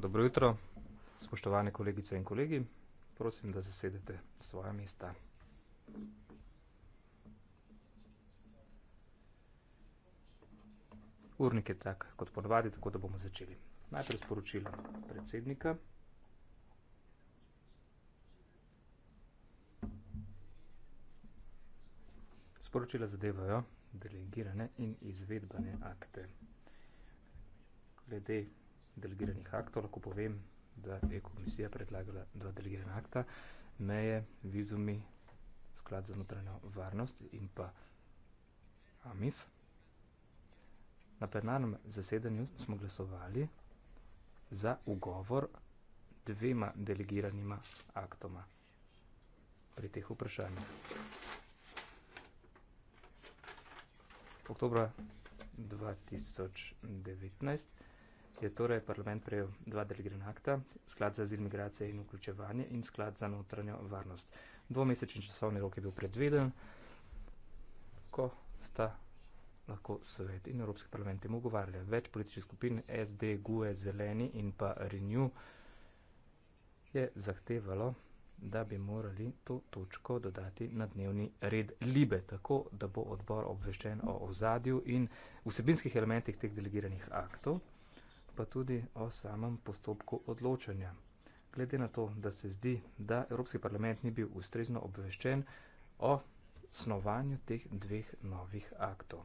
Dobro jutro, spoštovane kolegice in kolegi. Prosim, da zasedete svoje mesta. Urnik je tak, kot ponovadi, tako da bomo začeli. Najprej sporočilo predsednika. Sporočila zadevajo, delegirane in izvedbene akte. Glede delegiranih aktov lahko povem, da je komisija predlagala dva delegirana akta, meje, vizumi, sklad za notranjo varnost in pa AMIF. Na plenarnem zasedanju smo glasovali za ugovor dvema delegiranima aktoma pri teh vprašanjih oktobra 2019 je torej parlament prejel dva delegirana akta, sklad za azil, migracije in vključevanje in sklad za notranjo varnost. Dvomesečni časovni rok je bil predveden, ko sta lahko svet in Evropski parlament temu govarjali. Več političnih skupin, SD, GUE, Zeleni in pa Renew, je zahtevalo da bi morali to točko dodati na dnevni red Libe, tako da bo odbor obveščen o ozadju in vsebinskih elementih teh delegiranih aktov, pa tudi o samem postopku odločanja. Glede na to, da se zdi, da Evropski parlament ni bil ustrezno obveščen o snovanju teh dveh novih aktov.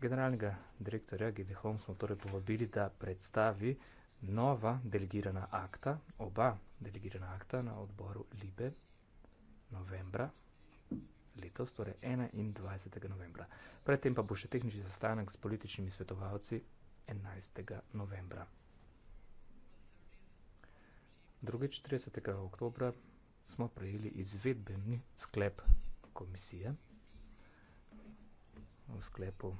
Generalnega direktorja Gide Holm smo torej povabili, da predstavi nova delegirana akta, oba delegirana akta na odboru Libe novembra letos, torej 21. novembra. Predtem pa bo še tehnični sestanek s političnimi svetovalci 11. novembra. Drugič, 30. oktobra, smo prejeli izvedbeni sklep komisije v sklepu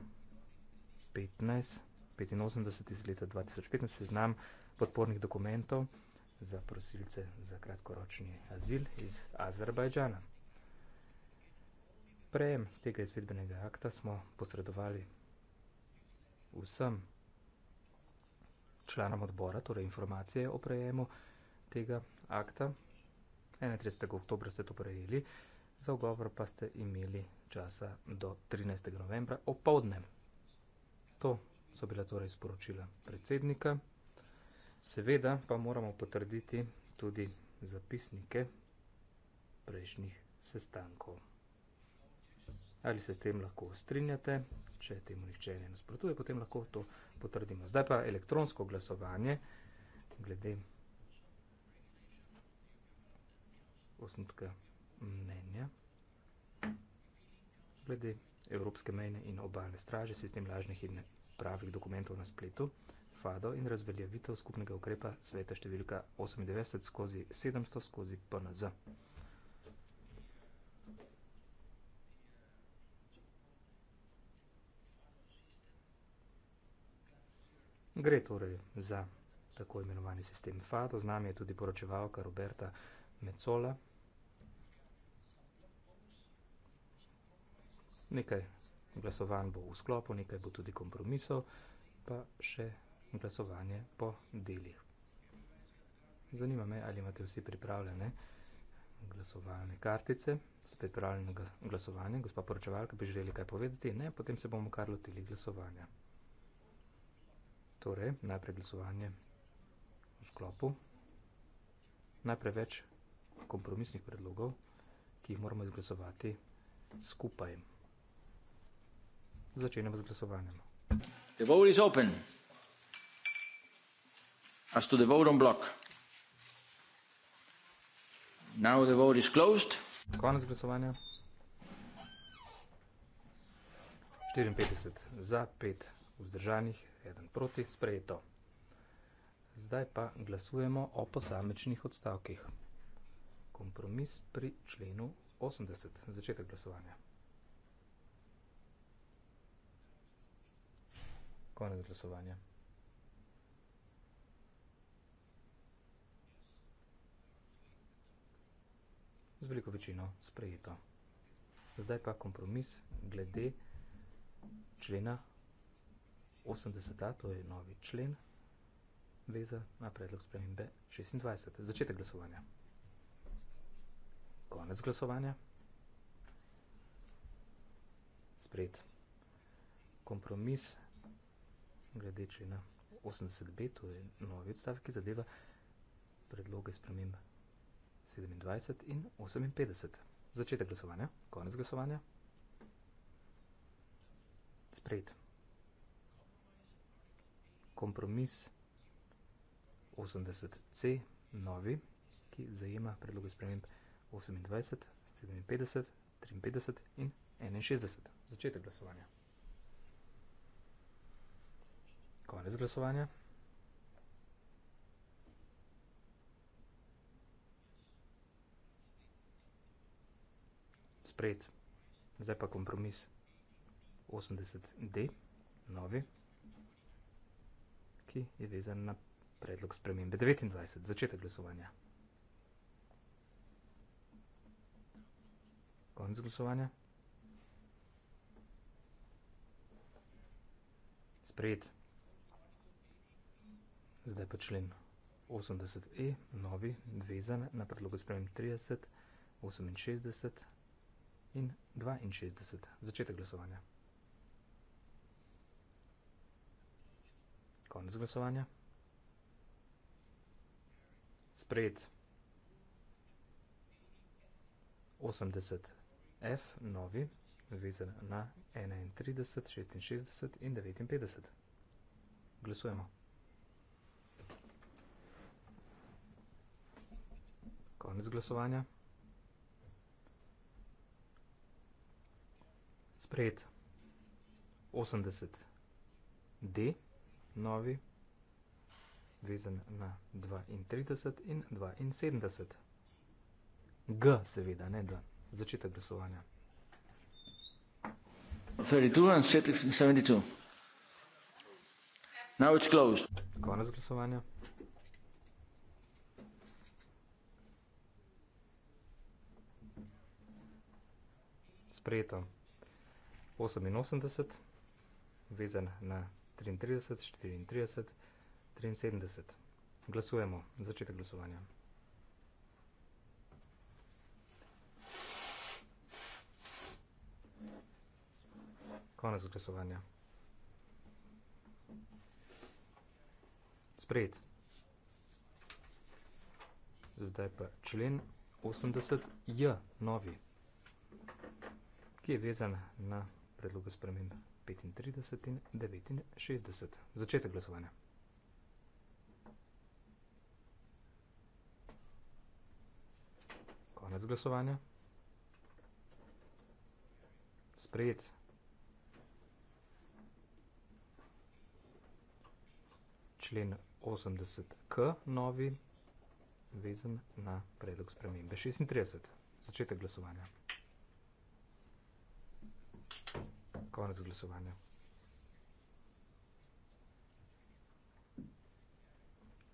15. 85 iz leta 2015 seznam podpornih dokumentov za prosilce za kratkoročni azil iz Azerbajdžana. Prejem tega izvedbenega akta smo posredovali vsem članom odbora, torej informacije o prejemu tega akta. 31. oktober ste to prejeli, za ogovor pa ste imeli časa do 13. novembra o povdne. To so bila torej sporočila predsednika. Seveda pa moramo potrditi tudi zapisnike prejšnjih sestankov. Ali se s tem lahko strinjate, če temu nihče ne nasprotuje, potem lahko to potrdimo. Zdaj pa elektronsko glasovanje glede osnutka mnenja, glede Evropske mejne in obalne straže, sistem lažnih pravih dokumentov na spletu, FADO in razveljavitev skupnega ukrepa sveta številka 98 skozi 700 skozi PNZ. Gre torej za tako imenovani sistem FADO, z nami je tudi poročevalka Roberta Mecola. Nekaj glasovanj bo v sklopu, nekaj bo tudi kompromisov, pa še glasovanje po delih. Zanima me, ali imate vsi pripravljene glasovalne kartice, ste pripravljeni na glasovanje, gospa poročevalka bi želeli kaj povedati, ne, potem se bomo kar lotili glasovanja. Torej, najprej glasovanje v sklopu, najprej več kompromisnih predlogov, ki jih moramo izglasovati skupaj. Začenjamo z glasovanjem. The vote is open. As to the vote on block. Now the vote is closed. Konec glasovanja. 54 za, 5 vzdržanih, 1 proti, sprejeto. Zdaj pa glasujemo o posamečnih odstavkih. Kompromis pri členu 80. Začetek glasovanja. Koniec głosowania. Z veliko večino sprejeto. Zdaj pa kompromis glede člena 80a, to je novi člen, veza na predlog spremembe 26. Začetek glasovanja. Konec glasovanja. Sprejet. Kompromis glede glede člena 80b, to je novi odstav, ki zadeva predloge spremembe 27 in 58. Začetek glasovanja, konec glasovanja, sprejet. Kompromis 80c, novi, ki zajema predloge sprememb 28, 57, 53 in 61. Začetek glasovanja. Konec glasovanja. Sprejet. Zdaj pa kompromis 80D, novi, ki je vezan na predlog spremembe 29, začetek glasovanja. Konec glasovanja. Sprejet. Sprejet zdaj pa člen 80e, novi, vezan na predlogo spremem 30, 68 in 62. Začetek glasovanja. Konec glasovanja. Sprejet 80F, novi, vezan na 31, 66 in 59. Glasujemo. Konec glasovanja. Sprejet 80D, novi, vezan na 32 in 72. G, seveda, ne da. Začetek glasovanja. 32 in 72. Now it's closed. Konec glasovanja. sprejeto 88, vezen na 33, 34, 73. Glasujemo, začetek glasovanja. Konec glasovanja. Sprejet. Zdaj pa člen 80J, novi ki je vezan na predlogo spremem 35 in 69. Začetek glasovanja. Konec glasovanja. Sprejet. Člen 80k novi vezan na predlog spremembe 36. Začetek glasovanja. konec glasovanja.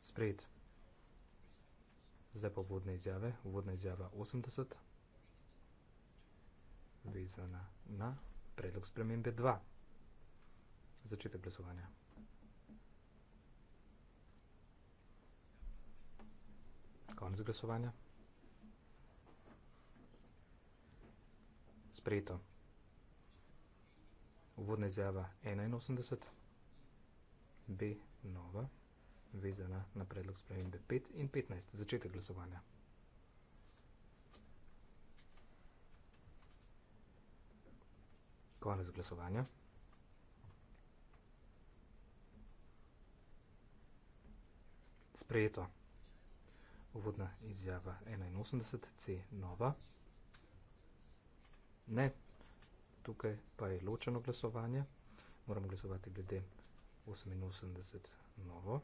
Sprejet. Zdaj pa vodne izjave. Vodna izjava 80, vezana na predlog spremembe 2. Začetek glasovanja. Konec glasovanja. Sprejeto. Uvodna izjava 81, B nova, vezana na predlog spremembe 5 in 15, začetek glasovanja. Konec glasovanja. Sprejeto. Uvodna izjava 81, C nova. Ne. Ne tukaj pa je ločeno glasovanje. Moramo glasovati glede 88 novo.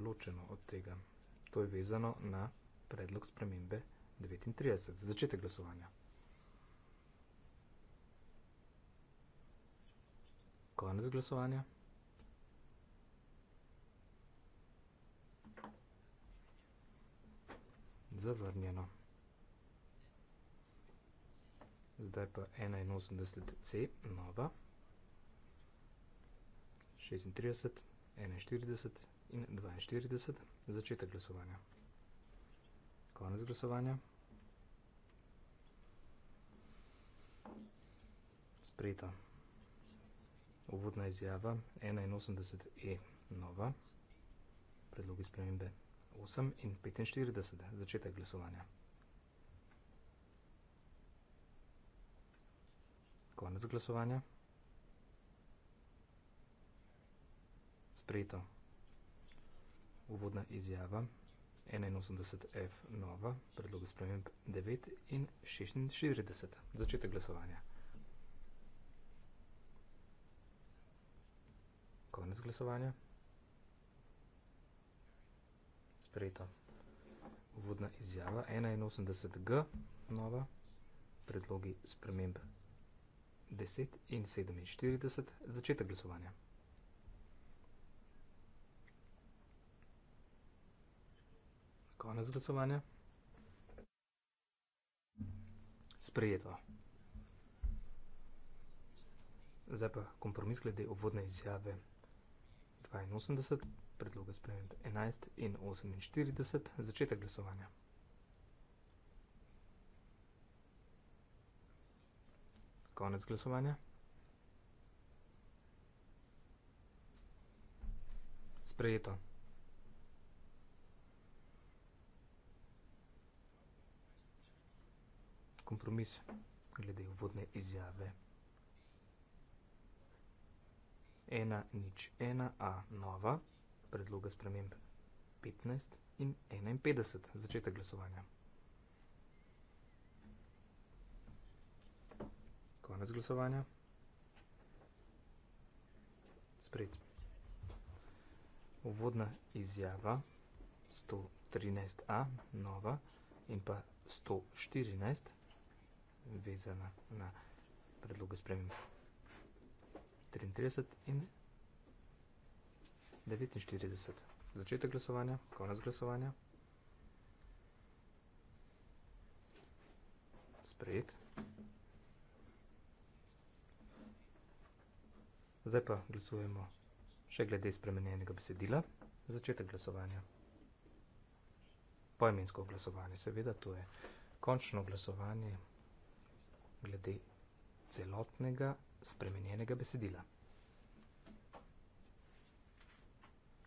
Ločeno od tega. To je vezano na predlog spremembe 39. Začetek glasovanja. Konec glasovanja. Zavrnjeno zdaj pa 81C, nova, 36, 41 in 42, začetek glasovanja. Konec glasovanja. Sprejeta. Uvodna izjava 81E, nova, predlogi spremembe 8 in 45, začetek glasovanja. Konec glasovanja. Sprejeto. Uvodna izjava. 81F nova, predlog sprememb 9 in 46. Začetek glasovanja. Konec glasovanja. Sprejeto. Uvodna izjava 81G nova, predlogi sprememb 9. 10 in 47, začetek glasovanja. Konec glasovanja. Sprejeto. Zdaj pa kompromis glede obvodne izjave 82, predloga sprememb 11 in 48, začetek glasovanja. konec glasovanja. Sprejeto. Kompromis glede vodne izjave. Ena nič ena a nova predloga sprememb 15 in 51 začetek glasovanja. konec glasovanja. Spred. Uvodna izjava 113a, nova in pa 114, vezana na predloge spremem 33 in 49. Začetek glasovanja, konec glasovanja. Spred. Spred. Zdaj pa glasujemo še glede spremenjenega besedila. Začetek glasovanja. Poimensko glasovanje, seveda, to je končno glasovanje glede celotnega spremenjenega besedila.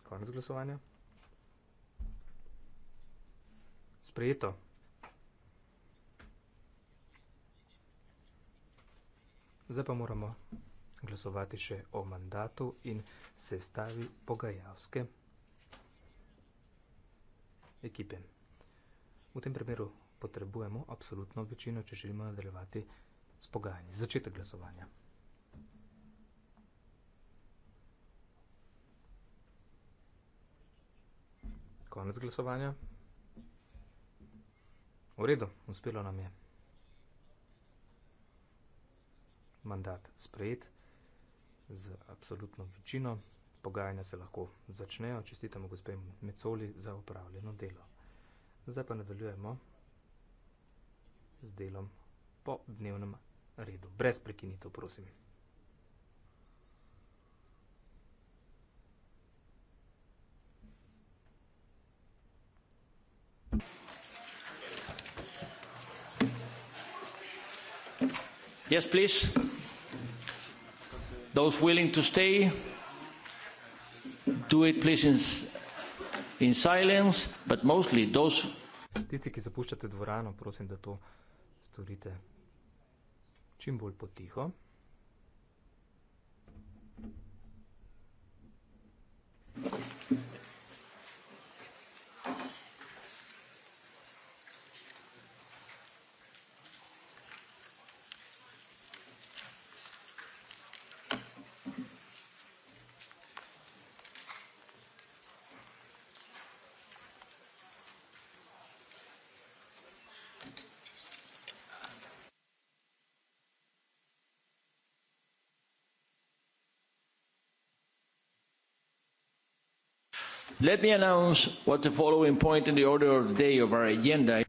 Konec glasovanja. Sprejeto. Zdaj pa moramo glasovati še o mandatu in sestavi pogajalske ekipe. V tem primeru potrebujemo absolutno večino, če želimo nadaljevati s pogajanji. Začetek glasovanja. Konec glasovanja. V redu, uspelo nam je. Mandat sprejet z absolutno večino. Pogajanja se lahko začnejo. Čestitamo gospe Mecoli za upravljeno delo. Zdaj pa nadaljujemo z delom po dnevnem redu. Brez prekinitev, prosim. Yes, please those willing to stay do it please in, in silence but mostly those tisti ki zapuščate dvorano prosim da to storite čim bolj potiho Let me announce what the following point in the order of the day of our agenda.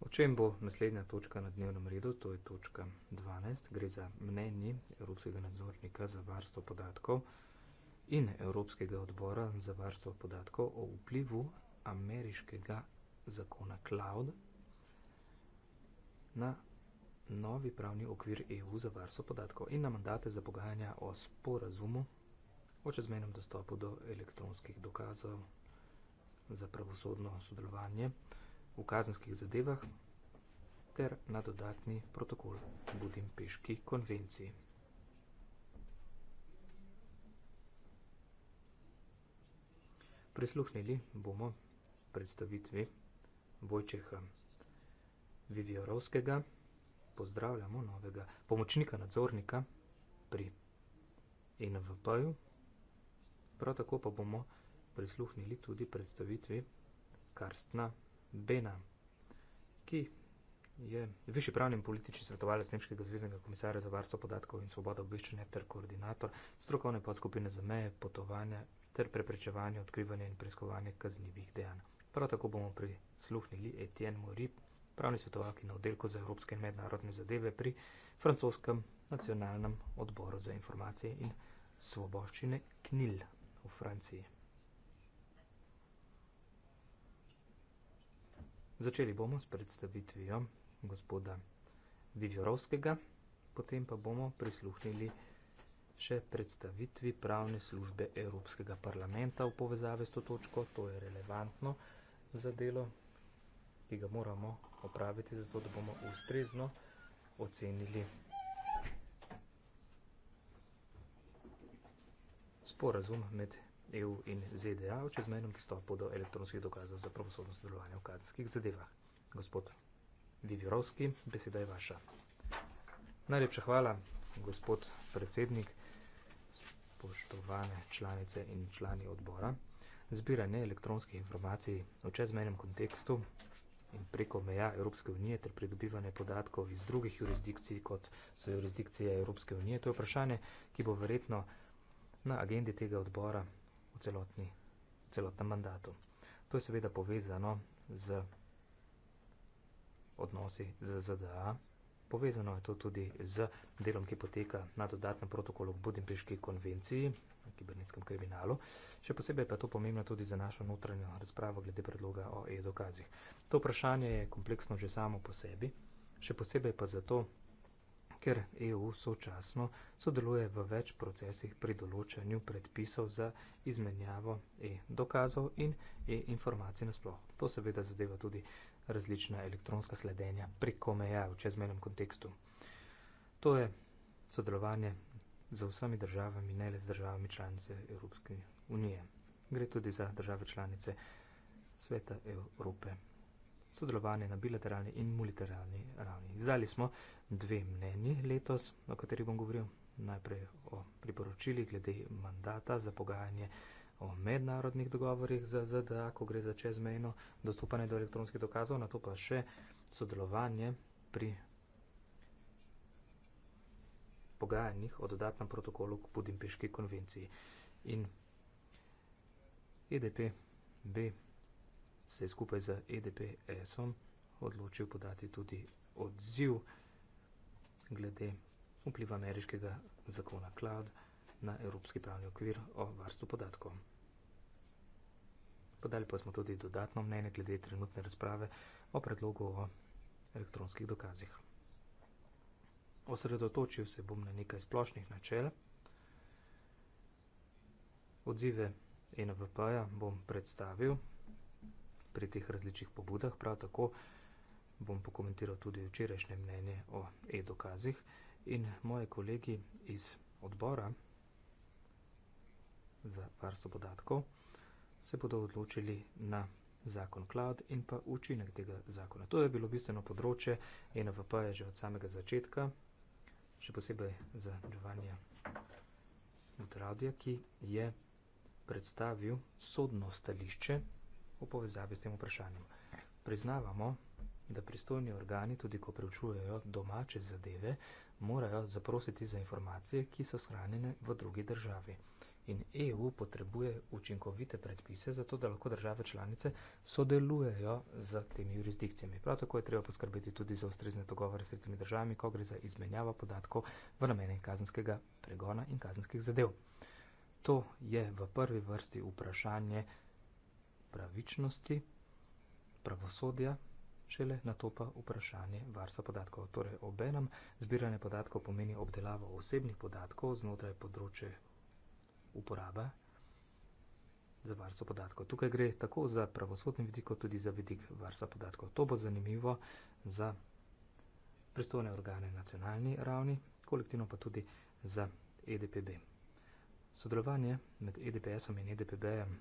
O čem bo naslednja točka na dnevnem redu, to je točka 12, gre za mnenje Evropskega nadzornika za varstvo podatkov in Evropskega odbora za varstvo podatkov o vplivu ameriškega zakona Cloud na novi pravni okvir EU za varstvo podatkov in na mandate za pogajanja o sporazumu o čezmenem dostopu do elektronskih dokazov za pravosodno sodelovanje v kazenskih zadevah ter na dodatni protokol Budimpeški konvenciji. Prisluhnili bomo predstavitvi Vojčeha Vivjorovskega. Pozdravljamo novega pomočnika nadzornika pri NVP-ju. Prav tako pa bomo prisluhnili tudi predstavitvi Karstna Bena, ki je višji pravni in politični svetovalec Nemškega zvezdnega komisarja za varstvo podatkov in svobodo obveščanja ter koordinator strokovne podskupine za meje, potovanja ter preprečevanje, odkrivanje in preiskovanje kaznjivih dejanj. Prav tako bomo prisluhnili Etienne Morib, pravni svetovalki na oddelku za evropske in mednarodne zadeve pri francoskem nacionalnem odboru za informacije in svoboščine KNIL v Franciji. Začeli bomo s predstavitvijo gospoda Vivjorovskega, potem pa bomo prisluhnili še predstavitvi pravne službe Evropskega parlamenta v povezave s to točko. To je relevantno za delo, ki ga moramo opraviti, zato da bomo ustrezno ocenili. sporazum med EU in ZDA o čezmenem dostopu do elektronskih dokazov za pravosodno sodelovanje v kazenskih zadevah. Gospod Vivirovski, beseda je vaša. Najlepša hvala, gospod predsednik, spoštovane članice in člani odbora. Zbiranje elektronskih informacij v čezmenem kontekstu in preko meja Evropske unije ter pridobivanje podatkov iz drugih jurisdikcij kot so jurisdikcije Evropske unije, to je vprašanje, ki bo verjetno na agendi tega odbora v celotni, celotnem mandatu. To je seveda povezano z odnosi z ZDA, povezano je to tudi z delom, ki poteka na dodatnem protokolu k Budimpeški konvenciji o kibernetskem kriminalu. Še posebej pa je to pomembno tudi za našo notranjo razpravo glede predloga o e-dokazih. To vprašanje je kompleksno že samo po sebi, še posebej pa zato, ker EU sočasno sodeluje v več procesih pri določanju predpisov za izmenjavo e-dokazov in e-informacij nasploh. To seveda zadeva tudi različna elektronska sledenja preko meja v čezmenem kontekstu. To je sodelovanje z vsemi državami, ne le z državami članice Evropske unije. Gre tudi za države članice Sveta Evrope sodelovanje na bilateralni in multilateralni ravni. Izdali smo dve mnenji letos, o katerih bom govoril. Najprej o priporočilih glede mandata za pogajanje o mednarodnih dogovorih za ZDA, ko gre za čezmejno dostopanje do elektronskih dokazov, na to pa še sodelovanje pri pogajanjih o dodatnem protokolu k Budimpeški konvenciji. In EDP B se je skupaj z EDPS-om odločil podati tudi odziv glede vpliva ameriškega zakona Cloud na evropski pravni okvir o varstvu podatkov. Podali pa smo tudi dodatno mnenje glede trenutne razprave o predlogu o elektronskih dokazih. Osredotočil se bom na nekaj splošnih načel. Odzive NVP-ja bom predstavil pri teh različnih pobudah. Prav tako bom pokomentiral tudi včerajšnje mnenje o e-dokazih in moje kolegi iz odbora za varstvo podatkov se bodo odločili na zakon cloud in pa učinek tega zakona. To je bilo bistveno področje NVP-ja že od samega začetka, še posebej za Giovanni Mutradija, ki je predstavil sodno stališče v povezavi s tem vprašanjem. Priznavamo, da pristojni organi, tudi ko preučujejo domače zadeve, morajo zaprositi za informacije, ki so shranjene v drugi državi. In EU potrebuje učinkovite predpise, zato da lahko države članice sodelujejo z temi jurisdikcijami. Prav tako je treba poskrbeti tudi za ustrezne dogovore s tretjimi državami, ko gre za izmenjavo podatkov v namene kazenskega pregona in kazenskih zadev. To je v prvi vrsti vprašanje pravičnosti, pravosodja, šele na to pa vprašanje varstva podatkov. Torej, obenem zbiranje podatkov pomeni obdelavo osebnih podatkov znotraj področja uporabe za varstvo podatkov. Tukaj gre tako za pravosodni vidik, kot tudi za vidik varstva podatkov. To bo zanimivo za pristojne organe na nacionalni ravni, kolektivno pa tudi za EDPB. Sodelovanje med EDPS-om in EDPB-jem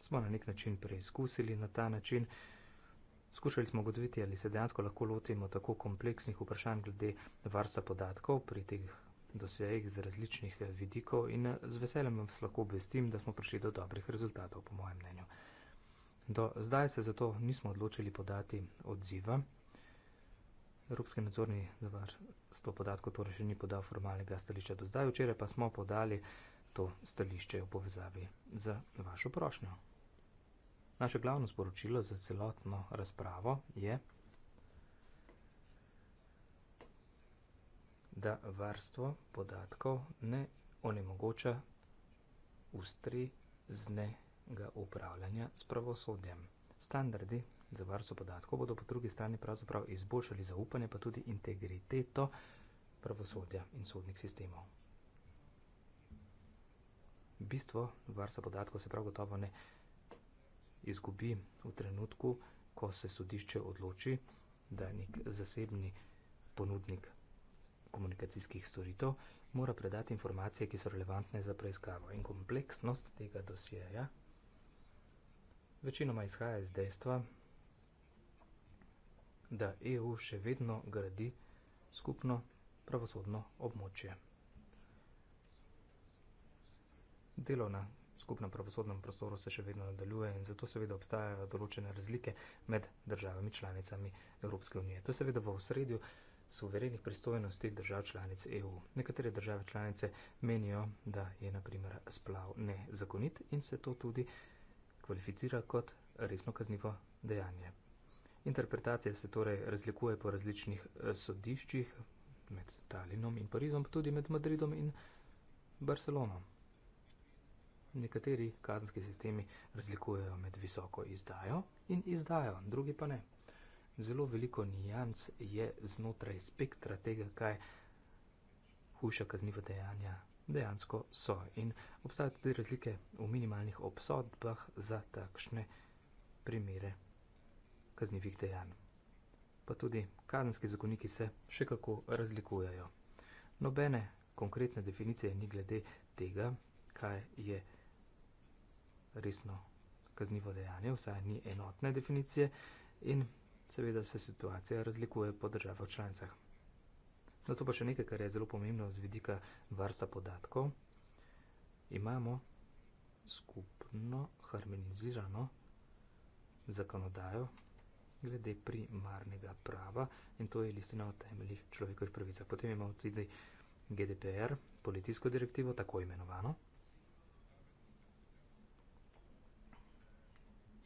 smo na nek način preizkusili na ta način. Skušali smo ugotoviti, ali se dejansko lahko lotimo tako kompleksnih vprašanj glede varstva podatkov pri teh dosejih z različnih vidikov in z veseljem vas lahko obvestim, da smo prišli do dobrih rezultatov, po mojem mnenju. Do zdaj se zato nismo odločili podati odziva. Evropski nadzorni zavar s to podatko torej še ni podal formalnega stališča. Do zdaj včeraj pa smo podali to stališče v povezavi z vašo prošnjo. Naše glavno sporočilo za celotno razpravo je, da varstvo podatkov ne onemogoča ustreznega upravljanja s pravosodjem. Standardi za varstvo podatkov bodo po drugi strani pravzaprav izboljšali zaupanje, pa tudi integriteto pravosodja in sodnih sistemov bistvo varstva podatkov se prav gotovo ne izgubi v trenutku, ko se sodišče odloči, da nek zasebni ponudnik komunikacijskih storitev mora predati informacije, ki so relevantne za preiskavo. In kompleksnost tega dosjeja večinoma izhaja iz dejstva, da EU še vedno gradi skupno pravosodno območje. delo na skupnem pravosodnem prostoru se še vedno nadaljuje in zato seveda obstajajo določene razlike med državami članicami Evropske unije. To je seveda v osredju suverenih pristojnosti držav članic EU. Nekatere države članice menijo, da je naprimer splav nezakonit in se to tudi kvalificira kot resno kaznivo dejanje. Interpretacija se torej razlikuje po različnih eh, sodiščih med Talinom in Parizom, pa tudi med Madridom in Barcelonom nekateri kazenski sistemi razlikujejo med visoko izdajo in izdajo, drugi pa ne. Zelo veliko nijans je znotraj spektra tega, kaj huša kazniva dejanja dejansko so. In obstajajo tudi razlike v minimalnih obsodbah za takšne primere kaznivih dejanj. Pa tudi kazenski zakoniki se še kako razlikujejo. Nobene konkretne definicije ni glede tega, kaj je resno kaznivo dejanje, vsaj ni enotne definicije in seveda se situacija razlikuje po državah članicah. Zato pa še nekaj, kar je zelo pomembno z vidika varstva podatkov. Imamo skupno harmonizirano zakonodajo glede primarnega prava in to je listina o temeljih človekovih pravicah. Potem imamo tudi GDPR, policijsko direktivo, tako imenovano,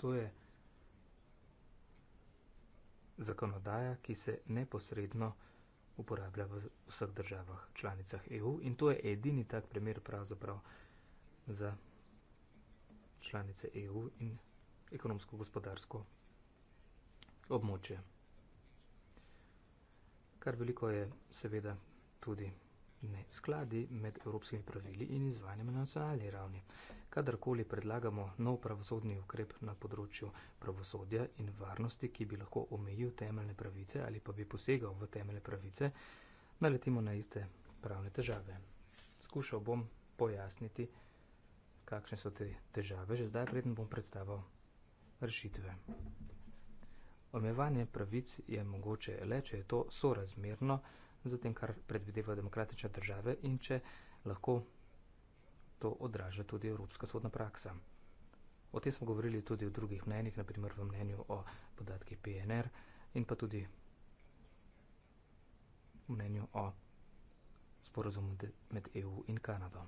To je zakonodaja, ki se neposredno uporablja v vseh državah članicah EU in to je edini tak primer pravzaprav za članice EU in ekonomsko-gospodarsko območje. Kar veliko je seveda tudi vsega skladi med evropskimi pravili in izvajanjem na nacionalni ravni. Kadarkoli predlagamo nov pravosodni ukrep na področju pravosodja in varnosti, ki bi lahko omejil temeljne pravice ali pa bi posegal v temeljne pravice, naletimo na iste pravne težave. Skušal bom pojasniti, kakšne so te težave, že zdaj preden bom predstavil rešitve. Omejevanje pravic je mogoče le, če je to sorazmerno, za tem, kar predvidevajo demokratične države in če lahko to odraža tudi evropska sodna praksa. O tem smo govorili tudi v drugih mnenjih, naprimer v mnenju o podatkih PNR in pa tudi v mnenju o sporozumu med EU in Kanado.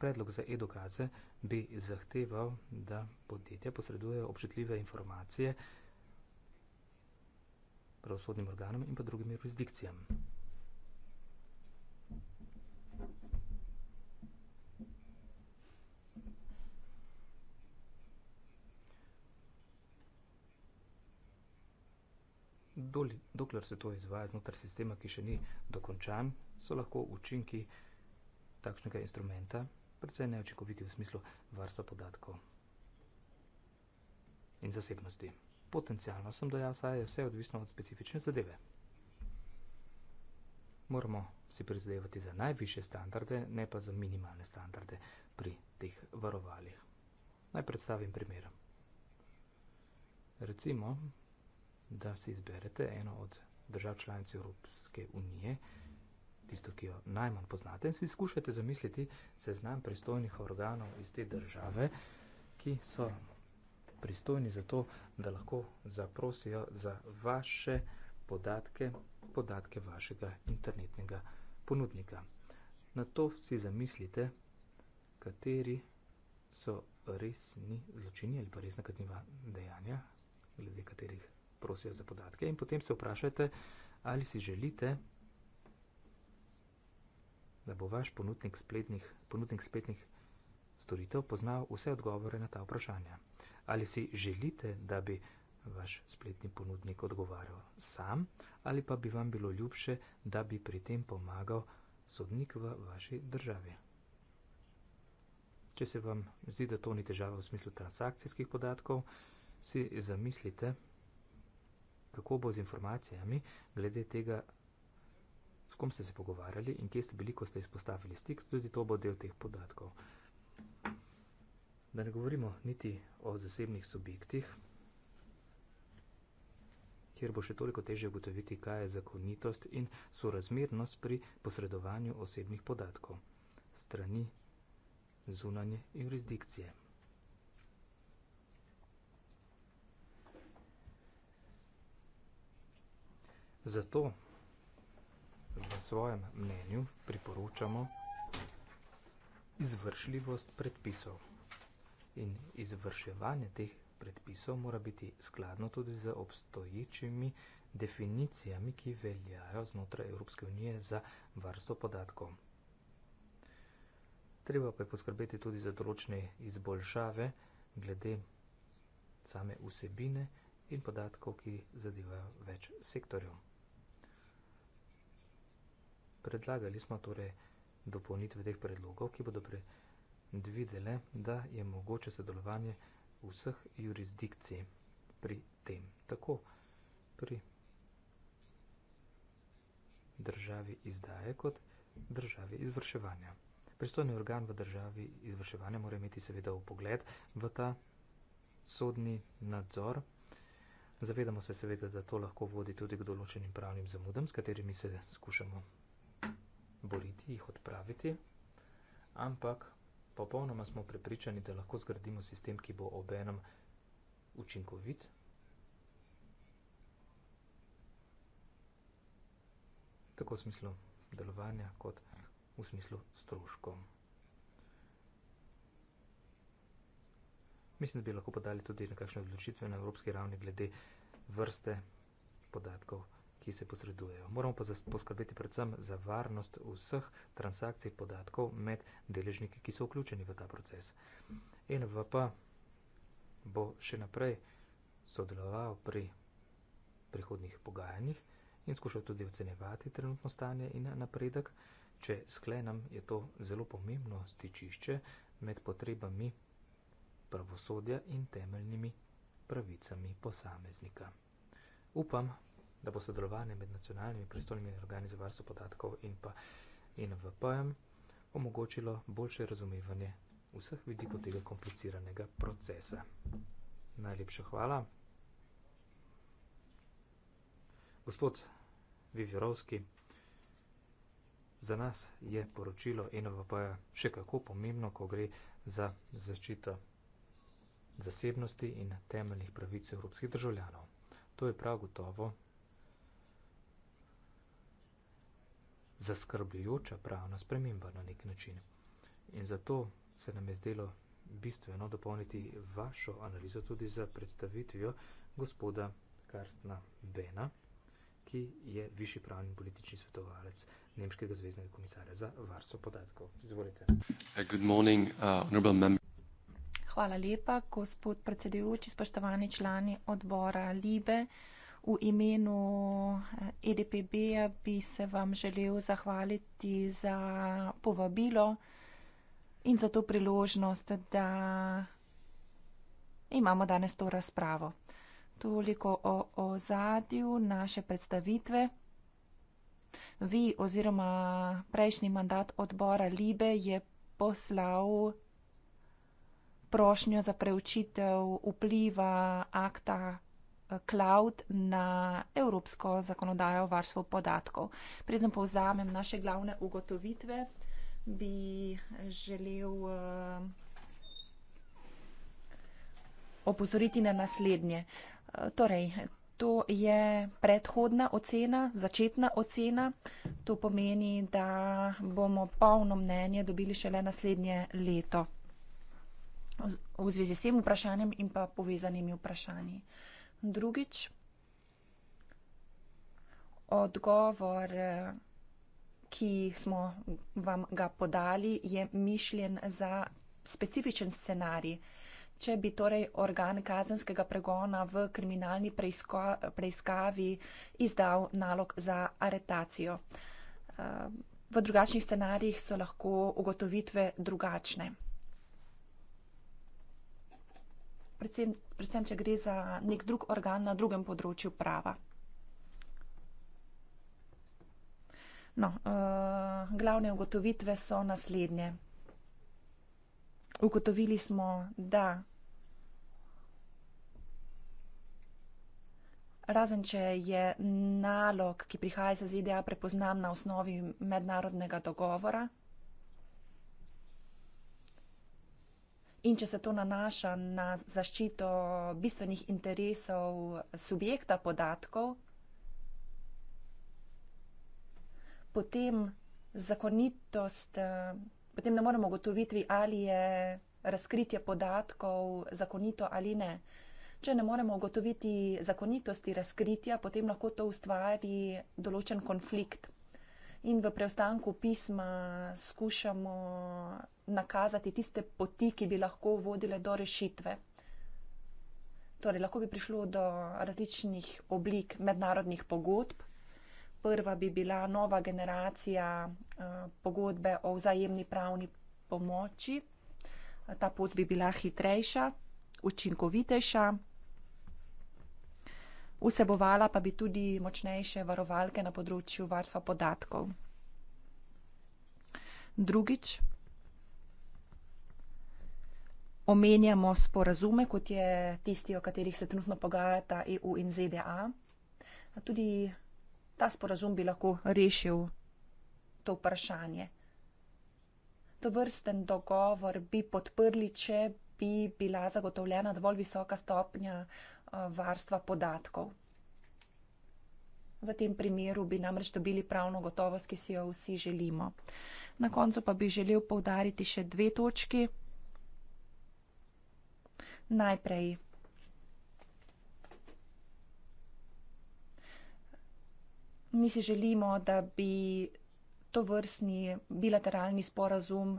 Predlog za e-dokaze bi zahteval, da podjetja posredujejo občutljive informacije, pravosodnim organom in pa drugim jurisdikcijam. Dokler se to izvaja znotraj sistema, ki še ni dokončan, so lahko učinki takšnega instrumenta predvsej neočekoviti v smislu varstva podatkov in zasebnosti. Potencialno sem dojal, saj je vse odvisno od specifične zadeve. Moramo si prizadevati za najviše standarde, ne pa za minimalne standarde pri teh varovalih. Naj predstavim primer. Recimo, da si izberete eno od držav članic Evropske unije, tisto, ki jo najmanj poznate, in si skušate zamisliti seznam pristojnih organov iz te države, ki so pristojni za to, da lahko zaprosijo za vaše podatke, podatke vašega internetnega ponudnika. Na to si zamislite, kateri so resni zločini ali pa resna kazniva dejanja, glede katerih prosijo za podatke in potem se vprašajte, ali si želite, da bo vaš ponudnik spletnih, ponudnik spletnih storitev poznal vse odgovore na ta vprašanja ali si želite, da bi vaš spletni ponudnik odgovarjal sam, ali pa bi vam bilo ljubše, da bi pri tem pomagal sodnik v vaši državi. Če se vam zdi, da to ni težava v smislu transakcijskih podatkov, si zamislite, kako bo z informacijami glede tega, s kom ste se pogovarjali in kje ste bili, ko ste izpostavili stik, tudi to bo del teh podatkov da ne govorimo niti o zasebnih subjektih, kjer bo še toliko teže ugotoviti, kaj je zakonitost in sorazmernost pri posredovanju osebnih podatkov strani zunanje jurisdikcije. Zato v svojem mnenju priporočamo izvršljivost predpisov in izvrševanje teh predpisov mora biti skladno tudi z obstoječimi definicijami, ki veljajo znotraj Evropske unije za varstvo podatkov. Treba pa je poskrbeti tudi za določene izboljšave glede same vsebine in podatkov, ki zadevajo več sektorjev. Predlagali smo torej dopolnitve teh predlogov, ki bodo pripravljene videle, da je mogoče sodelovanje vseh jurisdikcij pri tem. Tako pri državi izdaje kot državi izvrševanja. Pristojni organ v državi izvrševanja mora imeti seveda v pogled v ta sodni nadzor. Zavedamo se seveda, da to lahko vodi tudi k določenim pravnim zamudam, s katerimi se skušamo boriti, jih odpraviti, ampak Popolnoma smo prepričani, da lahko zgradimo sistem, ki bo obenem učinkovit, tako v smislu delovanja, kot v smislu stroškov. Mislim, da bi lahko podali tudi nekakšne odločitve na evropski ravni glede vrste podatkov ki se posredujejo. Moramo pa poskrbeti predvsem za varnost vseh transakcij podatkov med deležniki, ki so vključeni v ta proces. NVP bo še naprej sodeloval pri prihodnih pogajanjih in skušal tudi ocenevati trenutno stanje in napredek. Če sklenem, je to zelo pomembno stičišče med potrebami pravosodja in temeljnimi pravicami posameznika. Upam, da bo sodelovanje med nacionalnimi pristojnimi organi za varstvo podatkov in pa NVP-jem omogočilo boljše razumevanje vseh vidikov tega kompliciranega procesa. Najlepša hvala. Gospod Vivjerovski, za nas je poročilo NVP-ja še kako pomembno, ko gre za zaščito zasebnosti in temeljnih pravic evropskih državljanov. To je prav gotovo zaskrbljujoča pravna sprememba na nek način. In zato se nam je zdelo bistveno dopolniti vašo analizo tudi za predstavitvijo gospoda Karstna Bena, ki je višji pravni politični svetovalec Nemškega zvezdnega komisarja za varstvo podatkov. Izvolite. Uh, morning, uh, Hvala lepa, gospod predsedujoči, spoštovani člani odbora Libe. V imenu EDPB-ja eh, e bi se vam želel zahvaliti za povabilo in za to priložnost, da imamo danes to razpravo. Toliko o ozadju naše predstavitve. Vi oziroma prejšnji mandat odbora Libe je poslal prošnjo za preučitev vpliva akta cloud na evropsko zakonodajo o varstvu podatkov. Predem povzamem naše glavne ugotovitve, bi želel eh, opozoriti na naslednje. Eh, torej, to je predhodna ocena, začetna ocena. To pomeni, da bomo polno mnenje dobili šele naslednje leto v zvezi s tem vprašanjem in pa povezanimi vprašanji. Uh, Drugič, odgovor, eh, ki smo vam ga podali, je mišljen za specifičen scenarij. Če bi torej organ kazenskega pregona v kriminalni preiskavi izdal nalog za aretacijo. Eh, v drugačnih scenarijih so lahko ugotovitve drugačne. predvsem, predvsem če gre za nek drug organ na drugem področju prava. No, uh, glavne ugotovitve so naslednje. Ugotovili smo, da razen če je nalog, ki prihaja iz ZDA, prepoznan na osnovi mednarodnega dogovora, In če se to nanaša na zaščito bistvenih interesov subjekta podatkov, potem zakonitost, eh, potem ne moremo ugotoviti, ali je razkritje podatkov zakonito ali ne. Če ne moremo ugotoviti zakonitosti razkritja, potem lahko to ustvari določen konflikt in v preostanku pisma skušamo nakazati tiste poti, ki bi lahko vodile do rešitve. Torej, lahko bi prišlo do različnih oblik mednarodnih pogodb. Prva bi bila nova generacija eh, pogodbe o vzajemni pravni pomoči. Ta pot bi bila hitrejša, učinkovitejša vsebovala pa bi tudi močnejše varovalke na področju varstva podatkov. Drugič, omenjamo sporazume, kot je tisti, o katerih se trenutno pogajata EU in ZDA. Tudi ta sporazum bi lahko rešil to vprašanje. To vrsten dogovor bi podprli, če bi bila zagotovljena dovolj visoka stopnja Eh, varstva podatkov. V tem primeru bi namreč dobili pravno gotovost, ki si jo vsi želimo. Na koncu pa bi želel povdariti še dve točki. Najprej. Mi si želimo, da bi to vrstni bilateralni sporazum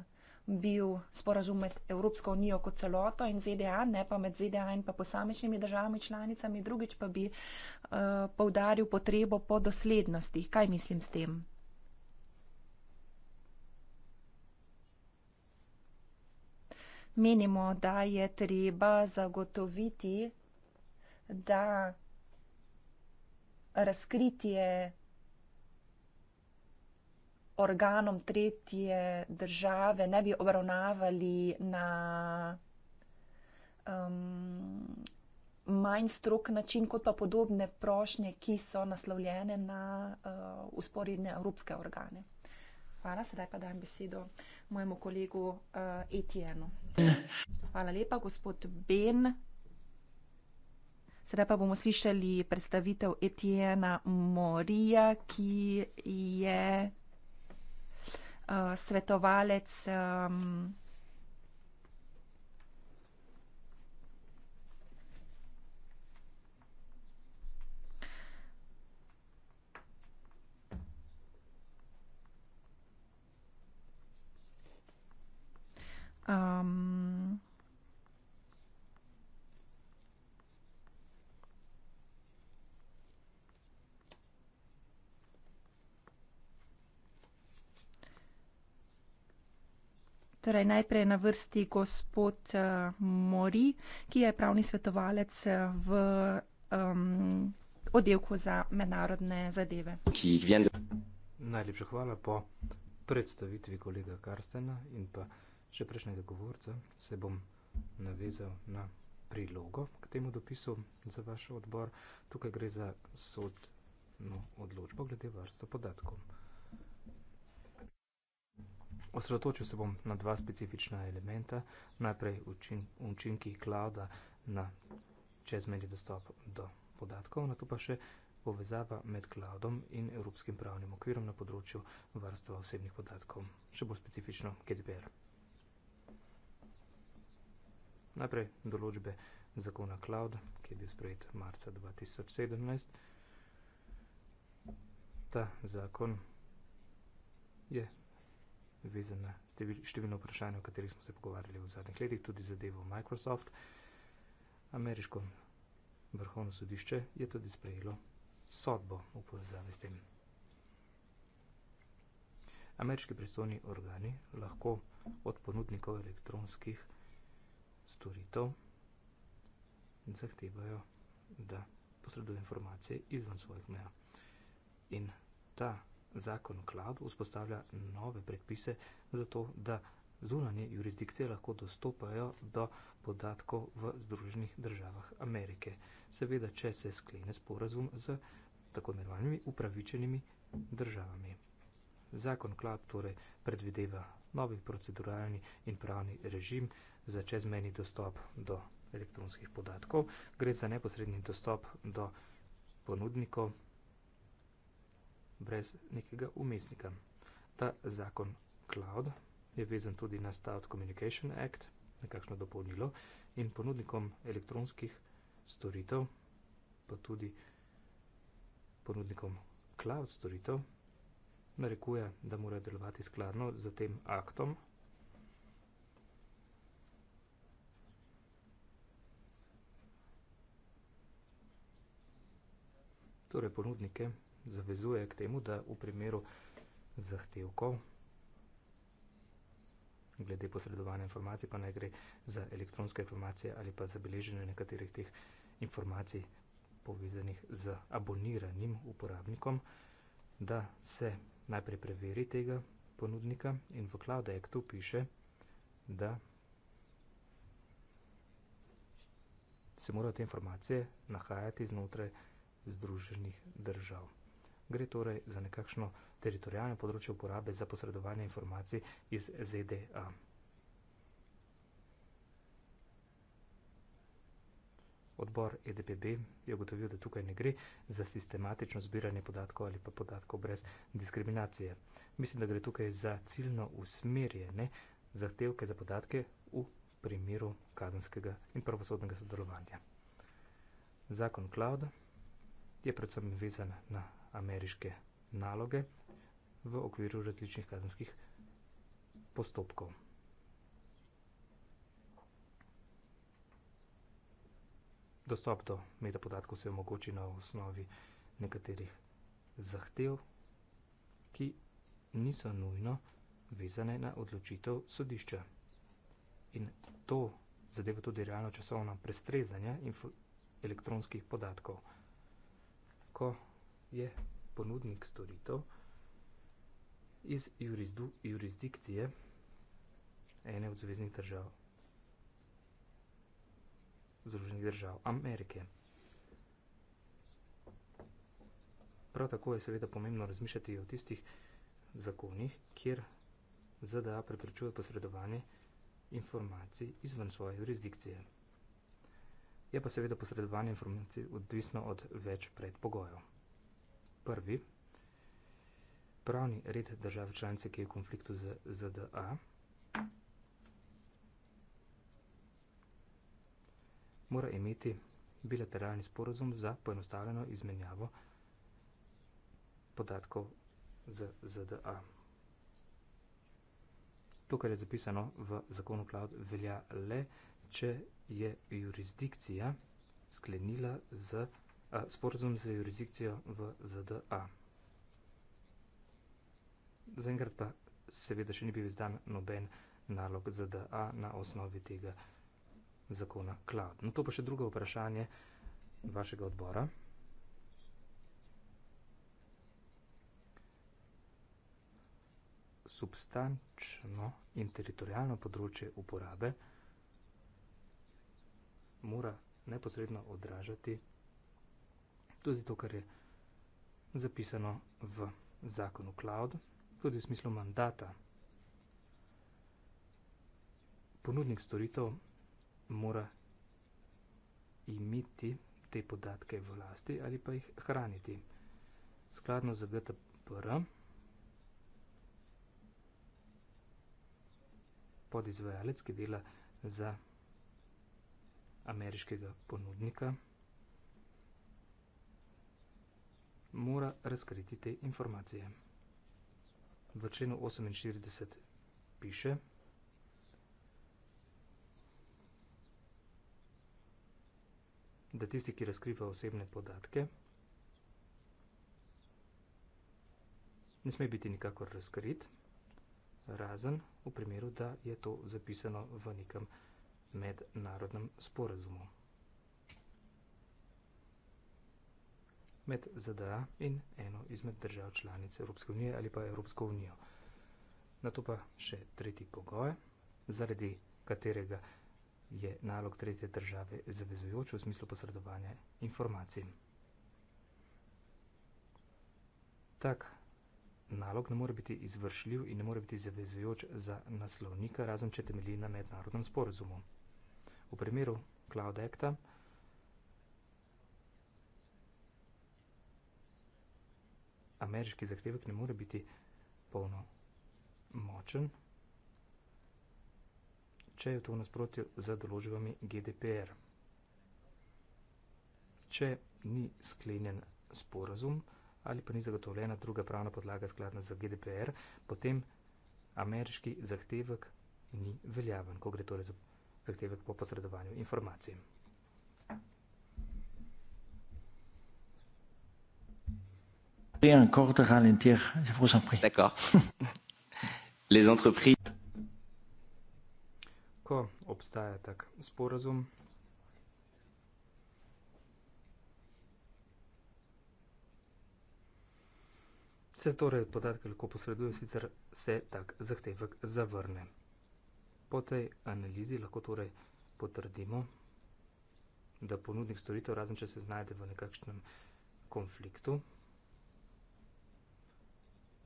bil sporazum med Evropsko unijo kot celoto in ZDA, ne pa med ZDA in pa posamečnimi državami članicami, drugič pa bi uh, eh, povdaril potrebo po doslednosti. Kaj mislim s tem? Menimo, da je treba zagotoviti, da razkritje organom tretje države ne bi obravnavali na um, manj strok način, kot pa podobne prošnje, ki so naslovljene na uh, usporedne evropske organe. Hvala, sedaj pa dajem besedo mojemu kolegu uh, Etienu. Hvala lepa, gospod Ben. Sedaj pa bomo slišali predstavitev Etiena Morija, ki je uh, svetovalec um, um, Torej, najprej na vrsti gospod eh, Mori, ki je pravni svetovalec eh, v um, oddelku za mednarodne zadeve. Najlepša hvala po predstavitvi kolega Karstena in pa še prejšnjega govorca. Se bom navezal na prilogo k temu dopisu za vaš odbor. Tukaj gre za sodno odločbo glede varstva podatkov. Osredotočil se bom na dva specifična elementa. Najprej učinki clouda na čezmeni dostop do podatkov, na to pa še povezava med cloudom in evropskim pravnim okvirom na področju varstva osebnih podatkov, še bolj specifično GDPR. Najprej določbe zakona cloud, ki je bil sprejet marca 2017. Ta zakon je vezan na številno vprašanje, o katerih smo se pogovarjali v zadnjih letih, tudi zadevo Microsoft. Ameriško vrhovno sodišče je tudi sprejelo sodbo v povezavi s tem. Ameriški predstavni organi lahko od ponudnikov elektronskih storitev zahtevajo, da posredujejo informacije izven svojih meja. In ta zakon o kladu vzpostavlja nove predpise za to, da zunanje jurisdikcije lahko dostopajo do podatkov v Združenih državah Amerike. Seveda, če se sklene sporazum z tako imenovanimi upravičenimi državami. Zakon klad torej predvideva novi proceduralni in pravni režim za čezmeni dostop do elektronskih podatkov. Gre za neposredni dostop do ponudnikov brez nekega umestnika. Ta zakon Cloud je vezan tudi na Cloud Communication Act, nekakšno dopolnilo in ponudnikom elektronskih storitev, pa tudi ponudnikom Cloud storitev, narekuje, da mora delovati skladno z tem aktom. Torej ponudnike zavezuje k temu, da v primeru zahtevkov glede posredovanja informacij pa naj gre za elektronske informacije ali pa zabeleženje nekaterih teh informacij povezanih z aboniranim uporabnikom, da se najprej preveri tega ponudnika in v Cloud Actu piše, da se morajo te informacije nahajati znotraj združenih držav gre torej za nekakšno teritorijalno področje uporabe za posredovanje informacij iz ZDA. Odbor EDPB je ugotovil, da tukaj ne gre za sistematično zbiranje podatkov ali pa podatkov brez diskriminacije. Mislim, da gre tukaj za ciljno usmerjene zahtevke za podatke v primeru kazenskega in pravosodnega sodelovanja. Zakon Cloud je predvsem vezan na ameriške naloge v okviru različnih kazenskih postopkov. Dostop do metapodatkov se omogoči na osnovi nekaterih zahtev, ki niso nujno vezane na odločitev sodišča. In to zadeva tudi realno časovno prestrezanje elektronskih podatkov. Ko je ponudnik storitev iz jurisdikcije ene od zvezdnih držav, Združenih držav Amerike. Prav tako je seveda pomembno razmišljati o tistih zakonih, kjer ZDA preprečuje posredovanje informacij izven svoje jurisdikcije. Je pa seveda posredovanje informacij odvisno od več predpogojev. Първи. Правни ред държави членци, ки е конфликто за ЗДА. Мора имати билатерални споразум за поеноставлено изменяво податков за ЗДА. Тук е записано в закону Клауд Веля Ле, че е юрисдикция скленила за ЗДА Споразум за юрисдикция в ЗДА. За енград па seveda še ni bil izdan noben nalog ZDA na osnovi tega zakona KLAD. No to pa še drugo vprašanje vašega odbora. Substančno in teritorijalno področje uporabe mora neposredno odražati vsega tudi to, kar je zapisano v zakonu cloud, tudi v smislu mandata. Ponudnik storitev mora imeti te podatke v lasti ali pa jih hraniti. Skladno z GTPR podizvajalec, ki dela za ameriškega ponudnika, mora razkriti te informacije. V členu 48 piše, da tisti, ki razkriva osebne podatke, ne sme biti nikakor razkrit, razen v primeru, da je to zapisano v nekem mednarodnem sporazumu. med ZDA in eno izmed držav članic Evropske unije ali pa Evropsko unijo. Na to pa še tretji pogoj, zaradi katerega je nalog tretje države zavezujoč v smislu posredovanja informacij. Tak nalog ne more biti izvršljiv in ne more biti zavezujoč za naslovnika, razen če temelji na mednarodnem sporazumu. V primeru Cloud Acta ameriški zahtevek ne more biti polno močen, če je to nasprotil z določbami GDPR. Če ni sklenjen sporazum ali pa ni zagotovljena druga pravna podlaga skladna za GDPR, potem ameriški zahtevek ni veljaven, ko gre torej za zahtevek po posredovanju informacij. Et encore de ralentir, je vous en prie. D'accord. Les entreprises. Ko obstaja tak sporazum? Se torej podatke lahko posreduje, sicer se tak zahtevek zavrne. Po tej analizi lahko torej potrdimo, da ponudnik storitev, razen če se znajde v nekakšnem konfliktu,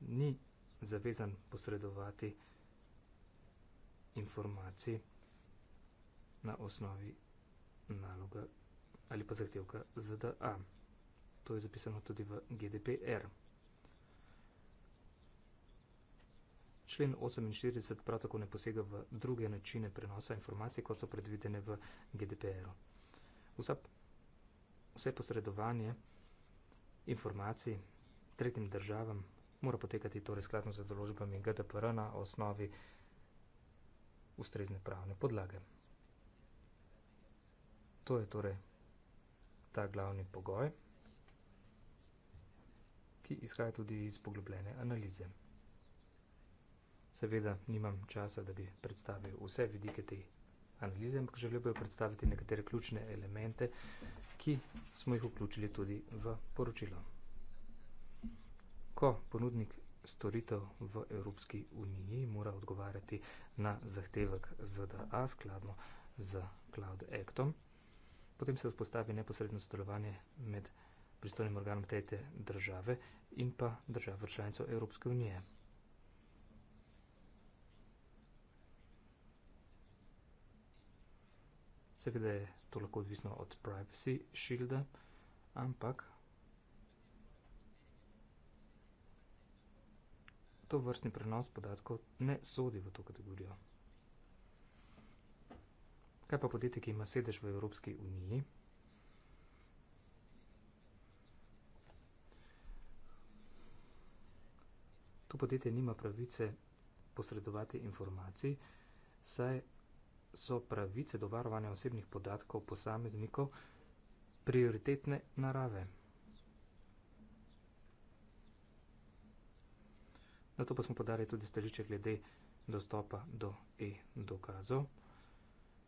ni zavezan posredovati informacij na osnovi naloga ali pa zahtevka ZDA. To je zapisano tudi v GDPR. Člen 48 prav tako ne posega v druge načine prenosa informacij, kot so predvidene v GDPR-u. Vsa, vse posredovanje informacij tretjim državam mora potekati torej skladno z določbami GDPR na osnovi ustrezne pravne podlage. To je torej ta glavni pogoj, ki izhaja tudi iz poglobljene analize. Seveda nimam časa, da bi predstavil vse vidike te analize, ampak želel bi predstaviti nekatere ključne elemente, ki smo jih vključili tudi v poročilo ko ponudnik storitev v Evropski uniji mora odgovarjati na zahtevek ZDA skladno z Cloud Actom. Potem se vzpostavi neposredno sodelovanje med pristojnim organom tete države in pa držav članico Evropske unije. Seveda je to lahko odvisno od Privacy Shielda, ampak to vrstni prenos podatkov ne sodi v to kategorijo. Kaj pa podjetje, ki ima sedež v Evropski uniji? To podjetje nima pravice posredovati informacij, saj so pravice do varovanja osebnih podatkov posameznikov prioritetne narave. Na to pa smo podali tudi stališče glede dostopa do e-dokazov.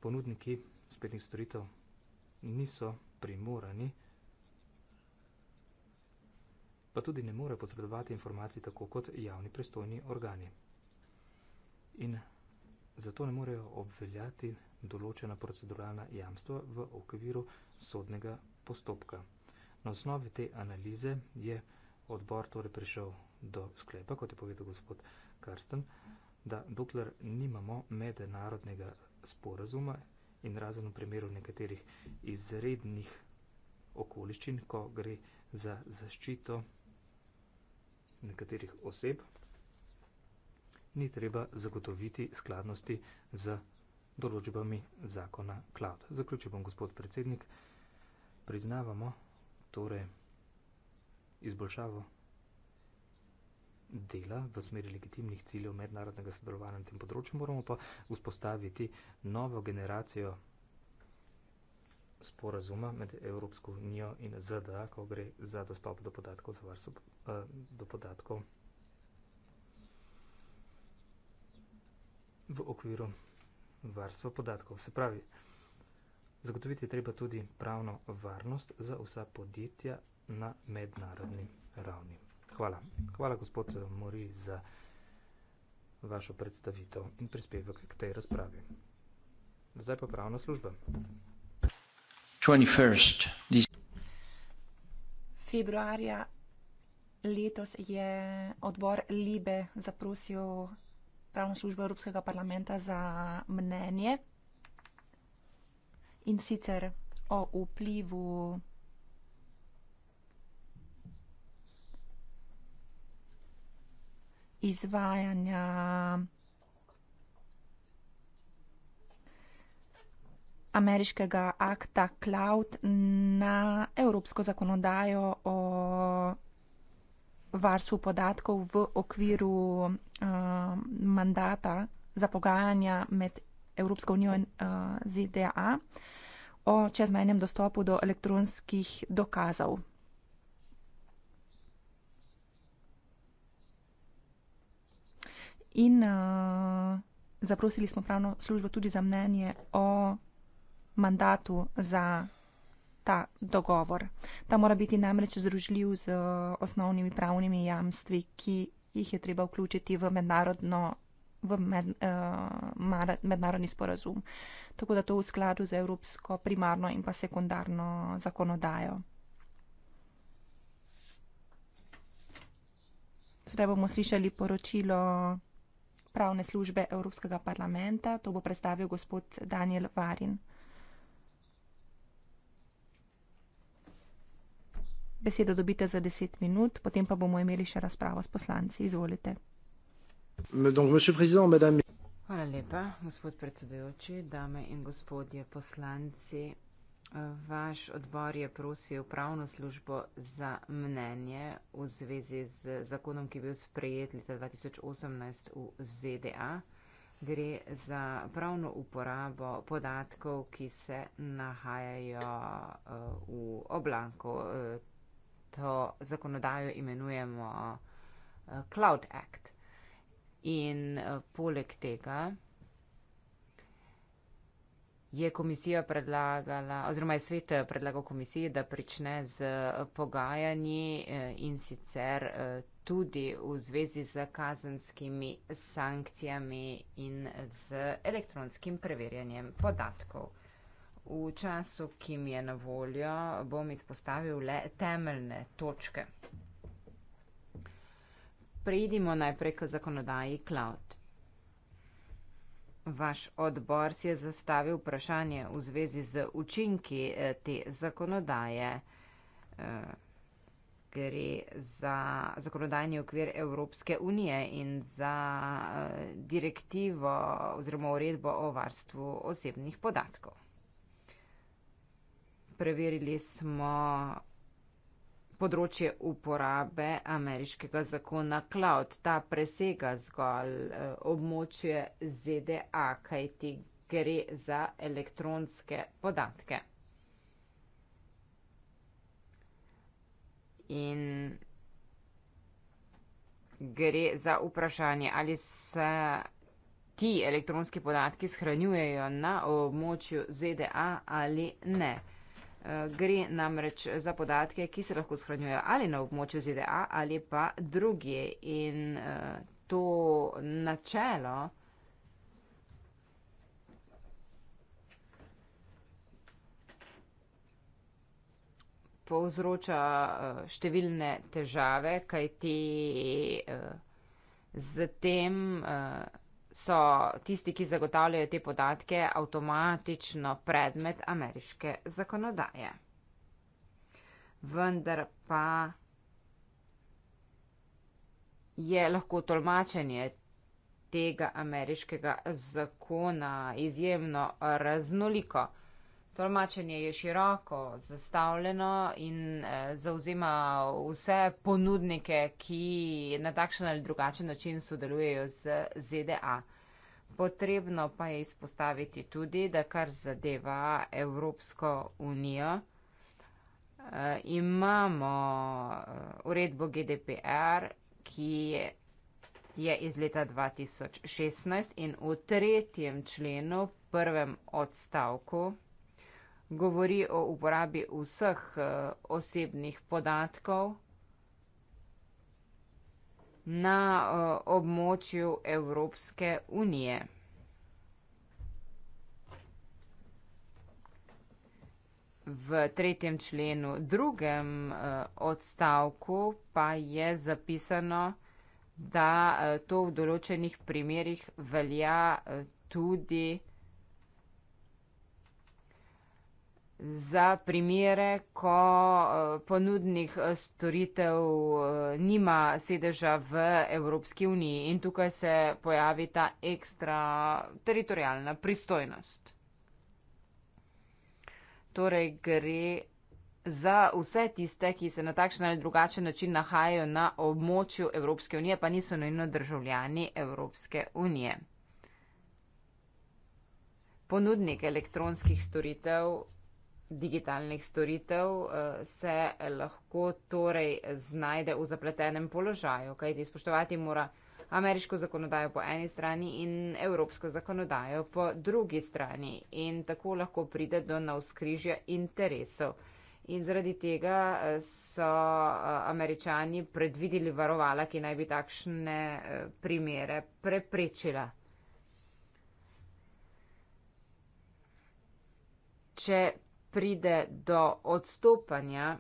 Ponudniki spletnih storitev niso primorani, pa tudi ne morejo posredovati informacij tako kot javni pristojni organi. In zato ne morejo obveljati določena proceduralna jamstva v okviru sodnega postopka. Na osnovi te analize je odbor torej prišel do sklepa, kot je povedal gospod Karsten, da dokler nimamo mednarodnega sporazuma in razen v primeru nekaterih izrednih okoliščin, ko gre za zaščito nekaterih oseb, ni treba zagotoviti skladnosti z določbami zakona Cloud. Zaključil bom, gospod predsednik, priznavamo torej izboljšavo dela v smeri legitimnih ciljev mednarodnega sodelovanja na tem področju, moramo pa vzpostaviti novo generacijo sporazuma med Evropsko unijo in ZDA, ko gre za dostop do podatkov, za varstvo eh, do podatkov v okviru varstva podatkov. Se pravi, zagotoviti je treba tudi pravno varnost za vsa podjetja na mednarodni ravni. Hvala. Hvala, gospod eh, Mori, za vašo predstavitev in prispevek k tej razpravi. Zdaj pa pravna služba. 21. This... Februarja letos je odbor Libe zaprosil pravno službo Evropskega parlamenta za mnenje in sicer o vplivu izvajanja ameriškega akta Cloud na evropsko zakonodajo o varstvu podatkov v okviru uh, mandata za pogajanja med Evropsko unijo in uh, eh, ZDA o čezmenjem dostopu do elektronskih dokazov. in uh, zaprosili smo pravno službo tudi za mnenje o mandatu za ta dogovor. Ta mora biti namreč združljiv z eh, osnovnimi pravnimi jamstvi, ki jih je treba vključiti v, mednarodno, v med, uh, eh, mar, mednarodni sporazum. Tako da to v skladu z evropsko primarno in pa sekundarno zakonodajo. Sedaj bomo slišali poročilo pravne službe Evropskega parlamenta. To bo predstavil gospod Daniel Varin. Besedo dobite za 10 minut, potem pa bomo imeli še razpravo s poslanci. Izvolite. Hvala lepa, gospod predsedujoči, dame in gospodje poslanci. Vaš odbor je prosil pravno službo za mnenje v zvezi z zakonom, ki je bil sprejet leta 2018 v ZDA. Gre za pravno uporabo podatkov, ki se nahajajo eh, v oblaku. Eh, to zakonodajo imenujemo eh, Cloud Act. In poleg tega je komisija predlagala, oziroma je svet eh, predlagal komisiji, da prične z eh, pogajanji eh, in sicer tudi v zvezi z kazanskimi sankcijami in z elektronskim preverjanjem podatkov. V času, ki mi je na voljo, bom izpostavil le temeljne točke. Prejdimo najprej k zakonodaji cloud. Vaš odbor si je zastavil vprašanje v zvezi z učinki eh, te zakonodaje. Eh, gre za zakonodajni okvir Evropske unije in za eh, direktivo oziroma uredbo o varstvu osebnih podatkov. Preverili smo področje uporabe ameriškega zakona cloud. Ta presega zgolj eh, območje ZDA, kajti gre za elektronske podatke. In gre za vprašanje, ali se ti elektronski podatki shranjujejo na območju ZDA ali ne. Eh, gre namreč za podatke, ki se lahko shranjujejo ali na območju ZDA ali pa drugje. In eh, to načelo. povzroča eh, številne težave, kaj ti z tem so tisti, ki zagotavljajo te podatke, avtomatično predmet ameriške zakonodaje. Vendar pa je lahko tolmačenje tega ameriškega zakona izjemno raznoliko. Tolmačenje je široko zastavljeno in eh, zauzema vse ponudnike, ki na takšen ali drugačen način sodelujejo z ZDA. Potrebno pa je izpostaviti tudi, da kar zadeva Evropsko unijo, eh, imamo eh, uredbo GDPR, ki je iz leta 2016 in v tretjem členu, prvem odstavku, govori o uporabi vseh uh, osebnih podatkov na uh, območju Evropske unije. V tretjem členu drugem uh, odstavku pa je zapisano, da uh, to v določenih primerjih velja uh, tudi za primere, ko eh, ponudnih eh, storitev eh, nima sedeža v Evropski uniji in tukaj se pojavi ta ekstra teritorijalna pristojnost. Torej gre za vse tiste, ki se na takšen ali drugačen način nahajajo na območju Evropske unije, pa niso nujno državljani Evropske unije. Ponudnik elektronskih storitev digitalnih storitev eh, se lahko torej znajde v zapletenem položaju, kajti spoštovati mora ameriško zakonodajo po eni strani in evropsko zakonodajo po drugi strani in tako lahko pride do navskrižja interesov. In zaradi tega eh, so eh, američani predvideli varovala, ki naj bi takšne primere preprečila. Če pride do odstopanja,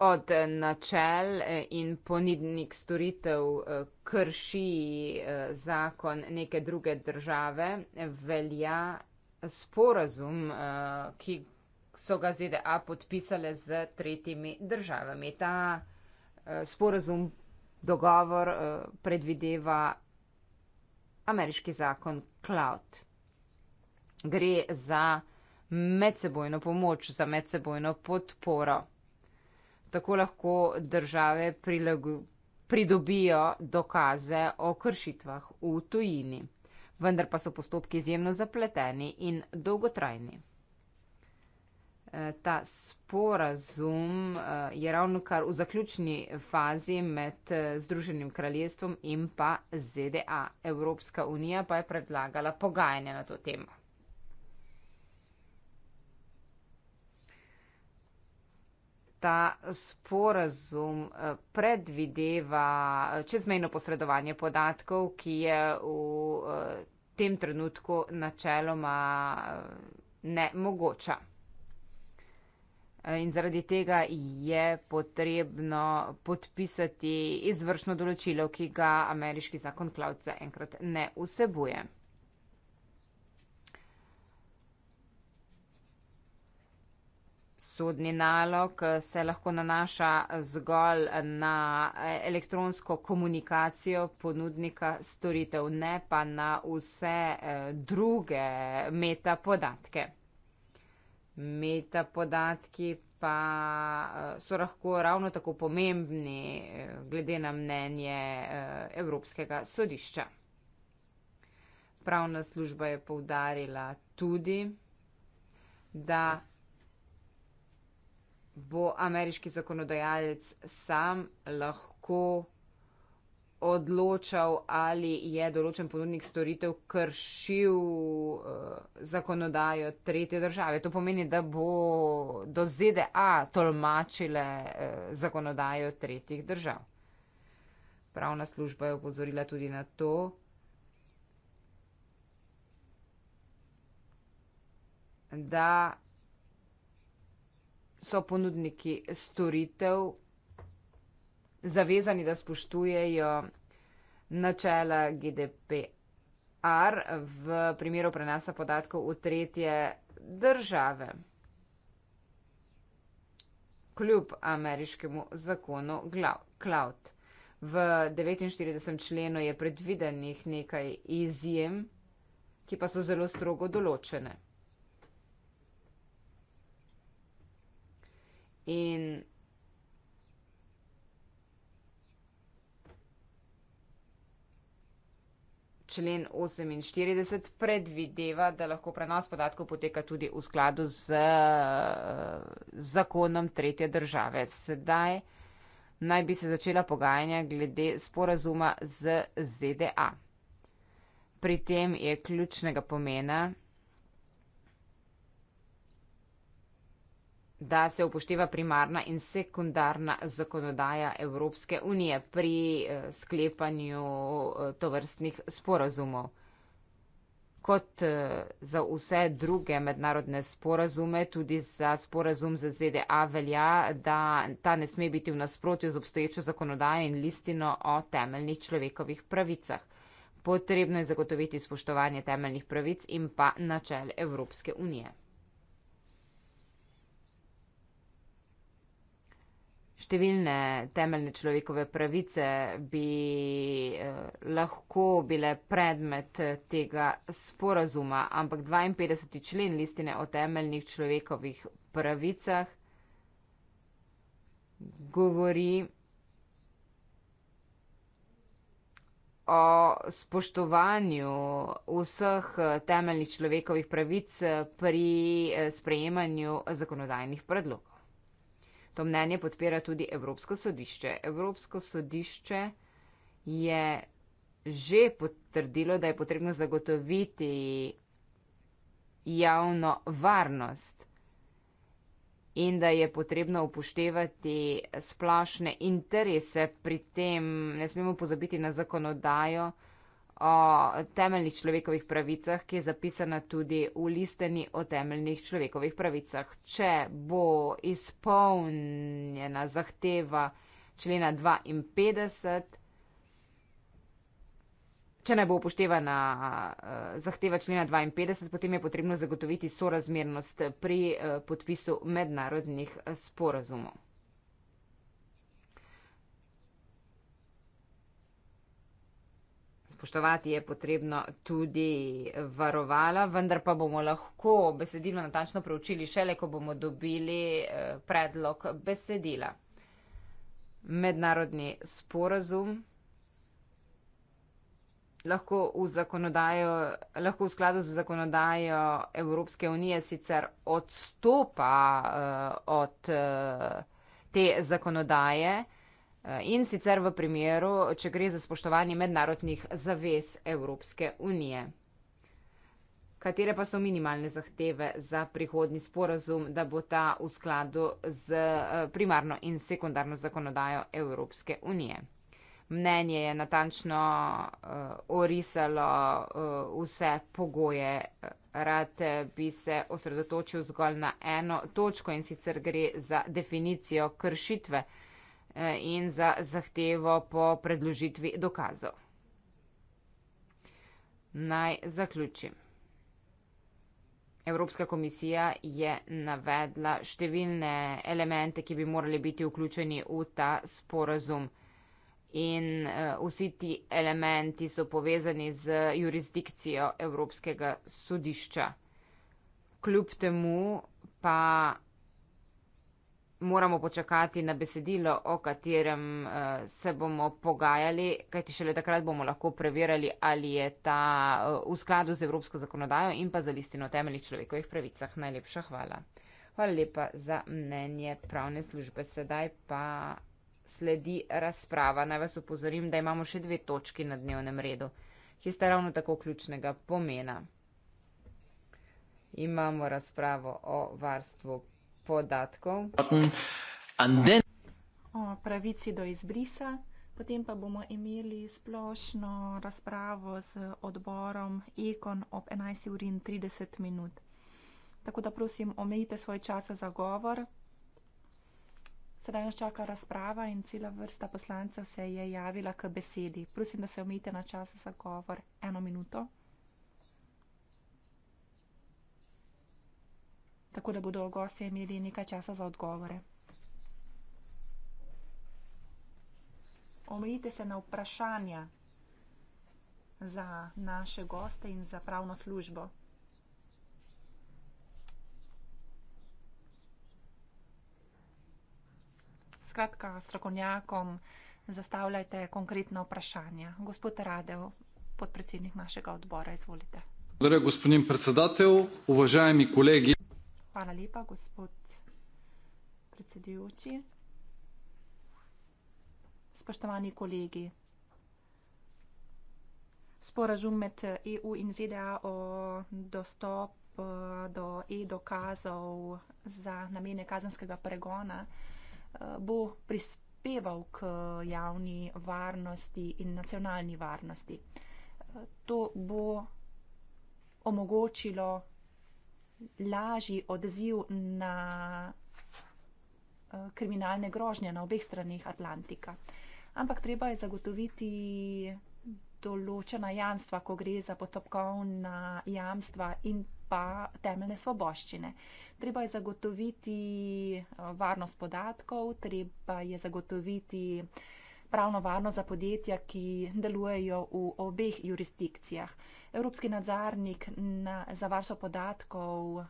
od načel eh, in ponudnik storitev eh, krši eh, zakon neke druge države, velja sporazum, ki so ga ZDA podpisale z tretjimi državami. Ta sporazum, dogovor predvideva ameriški zakon Cloud. Gre za medsebojno pomoč, za medsebojno podporo. Tako lahko države pridobijo dokaze o kršitvah v tujini. Vendar pa so postopki izjemno zapleteni in dolgotrajni ta sporazum eh, je ravno kar v zaključni fazi med eh, Združenim kraljestvom in pa ZDA. Evropska unija pa je predlagala pogajanje na to temo. Ta sporazum eh, predvideva čezmejno posredovanje podatkov, ki je v tem trenutku načeloma ne mogoča. In zaradi tega je potrebno podpisati izvršno določilo, ki ga ameriški zakon cloud za enkrat ne vsebuje. Sodni nalog se lahko nanaša zgolj na elektronsko komunikacijo ponudnika storitev, ne pa na vse eh, druge metapodatke metapodatki pa eh, so lahko ravno tako pomembni eh, glede na mnenje eh, Evropskega sodišča. Pravna služba je povdarila tudi, da bo ameriški zakonodajalec sam lahko odločal, ali je določen ponudnik storitev kršil eh, zakonodajo tretje države. To pomeni, da bo do ZDA tolmačile eh, zakonodajo tretjih držav. Pravna služba je upozorila tudi na to. Da so ponudniki storitev zavezani, da spoštujejo načela GDPR v primeru prenasa podatkov v tretje države. Kljub ameriškemu zakonu Cloud. V 49. členu je predvidenih nekaj izjem, ki pa so zelo strogo določene. In člen 48 predvideva, da lahko prenos podatkov poteka tudi v skladu z eh, zakonom tretje države. Sedaj naj bi se začela pogajanja glede sporazuma z ZDA. Pri tem je ključnega pomena, da se upošteva primarna in sekundarna zakonodaja Evropske unije pri eh, sklepanju eh, tovrstnih sporazumov. Kot eh, za vse druge mednarodne sporazume, tudi za sporazum z ZDA velja, da ta ne sme biti v nasprotju z obstoječo zakonodajo in listino o temeljnih človekovih pravicah. Potrebno je zagotoviti spoštovanje temeljnih pravic in pa načel Evropske unije. številne temeljne človekove pravice bi eh, lahko bile predmet eh, tega sporazuma, ampak 52. člen listine o temeljnih človekovih pravicah govori o spoštovanju vseh eh, temeljnih človekovih pravic pri sprejemanju zakonodajnih predlogov. To mnenje podpira tudi Evropsko sodišče. Evropsko sodišče je že potrdilo, da je potrebno zagotoviti javno varnost in da je potrebno upoštevati splošne interese, pri tem ne smemo pozabiti na zakonodajo, o temeljnih človekovih pravicah, ki je zapisana tudi v listeni o temeljnih človekovih pravicah. Če bo izpolnjena zahteva člena 52, če ne bo upoštevana eh, zahteva člena 52, potem je potrebno zagotoviti sorazmernost pri eh, podpisu mednarodnih eh, sporazumov. spoštovati je potrebno tudi varovala, vendar pa bomo lahko besedilo natančno preučili šele, ko bomo dobili eh, predlog besedila. Mednarodni sporazum lahko v, lahko v skladu z zakonodajo Evropske unije sicer odstopa uh, od uh, te zakonodaje, uh, Eh, in sicer v primeru, če gre za spoštovanje mednarodnih zavez Evropske unije. Katere pa so minimalne zahteve za prihodni sporazum, da bo ta v skladu z eh, primarno in sekundarno zakonodajo Evropske unije? Mnenje je natančno uh, orisalo uh, vse pogoje. Rad bi se osredotočil zgolj na eno točko in sicer gre za definicijo kršitve uh, Eh, in za zahtevo po predložitvi dokazov. Naj zaključim. Evropska komisija je navedla številne elemente, ki bi morali biti vključeni v ta sporazum. In eh, vsi ti elementi so povezani z jurisdikcijo Evropskega sodišča. Kljub temu pa moramo počakati na besedilo, o katerem uh, se bomo pogajali, kajti šele takrat bomo lahko preverjali, ali je ta uh, v skladu z evropsko zakonodajo in pa za listino o temeljih človekovih pravicah. Najlepša hvala. Hvala lepa za mnenje pravne službe. Sedaj pa sledi razprava. Naj vas upozorim, da imamo še dve točki na dnevnem redu, ki sta ravno tako ključnega pomena. Imamo razpravo o varstvu podatkov. Then... O pravici do izbrisa. Potem pa bomo imeli splošno razpravo z odborom Ekon ob 11.30 minut. Tako da prosim, omejite svoj čas za govor. Sedaj nas čaka razprava in cela vrsta poslancev se je javila k besedi. Prosim, da se omejite na čas za govor. Eno minuto. tako da bodo gostje imeli nekaj časa za odgovore. Omejite se na vprašanja za naše goste in za pravno službo. Skratka, strokovnjakom zastavljajte konkretna vprašanja. Gospod Radev, podpredsednik našega odbora, izvolite. Благодаря, господин председател. Уважаеми колеги, Hvala lepa, gospod predsedujoči. Spoštovani kolegi. Sporazum med EU in ZDA o dostop do e-dokazov za namene kazenskega pregona eh, bo prispeval k javni varnosti in nacionalni varnosti. Eh, to bo omogočilo lažji odziv na eh, kriminalne grožnje na obeh stranih Atlantika. Ampak treba je zagotoviti določena jamstva, ko gre za postopkovna jamstva in pa temeljne svoboščine. Treba je zagotoviti eh, varnost podatkov, treba je zagotoviti pravno varnost za podjetja, ki delujejo v obeh jurisdikcijah. Evropski nadzornik na, za varstvo podatkov uh,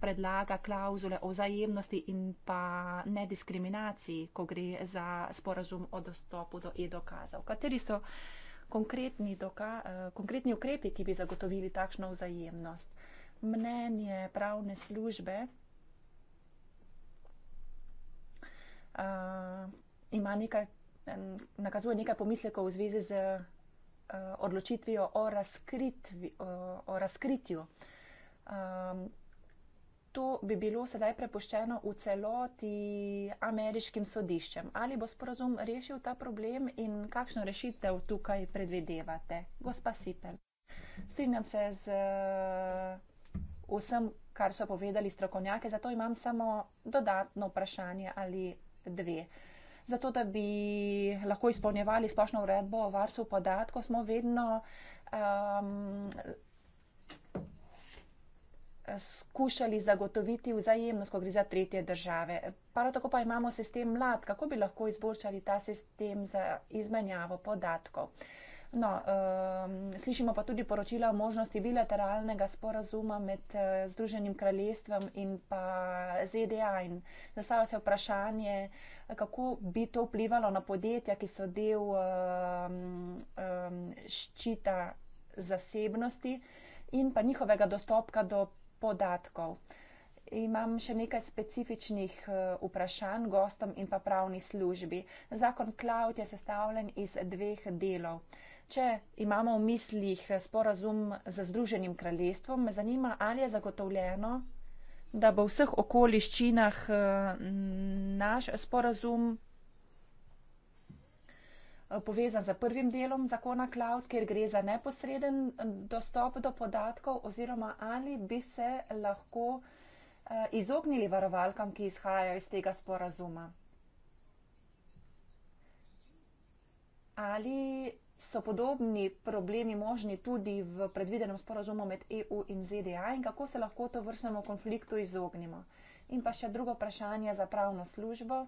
predlaga klauzule o vzajemnosti in pa nediskriminaciji, ko gre za sporazum o dostopu do e-dokazov. Kateri so konkretni, doka, uh, konkretni ukrepi, ki bi zagotovili takšno vzajemnost? Mnenje pravne službe uh, ima nekaj, nakazuje nekaj pomislekov v zvezi z. Uh, Eh, odločitvijo o, o, o razkritju. Um, to bi bilo sedaj prepuščeno v celoti ameriškim sodiščem. Ali bo sporozum rešil ta problem in kakšno rešitev tukaj predvidevate? Gospa Sipel. Strinjam se z eh, vsem, kar so povedali strokovnjake, zato imam samo dodatno vprašanje ali dve. Uh, zato da bi lahko izpolnjevali splošno uredbo o varstvu podatkov, smo vedno um, skušali zagotoviti vzajemnost, ko gre za tretje države. Prav tako pa imamo sistem mlad, kako bi lahko izboljšali ta sistem za izmenjavo podatkov. Uh, No, um, slišimo pa tudi poročila o možnosti bilateralnega sporazuma med uh, Združenim kraljestvom in pa ZDA. In nastalo se vprašanje, kako bi to vplivalo na podjetja, ki so del um, um, ščita zasebnosti in pa njihovega dostopka do podatkov. Imam še nekaj specifičnih eh, vprašanj gostom in pa pravni službi. Zakon Cloud je sestavljen iz dveh delov. Če imamo v mislih sporazum z Združenim kraljestvom, me zanima, ali je zagotovljeno, da bo v vseh okoliščinah eh, naš sporazum eh, povezan z prvim delom zakona Cloud, ker gre za neposreden eh, dostop do podatkov, oziroma ali bi se lahko izognili varovalkam, ki izhajajo iz tega sporazuma. Ali so podobni problemi možni tudi v predvidenem sporazumu med EU in ZDA in kako se lahko to vrstnemu konfliktu izognimo. In pa še drugo vprašanje za pravno službo.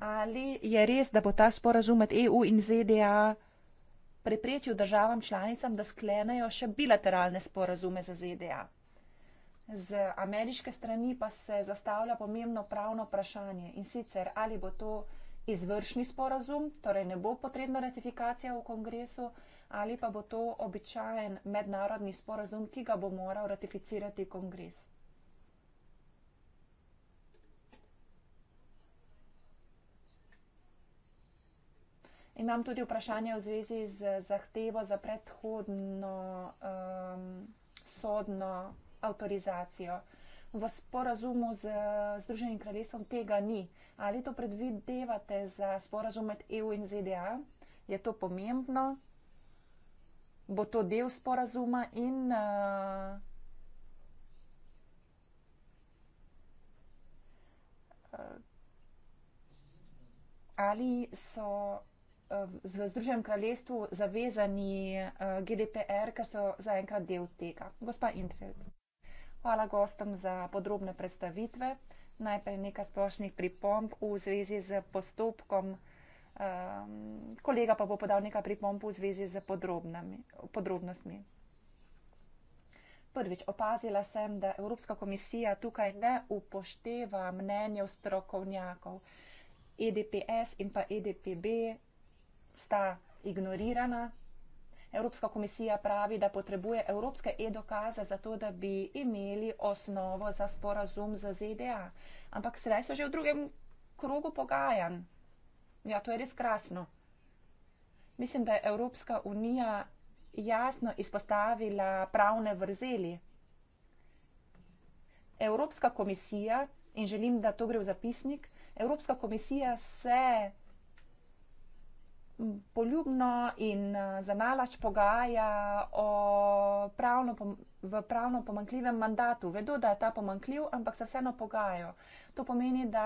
Ali je res, da bo ta sporazum med EU in ZDA preprečil državam članicam, da sklenejo še bilateralne sporazume za ZDA? Z ameriške strani pa se zastavlja pomembno pravno vprašanje in sicer ali bo to izvršni sporazum, torej ne bo potrebna ratifikacija v kongresu, ali pa bo to običajen mednarodni sporazum, ki ga bo moral ratificirati kongres. Imam tudi vprašanje v zvezi z zahtevo za predhodno um, sodno avtorizacijo v sporazumu z Združenim kraljestvom tega ni. Ali to predvidevate za sporazum med EU in ZDA? Je to pomembno? Bo to del sporazuma in. Uh, uh Ali so uh, v Združenem kraljestvu zavezani uh, GDPR, ker so zaenkrat del tega? Gospa Intfeld. Hvala gostom za podrobne predstavitve. Najprej nekaj splošnih pripomp v zvezi z postopkom. Um, kolega pa bo podal nekaj pripomp v zvezi z podrobnostmi. Prvič, opazila sem, da Evropska komisija tukaj ne upošteva mnenjev strokovnjakov. EDPS in pa EDPB sta ignorirana, Evropska komisija pravi, da potrebuje evropske e-dokaze za to, da bi imeli osnovo za sporazum z ZDA. Ampak sedaj so že v drugem krogu pogajanj. Ja, to je res krasno. Mislim, da je Evropska unija jasno izpostavila pravne vrzeli. Evropska komisija, in želim, da to gre v zapisnik, Evropska komisija se poljubno in eh, zanalač pogaja pravno pom v pravno pomankljivem mandatu. Vedo, da je ta pomankljiv, ampak se vseeno pogajajo. To pomeni, da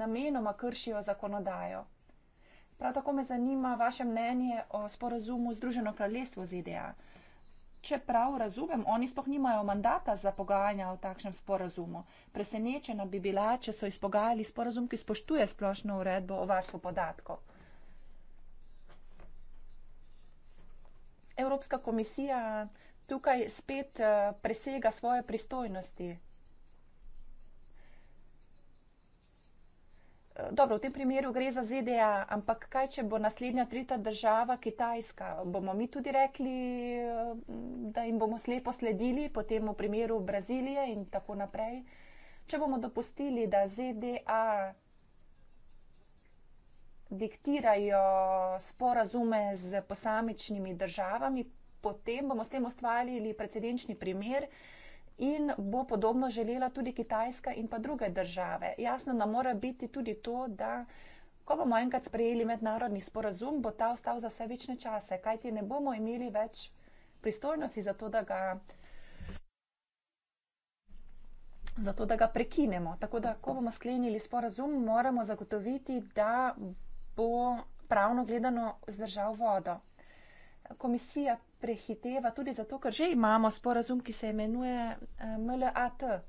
namenoma kršijo zakonodajo. Prav tako me zanima vaše mnenje o sporazumu Združeno kraljestvo ZDA. Če prav razumem, oni spoh nimajo mandata za pogajanja o takšnem sporazumu. Presenečena bi bila, če so izpogajali sporazum, ki spoštuje splošno uredbo o varstvu podatkov. Evropska komisija tukaj spet eh, presega svoje pristojnosti. Eh, dobro, v tem primeru gre za ZDA, ampak kaj, če bo naslednja tretja država Kitajska? Bomo mi tudi rekli, eh, da jim bomo slepo sledili, potem v primeru Brazilije in tako naprej. Če bomo dopustili, da ZDA diktirajo sporazume z posamičnimi državami, potem bomo s tem ustvarili precedenčni primer in bo podobno želela tudi Kitajska in pa druge države. Jasno nam mora biti tudi to, da ko bomo enkrat sprejeli mednarodni sporazum, bo ta ostal za vse večne čase, kajti ne bomo imeli več pristojnosti za to, da ga. Zato, da ga prekinemo. Tako da, ko bomo sklenili sporazum, moramo zagotoviti, da bo pravno gledano zdržal vodo. Komisija prehiteva tudi zato, ker že imamo sporazum, ki se imenuje eh, MLAT. Eh,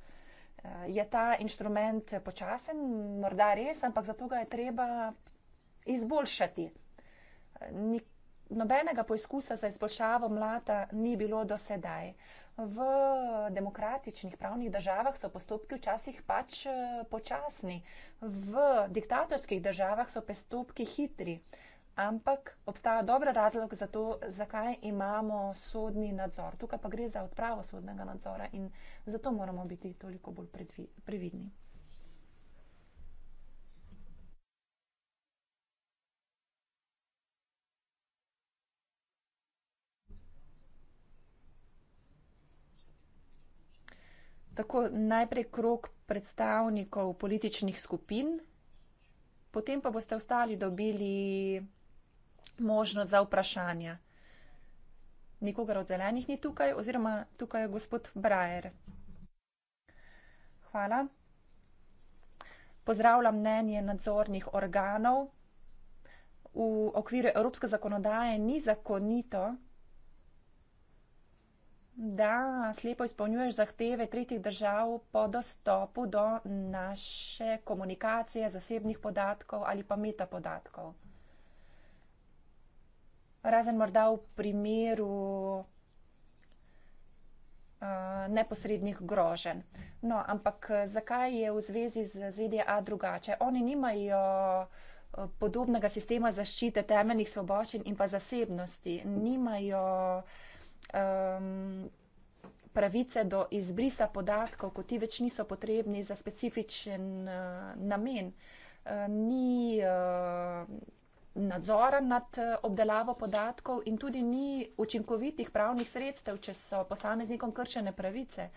je ta inštrument počasen, morda res, ampak zato ga je treba izboljšati. Eh, nobenega poizkusa za izboljšavo mlada ni bilo do sedaj v demokratičnih pravnih državah so postopki včasih pač eh, počasni, v diktatorskih državah so postopki hitri. Ampak obstaja dobra razlog za to, zakaj imamo sodni nadzor. Tukaj pa gre za odpravo sodnega nadzora in zato moramo biti toliko bolj previdni. Tako najprej krok predstavnikov političnih skupin, potem pa boste ostali dobili možnost za vprašanja. Nikogar od zelenih ni tukaj, oziroma tukaj je gospod Brajer. Hvala. Pozdravljam mnenje nadzornih organov. V okviru evropske zakonodaje ni zakonito, da slepo izpolnjuješ zahteve tretjih držav po dostopu do naše komunikacije, zasebnih podatkov ali pa metapodatkov. Razen morda v primeru uh, neposrednih grožen. No, ampak zakaj je v zvezi z ZDA drugače? Oni nimajo podobnega sistema zaščite temeljnih svoboščin in pa zasebnosti. Nimajo uh, um, pravice do izbrisa podatkov, ko ti več niso potrebni za specifičen uh, namen. Uh, ni uh, nadzora nad uh, obdelavo podatkov in tudi ni učinkovitih pravnih sredstev, če so posameznikom kršene pravice.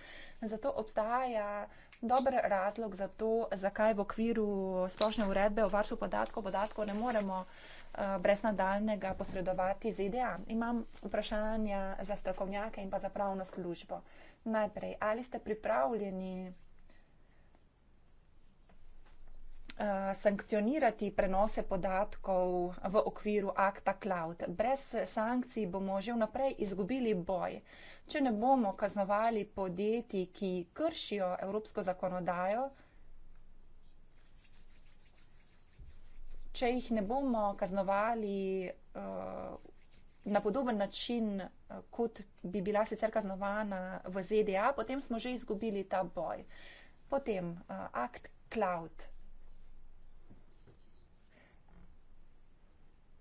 Zato obstaja dober razlog za to, zakaj v okviru splošne uredbe o varstvu podatkov podatkov ne moremo uh, Eh, brez nadaljnega posredovati ZDA. Imam vprašanja za strokovnjake in pa za pravno službo. Najprej, ali ste pripravljeni eh, sankcionirati prenose podatkov v okviru akta cloud. Brez sankcij bomo že vnaprej izgubili boj. Če ne bomo kaznovali podjetij, ki kršijo evropsko zakonodajo, če jih ne bomo kaznovali uh, na podoben način, uh, kot bi bila sicer kaznovana v ZDA, potem smo že izgubili ta boj. Potem uh, eh, Act Cloud.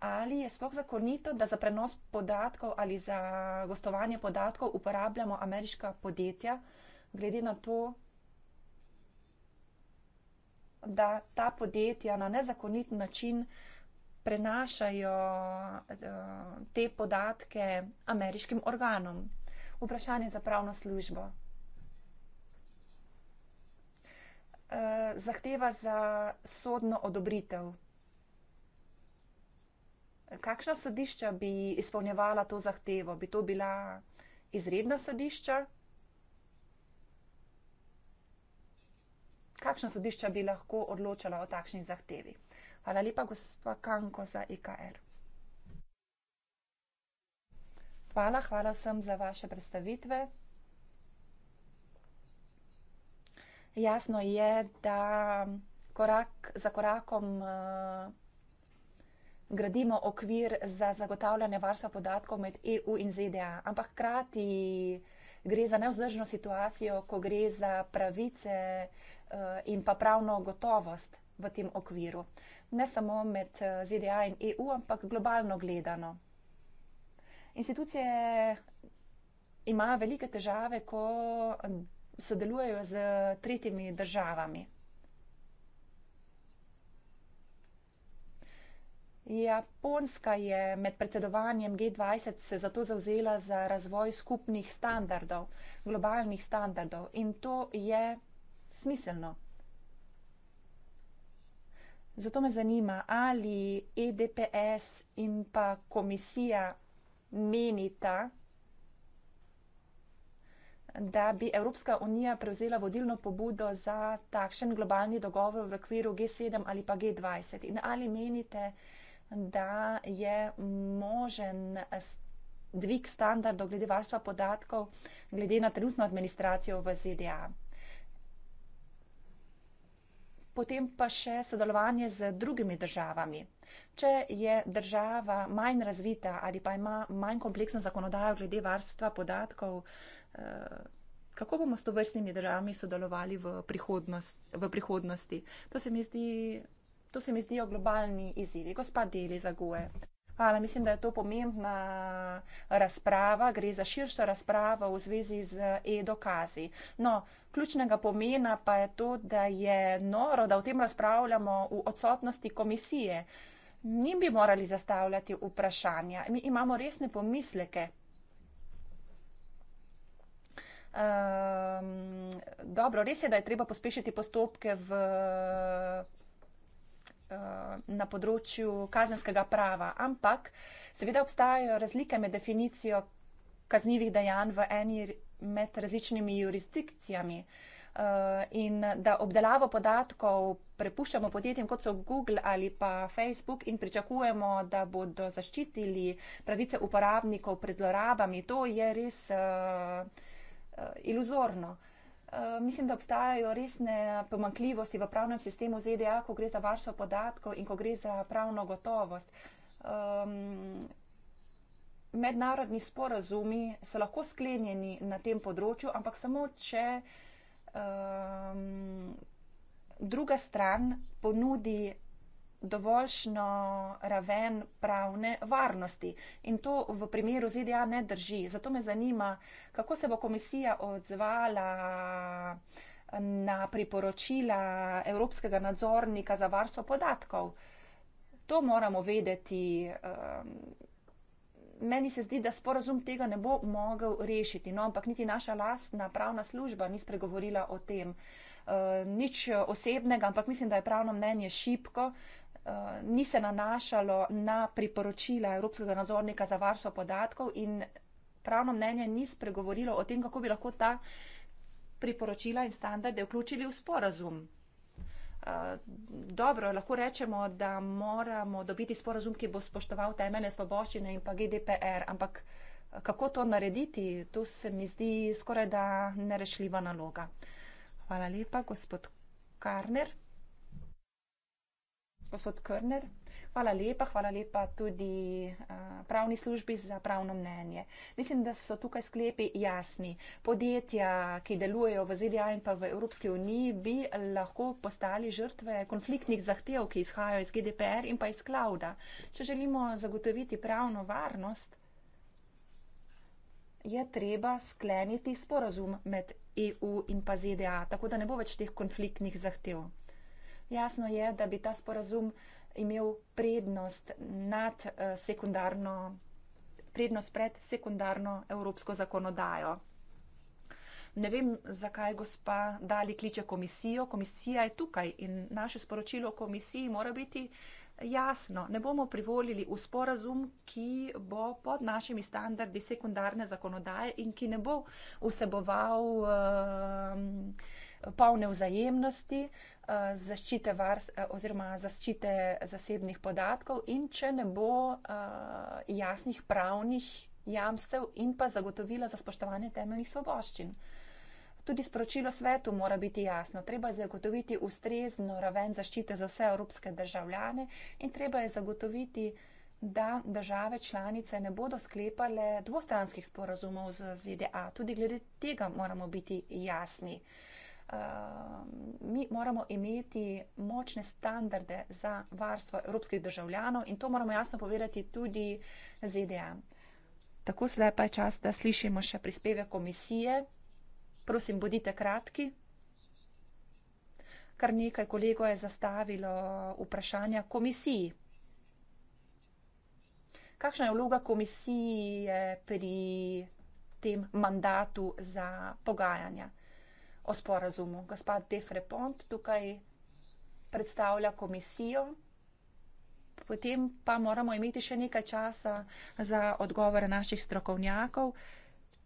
Ali je sploh zakonito, da za prenos podatkov ali za gostovanje podatkov uporabljamo ameriška podjetja, glede na to, da ta podjetja na nezakonit način prenašajo eh, te podatke ameriškim organom. Vprašanje za pravno službo. Eh, zahteva za sodno odobritev. Kakšna sodišča bi izpolnjevala to zahtevo? Bi to bila izredna sodišča, kakšna sodišča bi lahko odločala o takšni zahtevi. Hvala lepa, gospa Kanko, za IKR. E hvala, hvala vsem za vaše predstavitve. Jasno je, da korak za korakom uh, gradimo okvir za zagotavljanje varstva podatkov med EU in ZDA, ampak hkrati gre za nevzdržno situacijo, ko gre za pravice uh, Eh, in pa pravno gotovost v tem okviru. Ne samo med eh, ZDA in EU, ampak globalno gledano. Institucije imajo velike težave, ko eh, sodelujejo z tretjimi državami. Japonska je med predsedovanjem G20 se zato zavzela za razvoj skupnih standardov, globalnih standardov in to je smiselno. Zato me zanima, ali EDPS in pa komisija menita, da bi Evropska unija prevzela vodilno pobudo za takšen globalni dogovor v okviru G7 ali pa G20. In ali menite, da je možen dvig standardov glede varstva podatkov glede na trenutno administracijo v ZDA? potem pa še sodelovanje z drugimi državami. Če je država manj razvita ali pa ima manj kompleksno zakonodajo glede varstva podatkov, eh, kako bomo s to vrstnimi državami sodelovali v, prihodnost, v prihodnosti? To se mi zdi. To se mi zdijo globalni izzivi, gospod Deli za Gue. Hvala, mislim, da je to pomembna razprava. Gre za širšo razpravo v zvezi z e-dokazi. No, ključnega pomena pa je to, da je noro, da o tem razpravljamo v odsotnosti komisije. Njim bi morali zastavljati vprašanja. Mi imamo resne pomisleke. Um, dobro, res je, da je treba pospešiti postopke v Eh, na področju kazenskega prava. Ampak seveda obstajajo razlike med definicijo kaznjivih dejanj v eni med različnimi jurisdikcijami. Eh, in da obdelavo podatkov prepuščamo podjetjem, kot so Google ali pa Facebook, in pričakujemo, da bodo zaščitili pravice uporabnikov pred zlorabami, to je res uh, iluzorno. Uh, Eh, mislim, da obstajajo resne pomankljivosti v pravnem sistemu ZDA, ko gre za varstvo podatkov in ko gre za pravno gotovost. Um, mednarodni sporazumi so lahko sklenjeni na tem področju, ampak samo, če um, druga stran ponudi dovoljšno raven pravne varnosti. In to v primeru ZDA ne drži. Zato me zanima, kako se bo komisija odzvala na priporočila Evropskega nadzornika za varstvo podatkov. To moramo vedeti. Ehm, meni se zdi, da sporozum tega ne bo mogel rešiti, no, ampak niti naša lastna pravna služba ni spregovorila o tem. Uh, nič osebnega, ampak mislim, da je pravno mnenje šipko, uh, Eh, ni se nanašalo na priporočila Evropskega nadzornika za varstvo podatkov in pravno mnenje ni spregovorilo o tem, kako bi lahko ta priporočila in standarde vključili v sporazum. Eh, dobro, lahko rečemo, da moramo dobiti sporazum, ki bo spoštoval temeljne svoboščine in pa GDPR, ampak eh, kako to narediti, to se mi zdi skoraj da nerešljiva naloga. Hvala lepa, gospod Karner gospod Krner. Hvala lepa, hvala lepa tudi eh, pravni službi za pravno mnenje. Mislim, da so tukaj sklepi jasni. Podjetja, ki delujejo v ZDA in pa v Evropski uniji, bi lahko postali žrtve konfliktnih zahtev, ki izhajajo iz GDPR in pa iz klauda. Če želimo zagotoviti pravno varnost, je treba skleniti sporazum med EU in pa ZDA, tako da ne bo več teh konfliktnih zahtev. Jasno je, da bi ta sporazum imel prednost, nad, uh, prednost pred sekundarno evropsko zakonodajo. Ne vem, zakaj gospa dali kliče komisijo. Komisija je tukaj in naše sporočilo komisiji mora biti jasno. Ne bomo privolili v sporazum, ki bo pod našimi standardi sekundarne zakonodaje in ki ne bo vseboval uh, polne vzajemnosti. Uh, Eh, zaščite, vars, eh, oziroma zaščite zasebnih podatkov in če ne bo eh, jasnih pravnih jamstev in pa zagotovila za spoštovanje temeljnih svoboščin. Tudi sporočilo svetu mora biti jasno. Treba je zagotoviti ustrezno raven zaščite za vse evropske državljane in treba je zagotoviti, da države članice ne bodo sklepale dvostranskih sporazumov z ZDA. Tudi glede tega moramo biti jasni. Uh, Ehm, mi moramo imeti močne standarde za varstvo evropskih državljanov in to moramo jasno povedati tudi ZDA. Tako sedaj pa je čas, da slišimo še prispeve komisije. Prosim, bodite kratki. Kar nekaj kolego je zastavilo vprašanja komisiji. Kakšna je vloga komisije pri tem mandatu za pogajanja? o sporazumu. Gospod Defrepont tukaj predstavlja komisijo. Potem pa moramo imeti še nekaj časa za odgovore naših strokovnjakov.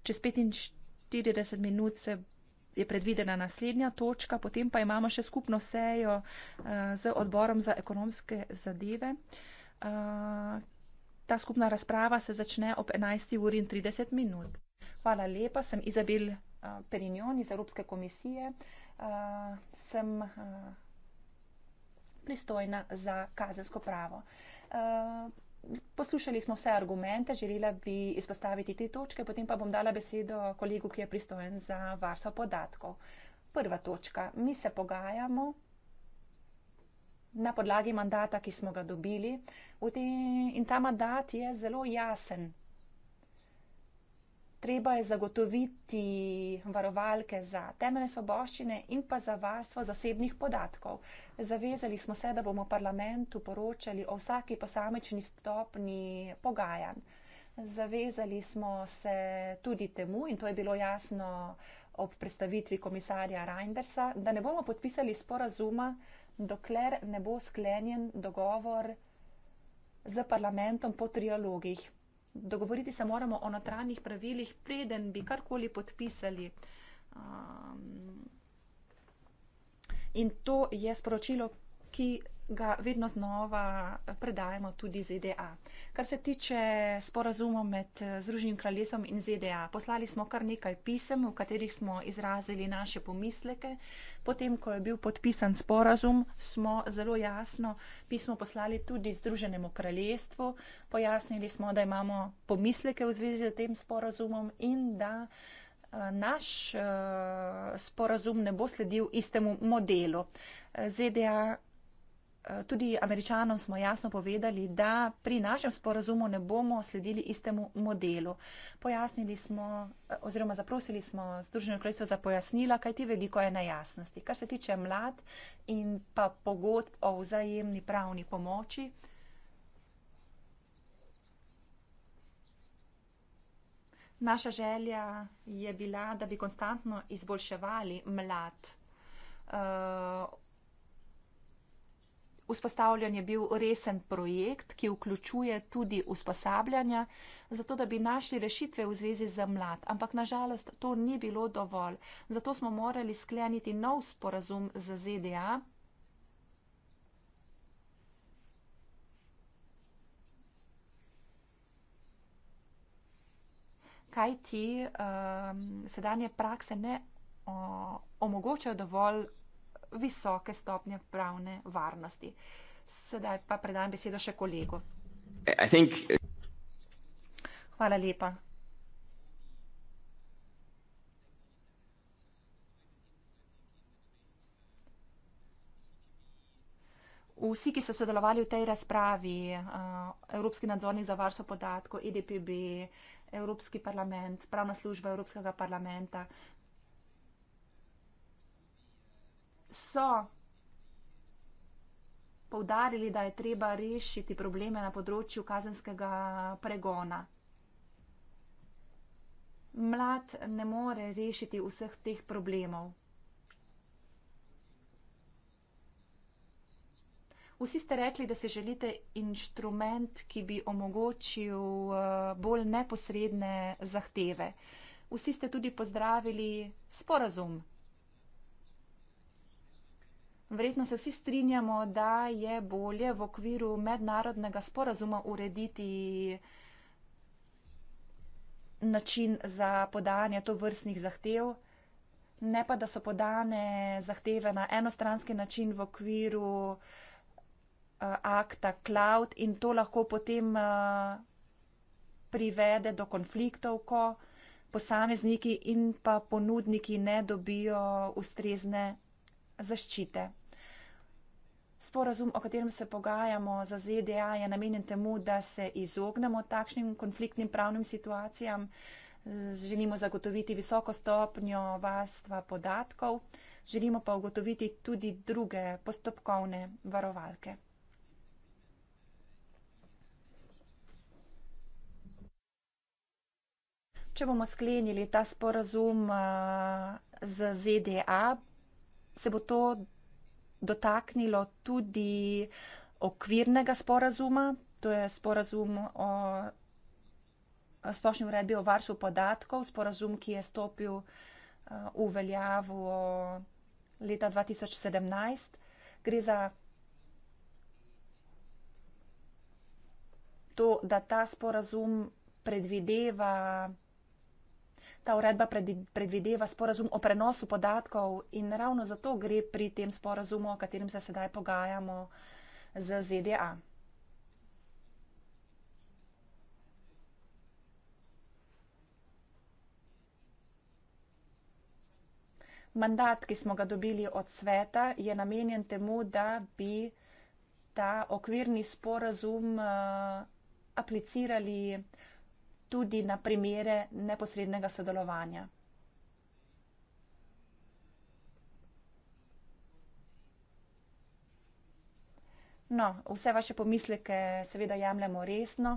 Čez 45 minut se je predvidena naslednja točka, potem pa imamo še skupno sejo eh, z odborom za ekonomske zadeve. Eh, ta skupna razprava se začne ob 11.30. Hvala lepa, sem Izabel Eh, Perignon iz Evropske komisije, eh, sem eh, pristojna za kazensko pravo. Poslušali smo vse argumente, želela bi izpostaviti te točke, potem pa bom dala besedo kolegu, ki je pristojen za varstvo podatkov. Prva točka. Mi se pogajamo na podlagi mandata, ki smo ga dobili. In ta mandat je zelo jasen treba je zagotoviti varovalke za temeljne svoboščine in pa za varstvo zasebnih podatkov. Zavezali smo se, da bomo parlamentu poročali o vsaki posamečni stopni pogajanj. Zavezali smo se tudi temu, in to je bilo jasno ob predstavitvi komisarja Reindersa, da ne bomo podpisali sporazuma, dokler ne bo sklenjen dogovor z parlamentom po trialogih dogovoriti se moramo o notranjih pravilih, preden bi karkoli podpisali. Um, in to je sporočilo, ki ga vedno znova predajamo tudi ZDA. Kar se tiče sporazuma med eh, Združenim kraljestvom in ZDA, poslali smo kar nekaj pisem, v katerih smo izrazili naše pomisleke. Potem, ko je bil podpisan sporazum, smo zelo jasno pismo poslali tudi Združenemu kraljestvu. Pojasnili smo, da imamo pomisleke v zvezi z tem sporazumom in da eh, naš eh, sporazum ne bo sledil istemu modelu. ZDA Eh, tudi američanom smo jasno povedali, da pri našem sporazumu ne bomo sledili istemu modelu. Pojasnili smo eh, oziroma zaprosili smo Združeno kraljestvo za pojasnila, kaj ti veliko je nejasnosti. Kar se tiče mlad in pa pogodb o vzajemni pravni pomoči. Naša želja je bila, da bi konstantno izboljševali mlad. Uh, Vzpostavljen je bil resen projekt, ki vključuje tudi usposabljanja, zato da bi našli rešitve v zvezi z mlad. Ampak nažalost to ni bilo dovolj. Zato smo morali skleniti nov sporazum z ZDA. Kaj ti um, sedanje prakse ne o, omogočajo dovolj visoke stopnje pravne varnosti. Sedaj pa predajam besedo še kolegu. Think... Hvala lepa. Vsi, ki so sodelovali v tej razpravi, eh, Evropski nadzornik za varstvo podatkov, EDPB, Evropski parlament, pravna služba Evropskega parlamenta, so povdarili, da je treba rešiti probleme na področju kazenskega pregona. Mlad ne more rešiti vseh teh problemov. Vsi ste rekli, da se želite inštrument, ki bi omogočil eh, bolj neposredne zahteve. Vsi ste tudi pozdravili sporazum. Verjetno se vsi strinjamo, da je bolje v okviru mednarodnega sporazuma urediti način za podanje to vrstnih zahtev, ne pa, da so podane zahteve na enostranski način v okviru uh, akta cloud in to lahko potem uh, privede do konfliktov, ko posamezniki in pa ponudniki ne dobijo ustrezne zaščite. Sporazum, o katerem se pogajamo za ZDA, je namenjen temu, da se izognemo takšnim konfliktnim pravnim situacijam. Želimo zagotoviti visoko stopnjo varstva podatkov, želimo pa ugotoviti tudi druge postopkovne varovalke. Če bomo sklenili ta sporazum z ZDA, se bo to dotaknilo tudi okvirnega sporazuma, to je sporazum o splošni uredbi o varstvu podatkov, sporazum, ki je stopil eh, v veljavu leta 2017. Gre za to, da ta sporazum predvideva Ta uredba predvideva sporazum o prenosu podatkov in ravno zato gre pri tem sporazumu, o katerem se sedaj pogajamo z ZDA. Mandat, ki smo ga dobili od sveta, je namenjen temu, da bi ta okvirni sporazum eh, aplicirali tudi na primere neposrednega sodelovanja. No, vse vaše pomisleke seveda jemljemo resno.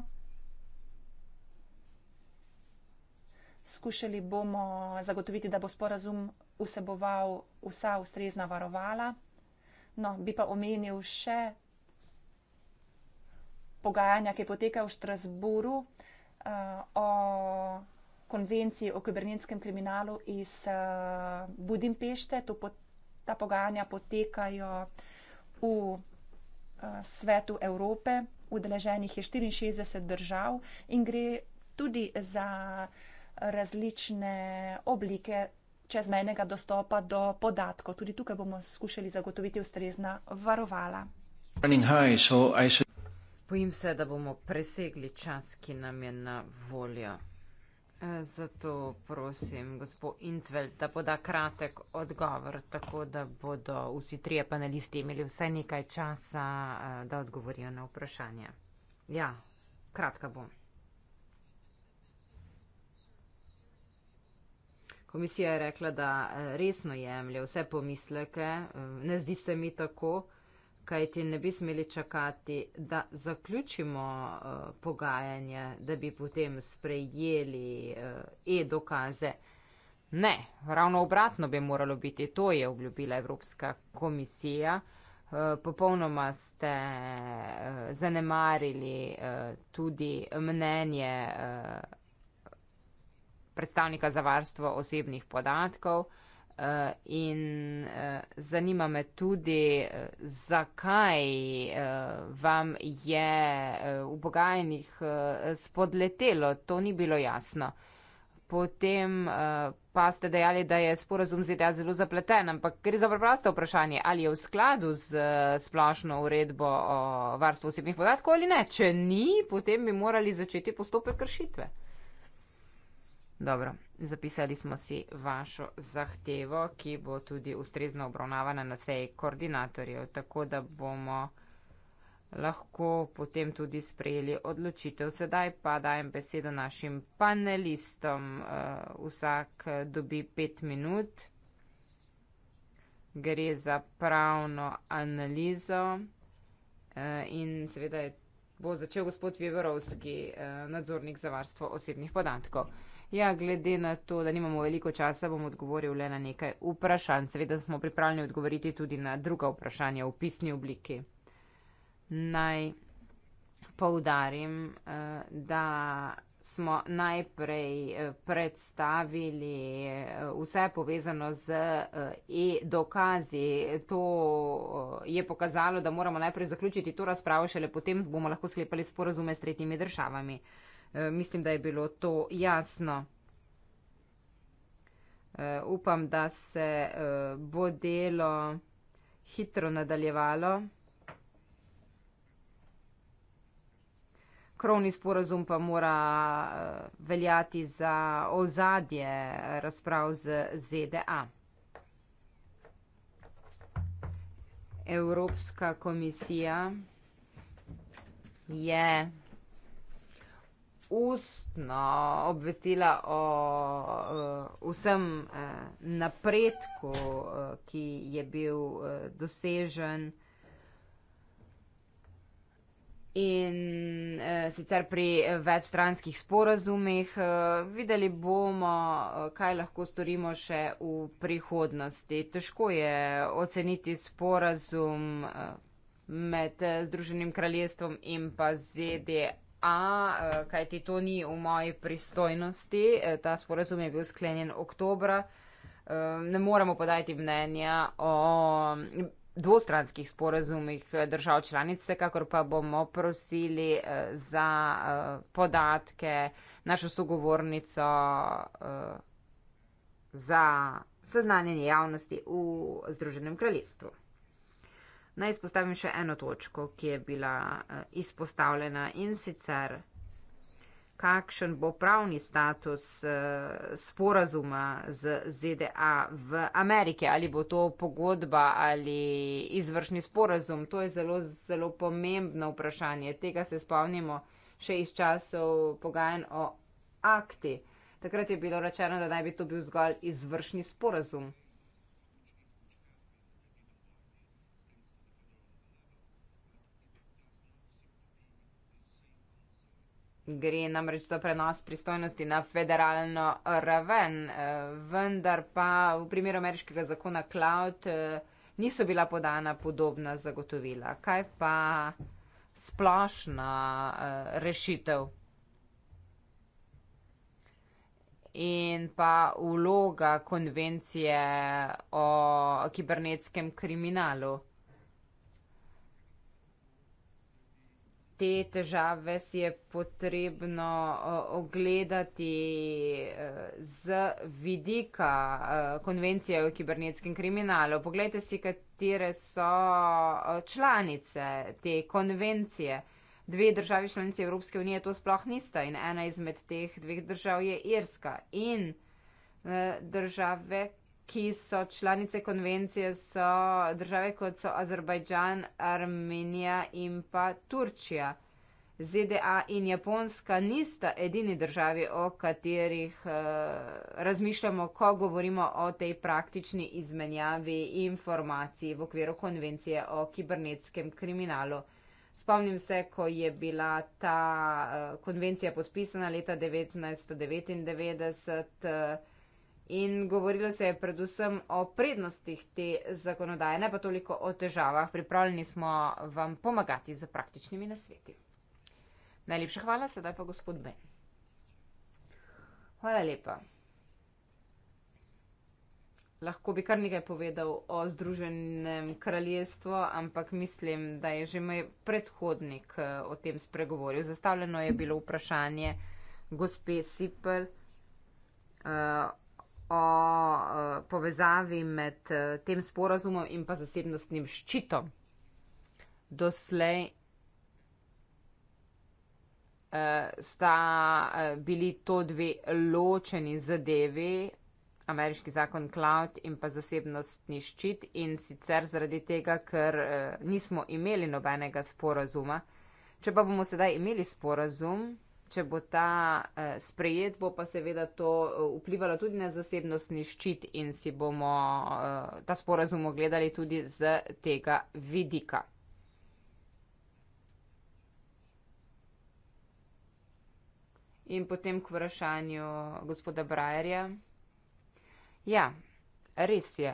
Skušali bomo zagotoviti, da bo sporazum vseboval vsa ustrezna varovala. No, bi pa omenil še pogajanja, ki potekajo v Štrasburu uh, o konvenciji o kibernetskem kriminalu iz uh, Budimpešte. Po, ta pogajanja potekajo v uh, svetu Evrope, udeleženih je 64 držav in gre tudi za različne oblike čezmejnega dostopa do podatkov. Tudi tukaj bomo skušali zagotoviti ustrezna varovala. Bojim se, da bomo presegli čas, ki nam je na voljo. E, zato prosim, gospod Intveld, da poda kratek odgovor, tako da bodo vsi trije panelisti imeli vsaj nekaj časa, e, da odgovorijo na vprašanje. Ja, kratka bom. Komisija je rekla, da e, resno jemlje vse pomisleke, ne zdi se mi tako kaj ti ne bi smeli čakati, da zaključimo uh, eh, pogajanje, da bi potem sprejeli uh, e-dokaze. Ne, ravno obratno bi moralo biti, to je obljubila Evropska komisija. Eh, popolnoma ste zanemarili tudi mnenje predstavnika za varstvo osebnih podatkov, Eh, in uh, zanima me tudi, eh, zakaj uh, vam je uh, v pogajanjih uh, spodletelo, to ni bilo jasno. Potem uh, pa ste dejali, da je sporazum z IDA zelo zapleten, ampak gre za preprosto vprašanje, ali je v skladu z uh, splošno uredbo o varstvu osebnih podatkov ali ne. Če ni, potem bi morali začeti postopek kršitve. Dobro. Zapisali smo si vašo zahtevo, ki bo tudi ustrezno obravnavana na seji koordinatorjev, tako da bomo lahko potem tudi sprejeli odločitev. Sedaj pa dajem besedo našim panelistom. Eh, vsak eh, dobi pet minut. Gre za pravno analizo. Eh, in seveda bo začel gospod Vivorovski, nadzornik za varstvo osebnih podatkov. Ja, glede na to, da nimamo veliko časa, bom odgovoril le na nekaj vprašanj. Seveda smo pripravljeni odgovoriti tudi na druga vprašanja v pisni obliki. Naj poudarim, eh, da smo najprej eh, predstavili eh, vse povezano z e-dokazi. To je pokazalo, da moramo najprej zaključiti to razpravo, šele potem bomo lahko sklepali sporazume s tretjimi državami. Eh, mislim, da je bilo to jasno. Eh, upam, da se eh, bo delo hitro nadaljevalo. Krovni sporazum pa mora veljati za ozadje razprav z ZDA. Evropska komisija je ustno obvestila o uh, vsem uh, napredku, uh, ki je bil uh, dosežen. In uh, sicer pri večstranskih sporazumih, uh, videli bomo, uh, kaj lahko storimo še v prihodnosti. Težko je oceniti sporazum uh, med Združenim kraljestvom in pa ZDA. A, eh, kajti to ni v moji pristojnosti. Eh, ta sporazum je bil sklenjen oktober. Eh, ne moremo podajati mnenja o dvostranskih sporazumih držav članic, vsekakor pa bomo prosili za podatke našo sogovornico za seznanjenje javnosti v Združenem kraljestvu. Naj izpostavim še eno točko, ki je bila eh, izpostavljena in sicer, kakšen bo pravni status eh, sporazuma z ZDA v Ameriki, ali bo to pogodba ali izvršni sporazum. To je zelo, zelo pomembno vprašanje. Tega se spomnimo še iz časov pogajanj o akti. Takrat je bilo rečeno, da naj bi to bil zgolj izvršni sporazum. gre namreč za prenos pristojnosti na federalno raven, eh, vendar pa v primeru ameriškega zakona cloud eh, niso bila podana podobna zagotovila. Kaj pa splošna eh, rešitev? In pa vloga konvencije o kibernetskem kriminalu. te težave si je potrebno ogledati e, z vidika e, konvencije o kibernetskem kriminalu. Poglejte si, katere so e, članice te konvencije. Dve državi članice Evropske unije to sploh nista in ena izmed teh dveh držav je Irska in države, ki so članice konvencije, so države kot so Azerbajdžan, Armenija in pa Turčija. ZDA in Japonska nista edini državi, o katerih eh, razmišljamo, ko govorimo o tej praktični izmenjavi informacij v okviru konvencije o kibernetskem kriminalu. Spomnim se, ko je bila ta eh, konvencija podpisana leta 1999. In govorilo se je predvsem o prednostih te zakonodaje, ne pa toliko o težavah. Pripravljeni smo vam pomagati z praktičnimi nasveti. Najlepša hvala, sedaj pa gospod Ben. Hvala lepa. Lahko bi kar nekaj povedal o Združenem kraljestvu, ampak mislim, da je že moj predhodnik eh, o tem spregovoril. Zastavljeno je bilo vprašanje gospe Sipel. Uh, o e, povezavi med e, tem sporazumom in pa zasebnostnim ščitom. Doslej e, sta bili to dve ločeni zadevi, ameriški zakon cloud in pa zasebnostni ščit in sicer zaradi tega, ker nismo imeli nobenega sporazuma. Če pa bomo sedaj imeli sporazum, če bo ta eh, sprejet, bo pa seveda to eh, vplivalo tudi na zasebnostni ščit in si bomo eh, ta sporazum ogledali tudi z tega vidika. In potem k vprašanju gospoda Brajerja. Ja, res je.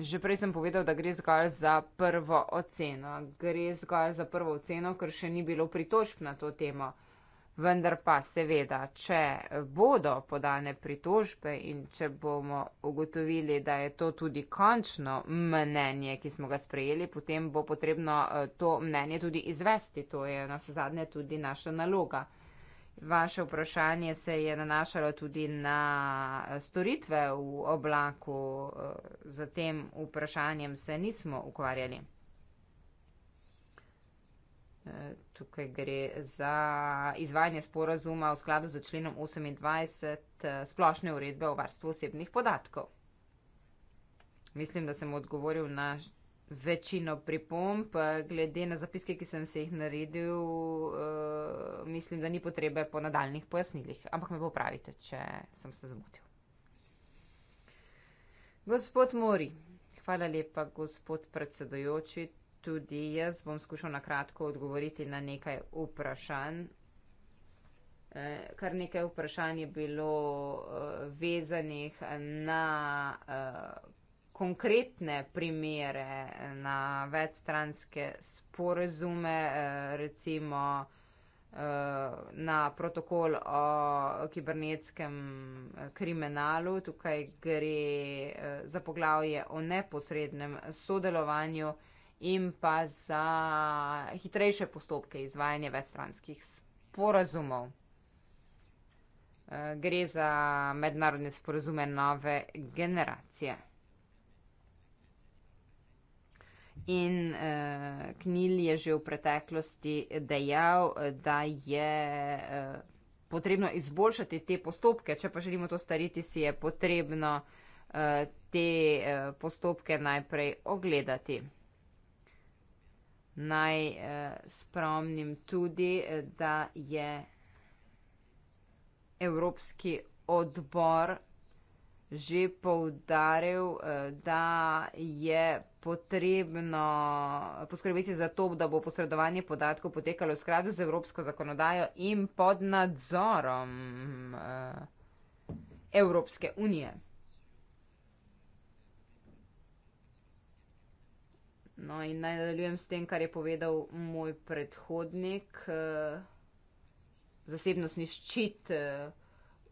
Že prej sem povedal, da gre zgolj za prvo oceno. Gre zgolj za prvo oceno, ker še ni bilo pritožb na to temo. Vendar pa seveda, če bodo podane pritožbe in če bomo ugotovili, da je to tudi končno mnenje, ki smo ga sprejeli, potem bo potrebno eh, to mnenje tudi izvesti. To je na vse zadnje tudi naša naloga. Vaše vprašanje se je nanašalo tudi na storitve v oblaku. Eh, z tem vprašanjem se nismo ukvarjali. Eh, tukaj gre za izvajanje sporazuma v skladu z členom 28 eh, splošne uredbe o varstvu osebnih podatkov. Mislim, da sem odgovoril na večino pripomp. Glede na zapiske, ki sem se jih naredil, eh, mislim, da ni potrebe po nadaljnih pojasnilih. Ampak me popravite, če sem se zmotil. Gospod Mori, hvala lepa, gospod predsedojoči. Tudi jaz bom skušal na kratko odgovoriti na nekaj vprašanj. Eh, kar nekaj vprašanj je bilo eh, vezanih na konkretne primere na večstranske sporezume, eh, recimo eh, na protokol o kibernetskem eh, kriminalu. Tukaj gre za poglavje o neposrednem sodelovanju in pa za hitrejše postopke izvajanja večstranskih sporazumov. Gre za mednarodne sporazume nove generacije. In uh, Knil je že v preteklosti dejal, da je uh, potrebno izboljšati te postopke. Če pa želimo to stariti, si je potrebno uh, te uh, postopke najprej ogledati. Naj uh, spomnim tudi, da je Evropski odbor že poudaril, eh, da je potrebno poskrbeti za to, da bo posredovanje podatkov potekalo v skladu z evropsko zakonodajo in pod nadzorom eh, Evropske unije. No in naj nadaljujem s tem, kar je povedal moj predhodnik. Eh, Zasebnost ni ščit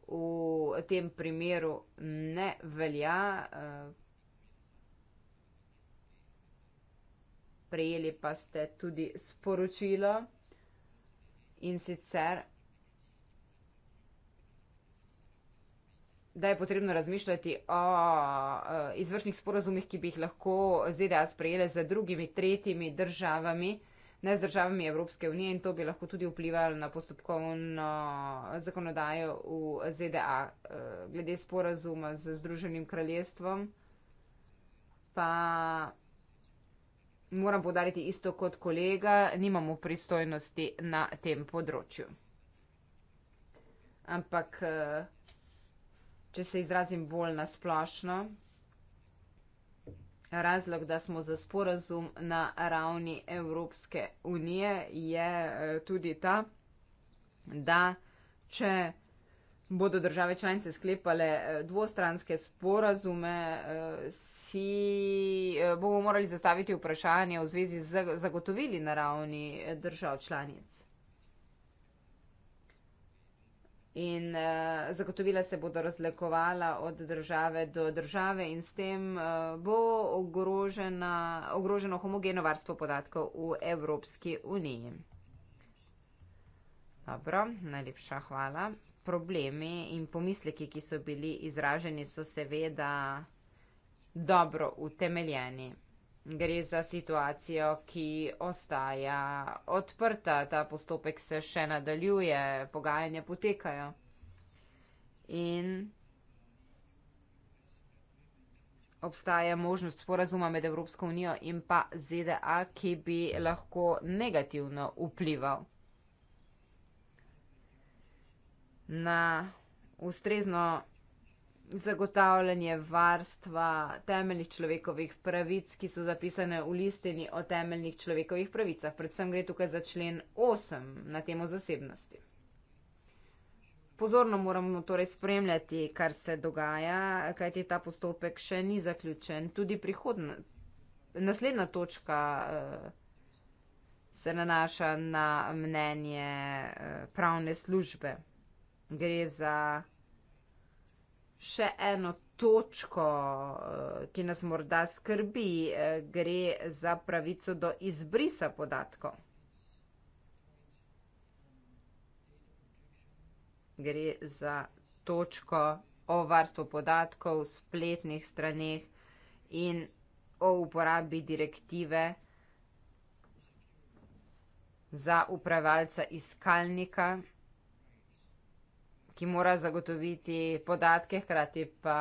v tem primeru ne velja. Eh, prejeli pa ste tudi sporočilo in sicer, da je potrebno razmišljati o eh, izvršnih sporazumih, ki bi jih lahko ZDA sprejele z drugimi, tretjimi državami ne z državami Evropske unije in to bi lahko tudi vplivalo na postopkovno zakonodajo v ZDA. Eh, glede sporazuma z Združenim kraljestvom pa moram podariti isto kot kolega, nimamo pristojnosti na tem področju. Ampak, eh, če se izrazim bolj nasplošno, Razlog, da smo za sporazum na ravni Evropske unije, je eh, tudi ta, da če bodo države članice sklepale eh, dvostranske sporazume, eh, si bomo morali zastaviti vprašanje v zvezi z zagotovili na ravni držav članic. In uh, zagotovila se bodo razlikovala od države do države in s tem uh, bo ogrožena, ogroženo homogeno varstvo podatkov v Evropski uniji. Dobro, najlepša hvala. Problemi in pomisleki, ki so bili izraženi, so seveda dobro utemeljeni gre za situacijo, ki ostaja odprta, ta postopek se še nadaljuje, pogajanja potekajo. In obstaja možnost sporazuma med Evropsko unijo in pa ZDA, ki bi lahko negativno vplival na ustrezno zagotavljanje varstva temeljnih človekovih pravic, ki so zapisane v listini o temeljnih človekovih pravicah. Predvsem gre tukaj za člen 8 na temo zasebnosti. Pozorno moramo torej spremljati, kar se dogaja, kajti ta postopek še ni zaključen. Tudi prihodna, naslednja točka eh, se nanaša na mnenje eh, pravne službe. Gre za še eno točko, eh, ki nas morda skrbi, eh, gre za pravico do izbrisa podatkov. Gre za točko o varstvu podatkov v spletnih straneh in o uporabi direktive za upravljalca iskalnika ki mora zagotoviti podatke, hkrati pa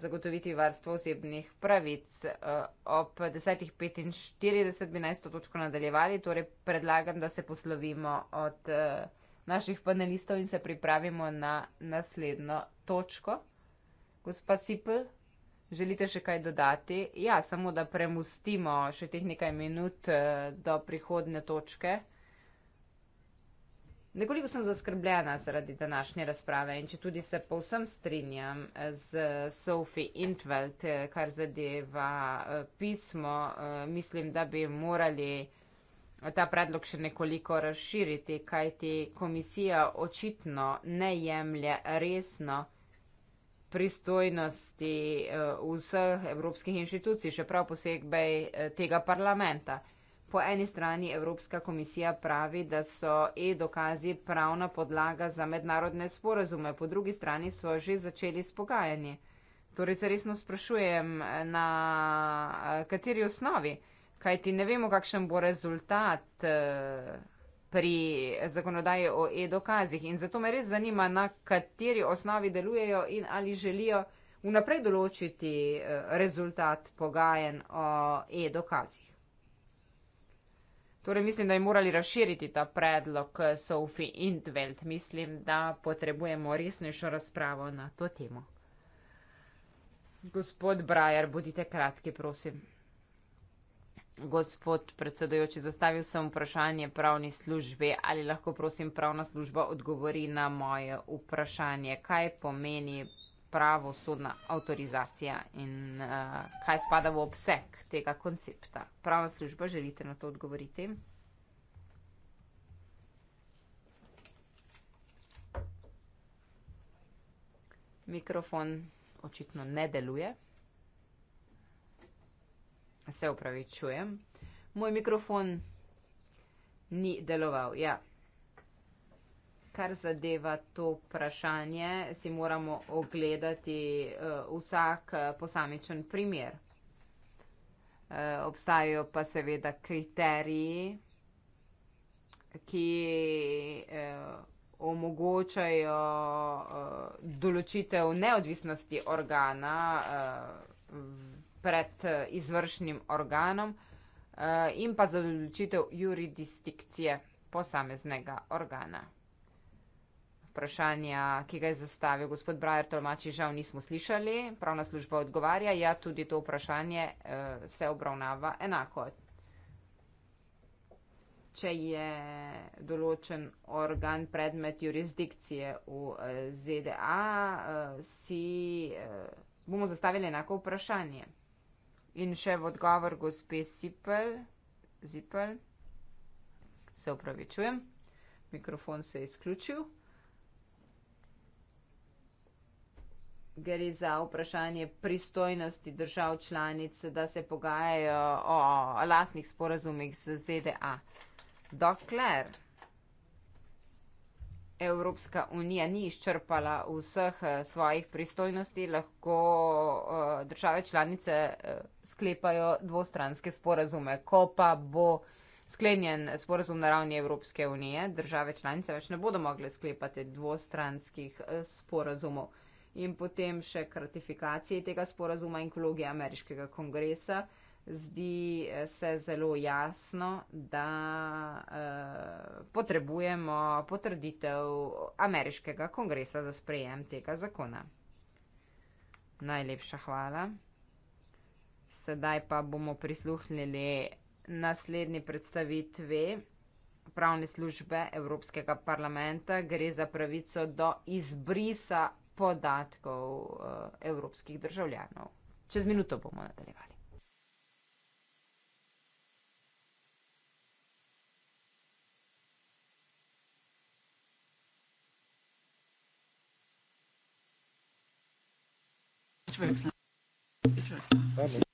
zagotoviti varstvo osebnih pravic. Eh, ob 10.45 bi naj s to točko nadaljevali, torej predlagam, da se poslovimo od eh, naših panelistov in se pripravimo na naslednjo točko. Gospa Sipl, želite še kaj dodati? Ja, samo da premustimo še teh nekaj minut eh, do prihodne točke. Nekoliko sem zaskrbljena zaradi današnje razprave in če tudi se povsem strinjam z Sophie Intveld, kar zadeva eh, pismo, eh, mislim, da bi morali ta predlog še nekoliko razširiti, kajti komisija očitno ne jemlje resno pristojnosti eh, vseh evropskih inštitucij, še prav posebej tega parlamenta. Po eni strani Evropska komisija pravi, da so e-dokazi pravna podlaga za mednarodne sporazume, po drugi strani so že začeli s pogajanji. Torej se resno sprašujem, na kateri osnovi, kajti ne vemo, kakšen bo rezultat pri zakonodaji o e-dokazih in zato me res zanima, na kateri osnovi delujejo in ali želijo vnaprej določiti rezultat pogajen o e-dokazih. Torej, mislim, da bi morali razširiti ta predlog eh, Sofi Intveld. Mislim, da potrebujemo resnejšo razpravo na to temo. Gospod Brajer, bodite kratki, prosim. Gospod predsedojoči, zastavil sem vprašanje pravni službi, ali lahko prosim pravna služba odgovori na moje vprašanje, kaj pomeni pravosodna avtorizacija in uh, kaj spada v obseg tega koncepta. Pravna služba, želite na to odgovoriti? Mikrofon očitno ne deluje. Se upravičujem. Moj mikrofon ni deloval. Ja. Yeah kar zadeva to vprašanje, si moramo ogledati eh, vsak eh, posamičen primer. Eh, obstajajo pa seveda kriteriji, ki omogočajo določitev neodvisnosti organa pred izvršnim organom in pa za določitev jurisdikcije posameznega organa vprašanja, ki ga je zastavil gospod Brajer Tolmači, žal nismo slišali. Pravna služba odgovarja, ja, tudi to vprašanje uh, se obravnava enako. Če je določen organ predmet jurisdikcije v uh, eh, ZDA, uh, eh, si uh, bomo zastavili enako vprašanje. In še v odgovor gospe Sipel, Zipel, se upravičujem, mikrofon se je izključil. gre za vprašanje pristojnosti držav članic, da se pogajajo o lastnih sporazumih z ZDA. Dokler Evropska unija ni izčrpala vseh eh, svojih pristojnosti, lahko eh, države članice eh, sklepajo dvostranske sporazume. Ko pa bo sklenjen sporazum na ravni Evropske unije, države članice več ne bodo mogle sklepati dvostranskih sporazumov in potem še k ratifikaciji tega sporazuma in k vlogi ameriškega kongresa, zdi eh, se zelo jasno, da eh, potrebujemo potrditev ameriškega kongresa za sprejem tega zakona. Najlepša hvala. Sedaj pa bomo prisluhnili naslednji predstavitvi pravne službe Evropskega parlamenta. Gre za pravico do izbrisa podatkov eh, evropskih državljanov. Čez minuto bomo nadaljevali. Vem, da je to.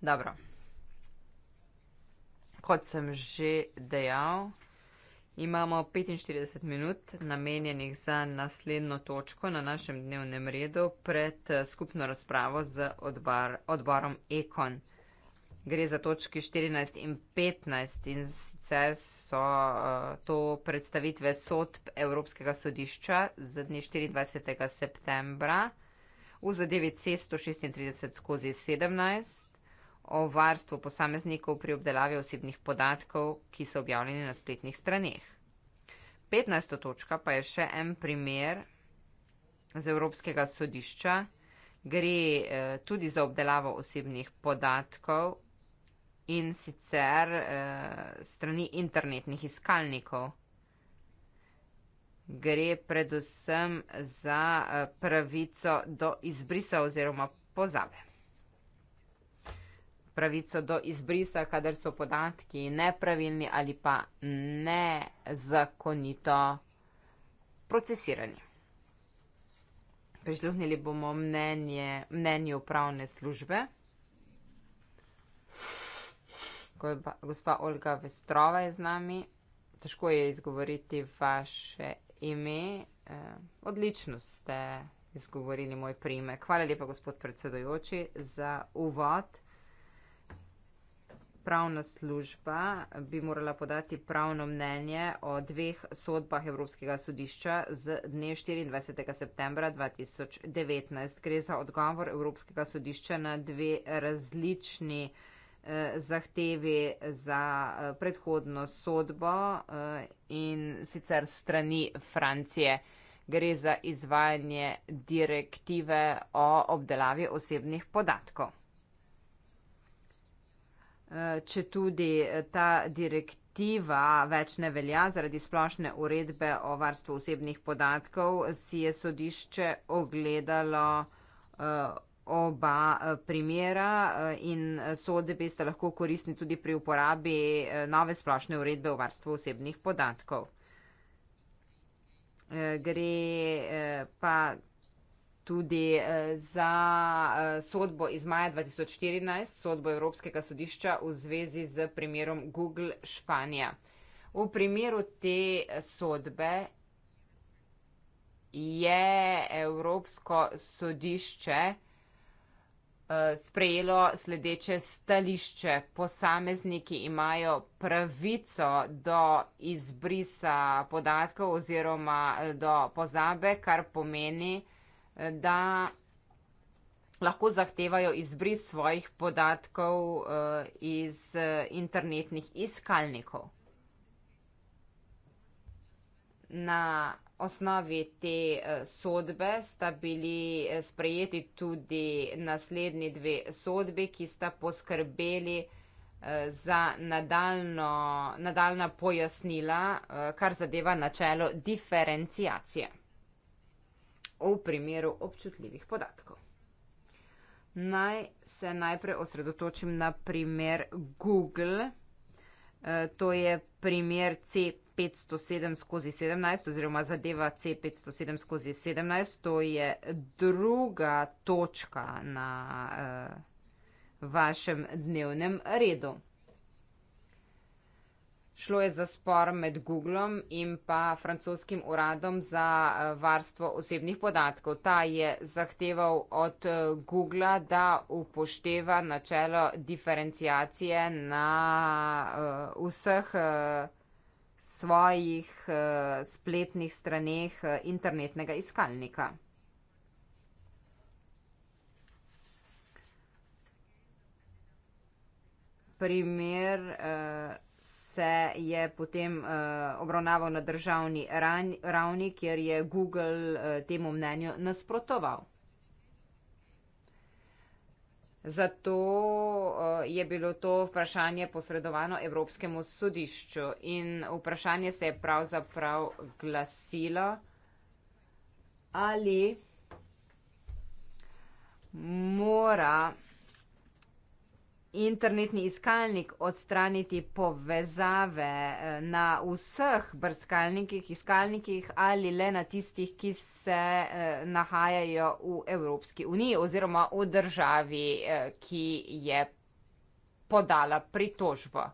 Dobro. Kot sem že dejal, imamo 45 minut namenjenih za naslednjo točko na našem dnevnem redu pred skupno razpravo z odbar, odborom Ekon. Gre za točki 14 in 15 in sicer so uh, to predstavitve sodb Evropskega sodišča z dne 24. septembra v zadevi C136 skozi 17 o varstvu posameznikov pri obdelavi osebnih podatkov, ki so objavljeni na spletnih straneh. 15. točka pa je še en primer z Evropskega sodišča. Gre eh, tudi za obdelavo osebnih podatkov in sicer eh, strani internetnih iskalnikov gre predvsem za eh, pravico do izbrisa oziroma pozabe. Pravico do izbrisa, kadar so podatki nepravilni ali pa nezakonito procesirani. Prisluhnili bomo mnenje, mnenju upravne službe. Gospa Olga Vestrova je z nami. Težko je izgovoriti vaše ime. Eh, odlično ste izgovorili moj prime. Hvala lepa, gospod predsedojoči, za uvod. Pravna služba bi morala podati pravno mnenje o dveh sodbah Evropskega sodišča z dne 24. septembra 2019. Gre za odgovor Evropskega sodišča na dve različni zahtevi za eh, predhodno sodbo eh, in sicer strani Francije. Gre za izvajanje direktive o obdelavi osebnih podatkov. Eh, Če tudi ta direktiva več ne velja zaradi splošne uredbe o varstvu osebnih podatkov, si je sodišče ogledalo oba eh, primera eh, in eh, sodbe sta lahko koristni tudi pri uporabi nove splošne uredbe o varstvu osebnih podatkov. Gre pa tudi za sodbo iz maja 2014, sodbo Evropskega sodišča v zvezi z primerom Google Španija. V primeru te sodbe je Evropsko sodišče Eh, sprejelo sledeče stališče. Posamezniki imajo pravico do izbrisa podatkov oziroma eh, do pozabe, kar pomeni, eh, da lahko zahtevajo izbris svojih podatkov iz internetnih iskalnikov. Na osnovi te eh, sodbe sta bili eh, sprejeti tudi naslednji dve sodbi, ki sta poskrbeli eh, za nadaljno, nadaljna pojasnila, kar zadeva načelo diferencijacije v primeru občutljivih podatkov. Naj se najprej osredotočim na primer Google, to je primer C skozi 17 oziroma zadeva C507 skozi 17. To je druga točka na uh, vašem dnevnem redu. Šlo je za spor med Googlom in pa francoskim uradom za eh, varstvo osebnih podatkov. Ta je zahteval od eh, Googla, da upošteva načelo diferencijacije na uh, vseh uh, svojih uh, spletnih straneh uh, internetnega iskalnika. Primer uh, se je potem uh, obravnaval na državni ravni, kjer je Google uh, temu mnenju nasprotoval. Zato eh, je bilo to vprašanje posredovano Evropskemu sodišču in vprašanje se je pravzaprav glasilo, ali mora internetni iskalnik odstraniti povezave eh, na vseh brskalnikih, iskalnikih ali le na tistih, ki se eh, nahajajo v Evropski uniji oziroma v državi, eh, ki je podala pritožbo.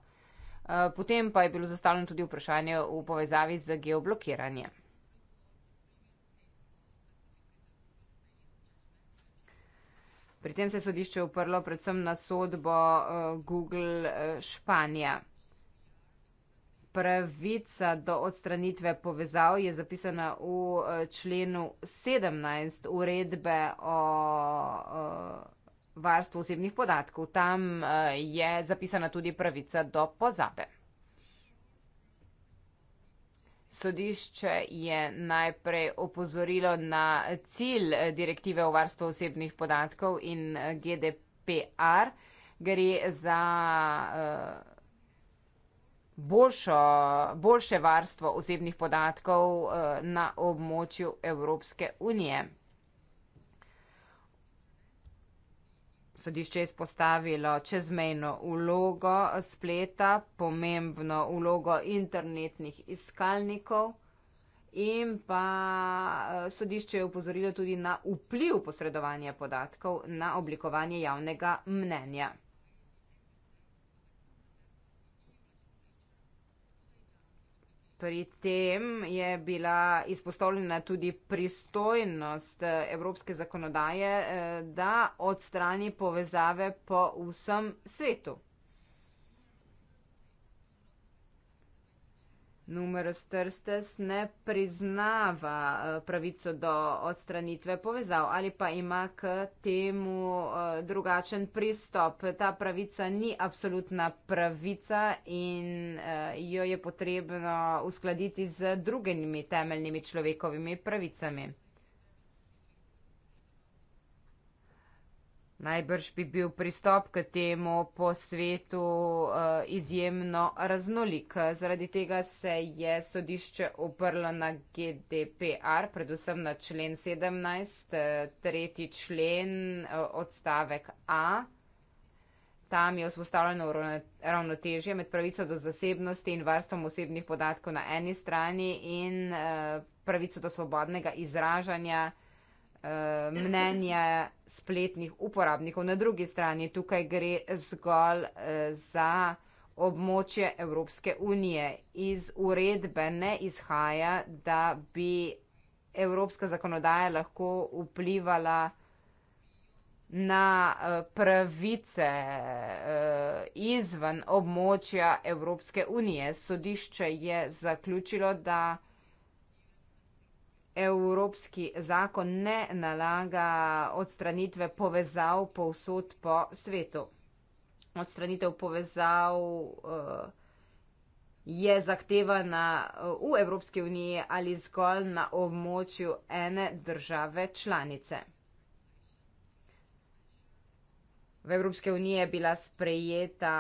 Potem pa je bilo zastavljeno tudi vprašanje v povezavi z geoblokiranjem. Pri tem se je sodišče uprlo predvsem na sodbo eh, Google eh, Španija. Pravica do odstranitve povezav je zapisana v eh, členu 17 uredbe o varstvu osebnih podatkov. Tam je zapisana tudi pravica do pozabe. Sodišče je najprej opozorilo na cilj direktive o varstvu osebnih podatkov in eh, GDPR. Gre za eh, boljšo, boljše varstvo osebnih podatkov eh, na območju Evropske unije. sodišče izpostavilo čezmejno vlogo spleta, pomembno vlogo internetnih iskalnikov in pa e, sodišče je upozorilo tudi na vpliv posredovanja podatkov na oblikovanje javnega mnenja. Pri tem je bila izpostavljena tudi pristojnost eh, evropske zakonodaje, eh, da odstrani povezave po vsem svetu. Numerus Trstes ne priznava eh, pravico do odstranitve povezav ali pa ima k temu eh, drugačen pristop. Ta pravica ni absolutna pravica in eh, jo je potrebno uskladiti z drugimi temeljnimi človekovimi pravicami. Najbrž bi bil pristop k temu po svetu uh, izjemno raznolik. Zaradi tega se je sodišče oprlo na GDPR, predvsem na člen 17, eh, tretji člen eh, odstavek A. Tam je vzpostavljeno ravnotežje med pravico do zasebnosti in varstvom osebnih podatkov na eni strani in uh, pravico do svobodnega izražanja. Eh, mnenje spletnih uporabnikov. Na drugi strani tukaj gre zgolj eh, za območje Evropske unije. Iz uredbe ne izhaja, da bi evropska zakonodaja lahko vplivala na eh, pravice izven območja Evropske unije. Sodišče je zaključilo, da evropski zakon ne nalaga odstranitve povezav povsod po svetu. Odstranitev povezav eh, je zahtevana eh, v Evropski uniji ali zgolj na območju ene države članice. V Evropske unije je bila sprejeta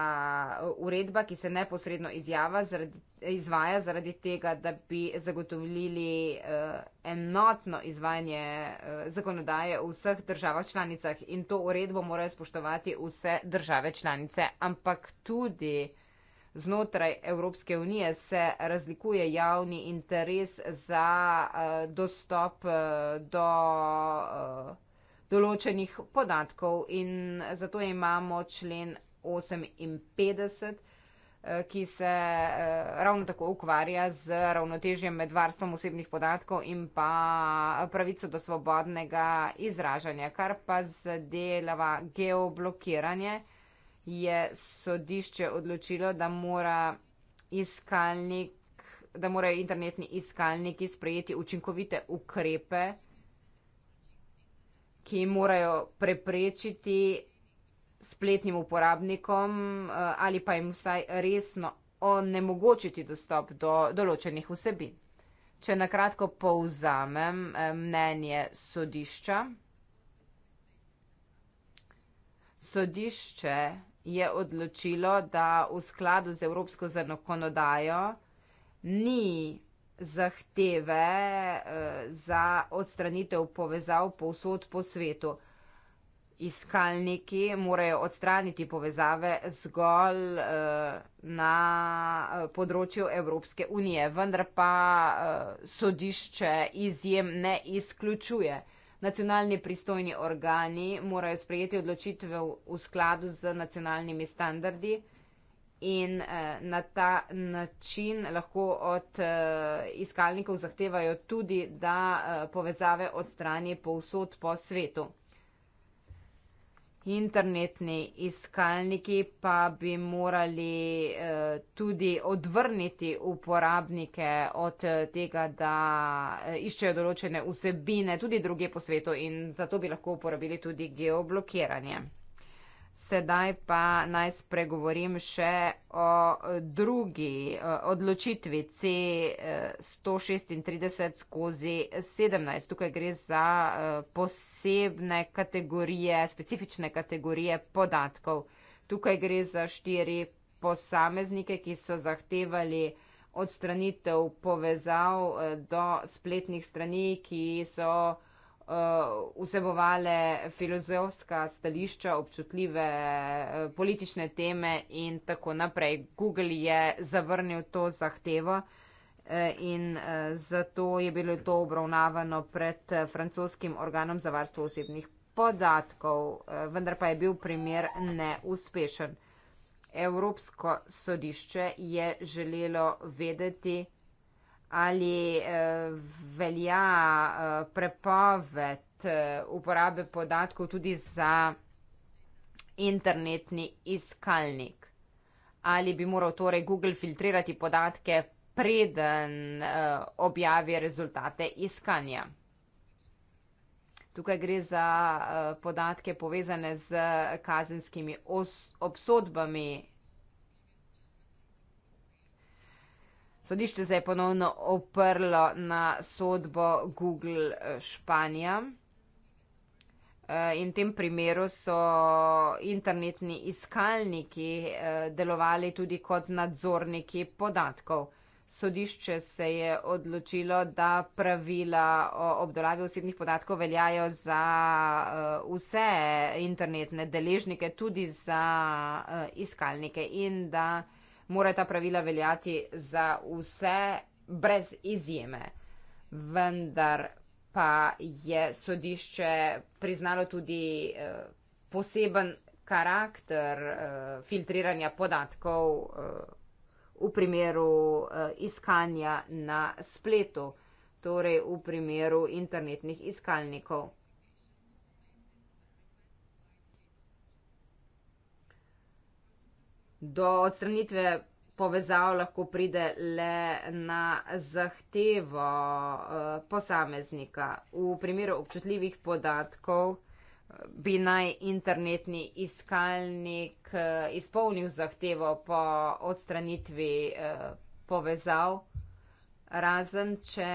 eh, uredba, ki se neposredno izjava, zaradi izvaja zaradi tega, da bi zagotovili uh, enotno izvajanje uh, zakonodaje v vseh državah članicah in to uredbo morajo spoštovati vse države članice, ampak tudi znotraj Evropske unije se razlikuje javni interes za uh, dostop uh, do. Uh, določenih podatkov in zato imamo člen 58 Eh, ki se eh, ravno tako ukvarja z ravnotežjem med varstvom osebnih podatkov in pa pravico do svobodnega izražanja, kar pa zadeva geoblokiranje, je sodišče odločilo, da mora iskalnik da morajo internetni iskalniki sprejeti učinkovite ukrepe, ki morajo preprečiti spletnim uporabnikom eh, ali pa jim vsaj resno onemogočiti dostop do določenih vsebin. Če nakratko povzamem eh, mnenje sodišča, sodišče je odločilo, da v skladu z evropsko zakonodajo ni zahteve eh, za odstranitev povezav povsod po svetu iskalniki morajo odstraniti povezave zgolj uh, na eh, področju Evropske unije, vendar pa uh, sodišče izjem ne izključuje. Nacionalni pristojni organi morajo sprejeti odločitve v, v skladu z nacionalnimi standardi in eh, na ta način lahko od eh, iskalnikov zahtevajo tudi, da eh, povezave odstrani povsod po svetu internetni iskalniki pa bi morali eh, tudi odvrniti uporabnike od eh, tega, da eh, iščejo določene vsebine tudi druge po svetu in zato bi lahko uporabili tudi geoblokiranje. Sedaj pa naj spregovorim še o drugi eh, odločitvi C136 eh, skozi 17. Tukaj gre za eh, posebne kategorije, specifične kategorije podatkov. Tukaj gre za štiri posameznike, ki so zahtevali odstranitev povezav do spletnih strani, ki so. Uh, vsebovale filozofska stališča, občutljive uh, politične teme in tako naprej. Google je zavrnil to zahtevo uh, in zato je bilo to obravnavano pred francoskim organom za varstvo osebnih podatkov, vendar pa je bil primer neuspešen. Evropsko sodišče je želelo vedeti, ali uh, velja uh, prepoved uh, uporabe podatkov tudi za internetni iskalnik. Ali bi moral torej Google filtrirati podatke, preden uh, objavi rezultate iskanja. Tukaj gre za uh, podatke povezane z kazenskimi obsodbami Sodišče se je ponovno oprlo na sodbo Google eh, Španija. Eh, in v tem primeru so internetni iskalniki eh, delovali tudi kot nadzorniki podatkov. Sodišče se je odločilo, da pravila o obdelavi osebnih podatkov veljajo za vse internetne deležnike, tudi za iskalnike in da morajo ta pravila veljati za vse, brez izjeme. Vendar pa je sodišče priznalo tudi uh, poseben karakter uh, filtriranja podatkov uh, v primeru uh, iskanja na spletu, torej v primeru internetnih iskalnikov. Do odstranitve povezav lahko pride le na zahtevo eh, posameznika. V primeru občutljivih podatkov eh, bi naj internetni iskalnik eh, izpolnil zahtevo po odstranitvi povezav, razen če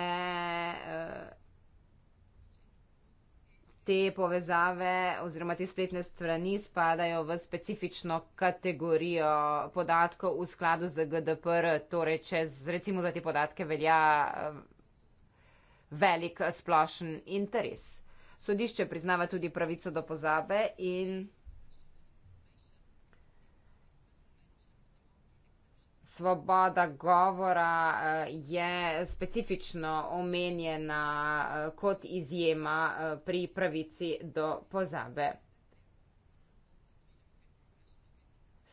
te povezave oziroma te spletne strani spadajo v specifično kategorijo podatkov v skladu z GDPR, torej če recimo za te podatke velja eh, velik splošen interes. Sodišče priznava tudi pravico do pozabe in Svoboda govora eh, je specifično omenjena eh, kot izjema eh, pri pravici do pozabe.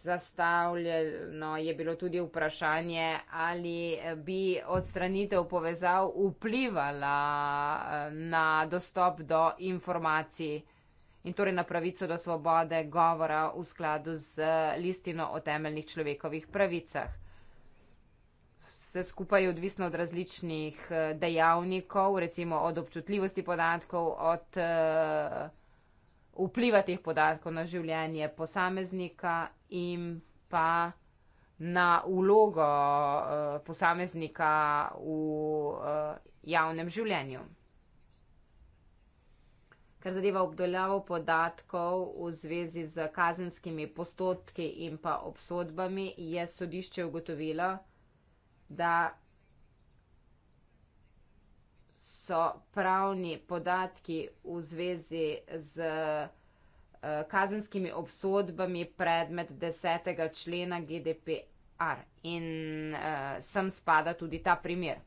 Zastavljeno je bilo tudi vprašanje, ali bi odstranitev povezav vplivala na dostop do informacij in torej na pravico do svobode govora v skladu z listino o temeljnih človekovih pravicah vse skupaj je odvisno od različnih eh, dejavnikov, recimo od občutljivosti podatkov, od eh, vpliva teh podatkov na življenje posameznika in pa na ulogo eh, posameznika v javnem življenju. Kar zadeva obdoljavo podatkov v zvezi z kazenskimi postotki in pa obsodbami, je sodišče ugotovilo, da so pravni podatki v zvezi z eh, kazenskimi obsodbami predmet desetega člena GDPR in eh, sem spada tudi ta primer.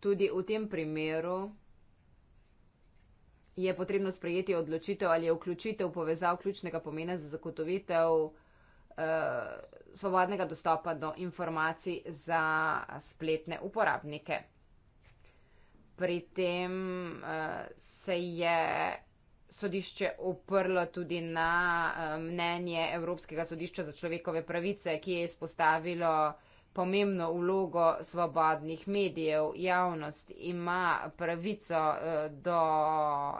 Tudi v tem primeru je potrebno sprejeti odločitev, ali je vključitev povezav ključnega pomena za zagotovitev Eh, svobodnega dostopa do informacij za spletne uporabnike. Pri tem uh, se je sodišče oprlo tudi na uh, mnenje Evropskega sodišča za človekove pravice, ki je izpostavilo pomembno vlogo svobodnih medijev. Javnost ima pravico uh, do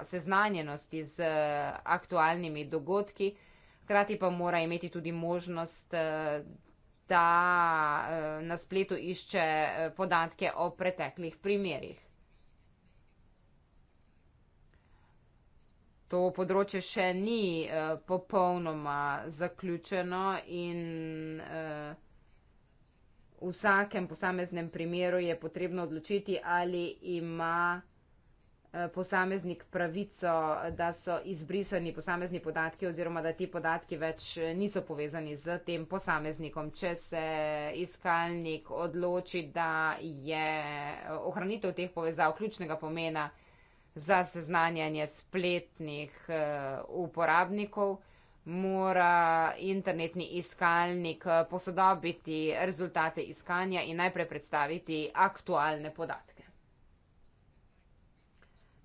seznanjenosti z uh, aktualnimi dogodki, uh, Hkrati pa mora imeti tudi možnost, eh, da eh, na spletu išče eh, podatke o preteklih primerjih. To področje še ni popolnoma zaključeno in v vsakem posameznem primeru je potrebno odločiti, ali ima vsega, Eh, posameznik pravico, da so izbrisani posamezni podatki oziroma da ti podatki več eh, niso povezani z tem posameznikom. Če se iskalnik odloči, da je eh, ohranitev teh povezav ključnega pomena za seznanjanje spletnih uporabnikov, mora internetni iskalnik posodobiti rezultate iskanja in najprej predstaviti aktualne podatke.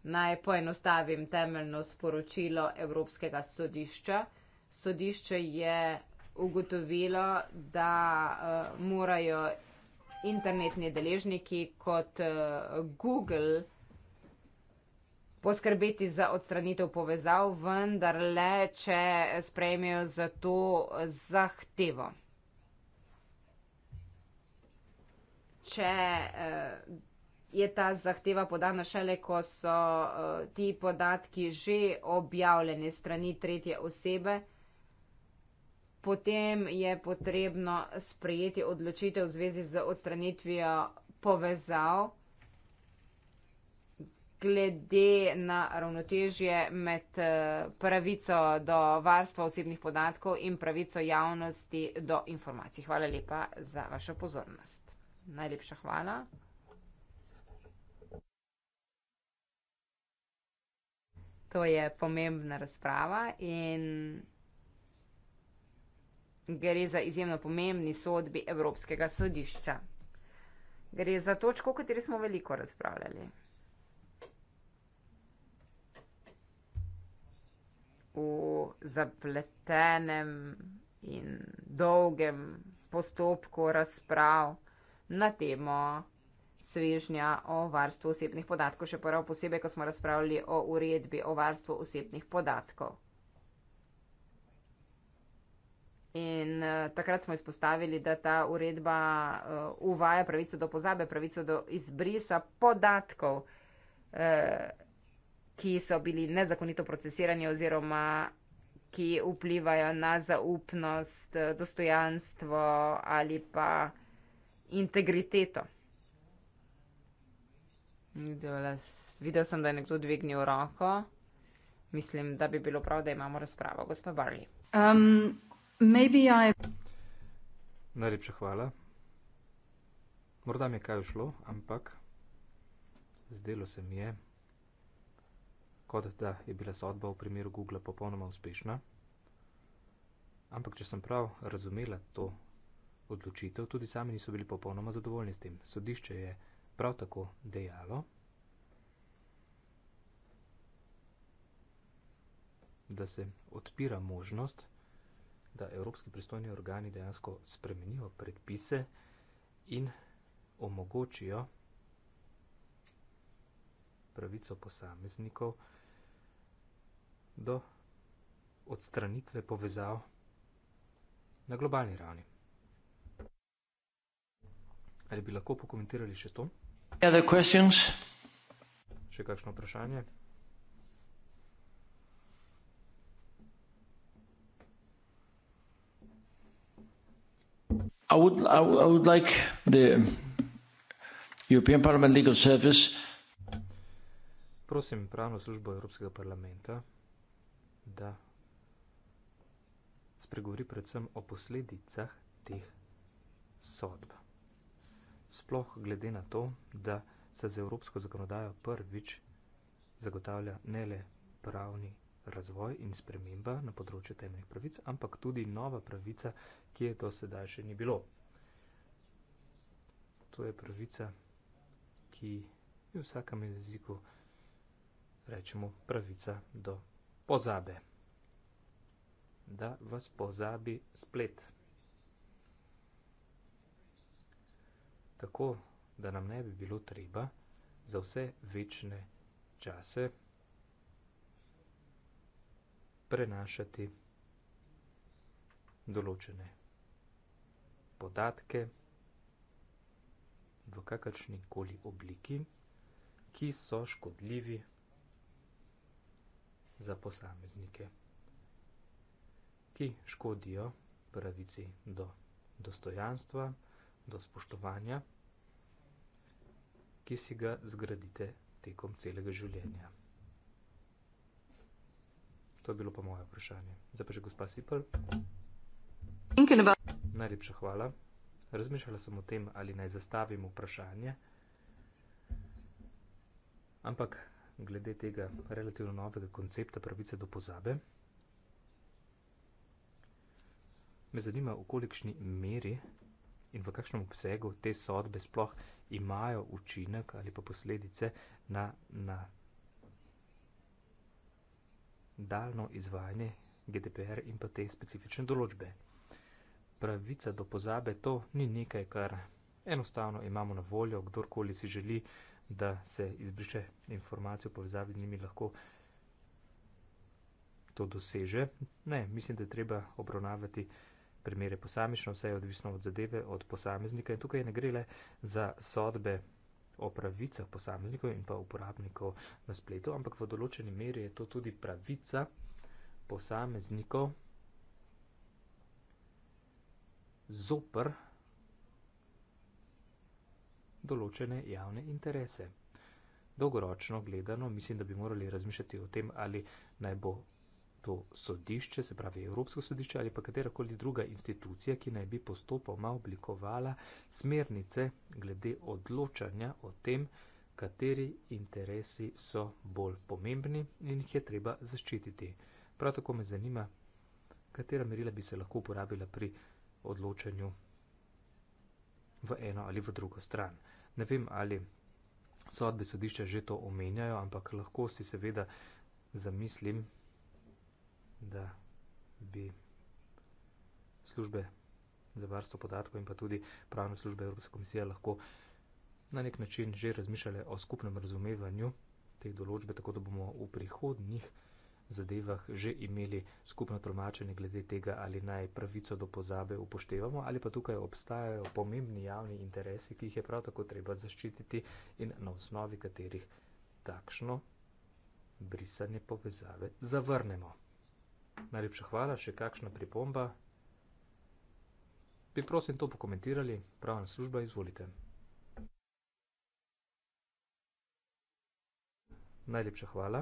Naj poenostavim temeljno sporočilo Evropskega sodišča. Sodišče je ugotovilo, da uh, morajo internetni deležniki kot uh, Google poskrbeti za odstranitev povezav, vendar le, če sprejmejo za to zahtevo. Če uh, je ta zahteva podana šele, ko so uh, ti podatki že objavljeni strani tretje osebe, potem je potrebno sprejeti odločitev v zvezi z odstranitvijo povezav glede na ravnotežje med eh, pravico do varstva osebnih podatkov in pravico javnosti do informacij. Hvala lepa za vašo pozornost. Najlepša hvala. to je pomembna razprava in gre za izjemno pomembni sodbi Evropskega sodišča. Gre za točko, o kateri smo veliko razpravljali. V zapletenem in dolgem postopku razprav na temo svežnja o varstvu osebnih podatkov, še prav posebej, ko smo razpravljali o uredbi o varstvu osebnih podatkov. In uh, takrat smo izpostavili, da ta uredba uh, uvaja pravico do pozabe, pravico do izbrisa podatkov, uh, ki so bili nezakonito procesirani oziroma ki vplivajo na zaupnost, dostojanstvo ali pa integriteto. Videla sem, da je nekdo dvignil roko. Mislim, da bi bilo prav, da imamo razpravo, gospod Barli. Um, I... Najlepša hvala. Morda mi je kaj ušlo, ampak zdelo se mi je, kot da je bila sodba v primeru Google popolnoma uspešna. Ampak, če sem prav razumela to odločitev, tudi sami niso bili popolnoma zadovoljni s tem. Sodišče je prav tako dejalo, da se odpira možnost, da evropski pristojni organi dejansko spremenijo predpise in omogočijo pravico posameznikov do odstranitve povezav na globalni ravni. Ali bi lahko pokomentirali še to? Other questions? Še kakšno vprašanje? I would, I would, I would like the European Parliament Legal Service Prosim, pravno službo Evropskega parlamenta, da spregovori predvsem o posledicah teh sodb sploh glede na to, da se z evropsko zakonodajo prvič zagotavlja ne le pravni razvoj in sprememba na področju temeljnih pravic, ampak tudi nova pravica, ki je do sedaj še ni bilo. To je pravica, ki je v vsakem jeziku rečemo pravica do pozabe. Da vas pozabi splet. tako da nam ne bi bilo treba za vse večne čase prenašati določene podatke v kakršni koli obliki, ki so škodljivi za posameznike, ki škodijo pravici do dostojanstva, do spoštovanja, ki si ga zgradite tekom celega življenja. To je bilo pa moje vprašanje. Zdaj pa že gospa Sipr. Najlepša hvala. Razmišljala sem o tem, ali naj zastavim vprašanje, ampak glede tega relativno novega koncepta pravice do pozabe, me zanima, v kolikšni meri in v kakšnem obsegu te sodbe sploh imajo učinek ali pa posledice na, na daljno izvajanje GDPR in pa te specifične določbe. Pravica do pozabe to ni nekaj, kar enostavno imamo na voljo, kdorkoli si želi, da se izbriše informacijo v povezavi z njimi lahko to doseže. Ne, mislim, da je treba obravnavati primere posamično, vse je odvisno od zadeve, od posameznika in tukaj ne gre le za sodbe o pravicah posameznikov in pa uporabnikov na spletu, ampak v določeni meri je to tudi pravica posameznikov zopr določene javne interese. Dolgoročno gledano mislim, da bi morali razmišljati o tem, ali naj bo to sodišče, se pravi Evropsko sodišče ali pa katerakoli druga institucija, ki naj bi postopoma oblikovala smernice glede odločanja o tem, kateri interesi so bolj pomembni in jih je treba zaščititi. Prav tako me zanima, katera merila bi se lahko uporabila pri odločanju v eno ali v drugo stran. Ne vem, ali sodbe sodišča že to omenjajo, ampak lahko si seveda zamislim, da bi službe za varstvo podatkov in pa tudi pravne službe Evropske komisije lahko na nek način že razmišljale o skupnem razumevanju te določbe, tako da bomo v prihodnjih zadevah že imeli skupno tolmačenje glede tega, ali naj pravico do pozabe upoštevamo, ali pa tukaj obstajajo pomembni javni interesi, ki jih je prav tako treba zaščititi in na osnovi katerih takšno brisanje povezave zavrnemo. Najlepša hvala, še kakšna pripomba. Bi prosim to pokomentirali, pravna služba, izvolite. Najlepša hvala,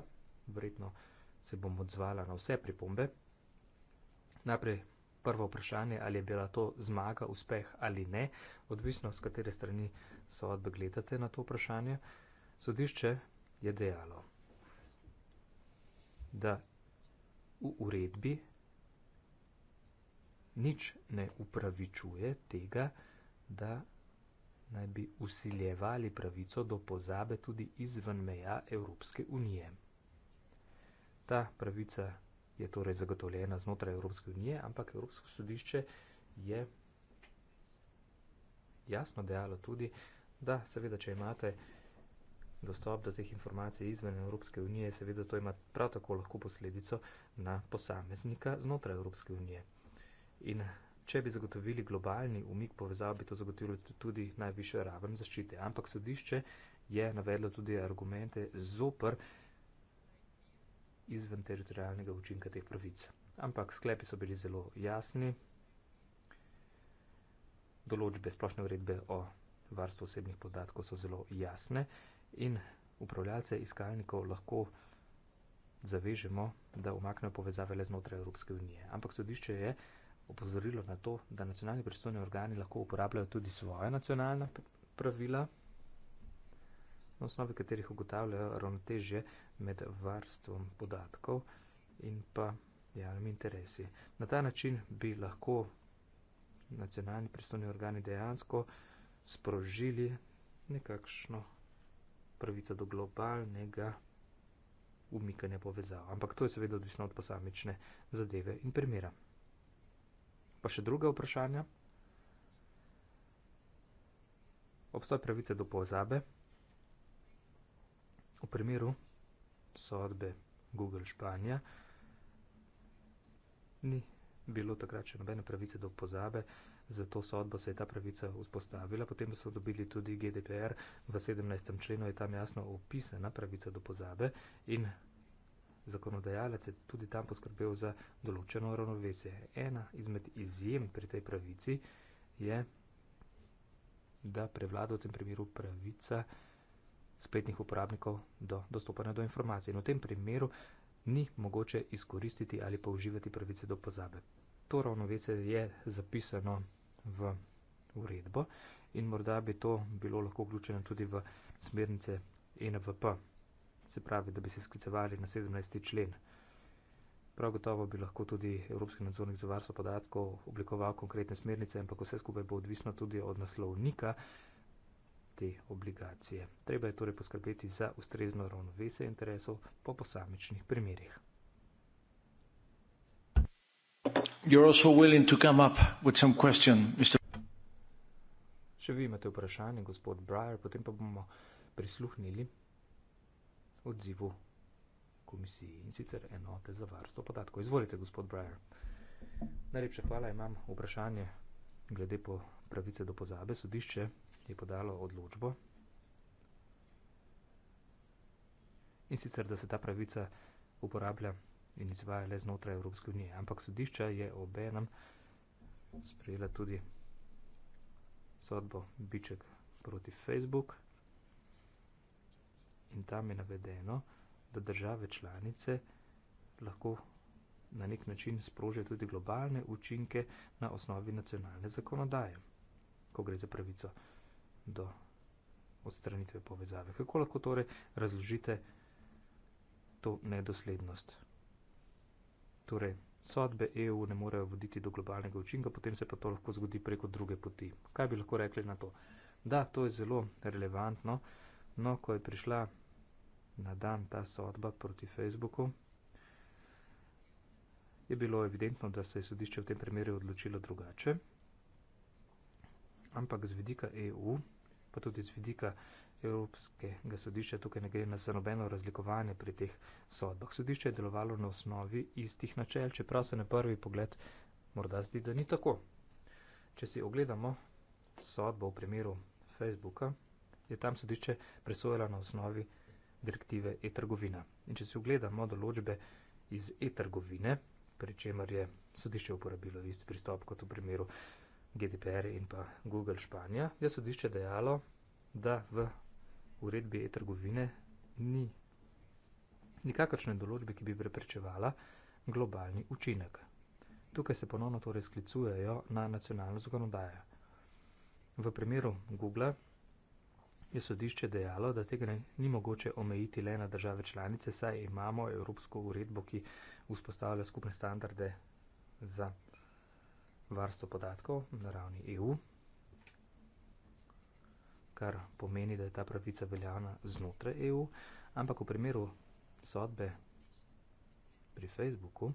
verjetno se bom odzvala na vse pripombe. Najprej prvo vprašanje, ali je bila to zmaga, uspeh ali ne, odvisno z katere strani sodbe gledate na to vprašanje. Sodišče je dejalo, da v uredbi nič ne upravičuje tega, da naj bi usiljevali pravico do pozabe tudi izven meja Evropske unije. Ta pravica je torej zagotovljena znotraj Evropske unije, ampak Evropsko sodišče je jasno dejalo tudi, da seveda, če imate dostop do teh informacij izven Evropske unije, seveda to ima prav tako lahko posledico na posameznika znotraj Evropske unije. In če bi zagotovili globalni umik povezav, bi to zagotovilo tudi najviše raven zaščite. Ampak sodišče je navedlo tudi argumente zoper izven teritorijalnega učinka teh pravic. Ampak sklepi so bili zelo jasni. Določbe splošne vredbe o varstvu osebnih podatkov so zelo jasne in upravljalce iskalnikov lahko zavežemo, da umaknejo povezave le znotraj Evropske unije. Ampak sodišče je opozorilo na to, da nacionalni predstavni organi lahko uporabljajo tudi svoje nacionalne pravila, na osnovi katerih ugotavljajo ravnotežje med varstvom podatkov in pa javnimi interesi. Na ta način bi lahko nacionalni predstavni organi dejansko sprožili nekakšno pravico do globalnega umikanja povezav. Ampak to je seveda odvisno od posamične zadeve in primera. Pa še druga vprašanja. Obstoj pravice do pozabe. V primeru sodbe Google Španija ni bilo takrat še nobene pravice do pozabe. Uh, za to sodbo se je ta pravica vzpostavila. Potem so dobili tudi GDPR, v 17. členu je tam jasno opisana pravica do pozabe in zakonodajalec je tudi tam poskrbel za določeno ravnovesje. Ena izmed izjem pri tej pravici je, da prevlada v tem primeru pravica spletnih uporabnikov do dostopanja do informacij. In v tem primeru ni mogoče izkoristiti ali pa uživati pravice do pozabe. To ravnovesje je zapisano v uredbo in morda bi to bilo lahko vključeno tudi v smernice NVP. Se pravi, da bi se sklicevali na 17. člen. Prav gotovo bi lahko tudi Evropski nadzornik za varstvo podatkov oblikoval konkretne smernice, ampak vse skupaj bo odvisno tudi od naslovnika te obligacije. Treba je torej poskrbeti za ustrezno ravnovese interesov po posamičnih primerjih. You're also willing to come up with some question, Mr. Če vi imate vprašanje, gospod Breyer, potem pa bomo prisluhnili odzivu komisiji in sicer enote za varstvo podatkov. Izvolite, gospod Breyer. Najlepša hvala, imam vprašanje glede po pravice do pozabe. Sodišče je podalo odločbo in sicer, da se ta pravica uporablja in izvaja le znotraj Evropske unije. Ampak sodišča je obenem sprejela tudi sodbo Biček proti Facebook in tam je navedeno, da države članice lahko na nek način sprožijo tudi globalne učinke na osnovi nacionalne zakonodaje, ko gre za pravico do odstranitve povezave. Kako lahko torej razložite to nedoslednost? torej sodbe EU ne morejo voditi do globalnega učinka, potem se pa to lahko zgodi preko druge poti. Kaj bi lahko rekli na to? Da, to je zelo relevantno. No, ko je prišla na dan ta sodba proti Facebooku, je bilo evidentno, da se je sodišče v tem primeru odločilo drugače. Ampak z vidika EU, pa tudi z vidika Evropskega sodišča, tukaj ne gre na nobeno razlikovanje pri teh sodbah. Sodišče je delovalo na osnovi istih načel, čeprav se na prvi pogled morda zdi, da ni tako. Če si ogledamo sodbo v primeru Facebooka, je tam sodišče presojalo na osnovi direktive e-trgovina. In če si ogledamo določbe iz e-trgovine, pri čemer je sodišče uporabilo isti pristop kot v primeru GDPR in pa Google Španija, je sodišče dejalo, da v uredbi e-trgovine ni nikakršne določbe, ki bi preprečevala globalni učinek. Tukaj se ponovno torej sklicujejo na nacionalno zakonodajo. V primeru Google je sodišče dejalo, da tega ni mogoče omejiti le na države članice, saj imamo evropsko uredbo, ki vzpostavlja skupne standarde za varstvo podatkov na ravni EU kar pomeni, da je ta pravica veljavna znotraj EU, ampak v primeru sodbe pri Facebooku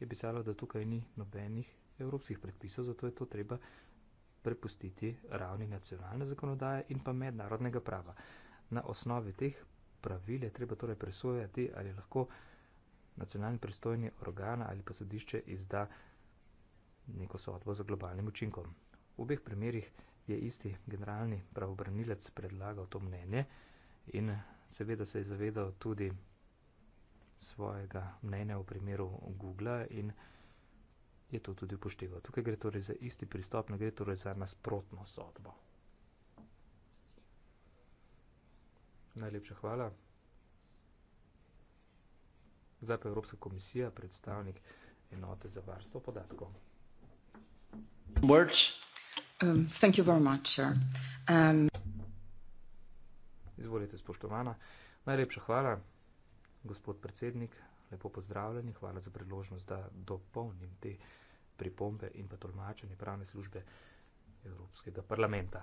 je pisalo, da tukaj ni nobenih evropskih predpisov, zato je to treba prepustiti ravni nacionalne zakonodaje in pa mednarodnega prava. Na osnovi teh pravil je treba torej presojati, ali lahko nacionalni pristojni organ ali pa sodišče izda neko sodbo za globalnim učinkom. V obeh primerjih je isti generalni pravobranilec predlagal to mnenje in seveda se je zavedal tudi svojega mnenja v primeru Google in je to tudi upošteval. Tukaj gre torej za isti pristop, ne gre torej za nasprotno sodbo. Najlepša hvala. Zdaj pa Evropska komisija, predstavnik enote za varstvo podatkov. Words. Um, thank you very much, sir. Um... Izvolite, spoštovana. Najlepša hvala, gospod predsednik. Lepo pozdravljeni. Hvala za priložnost, da dopolnim te pripombe in pa tolmačenje pravne službe Evropskega parlamenta.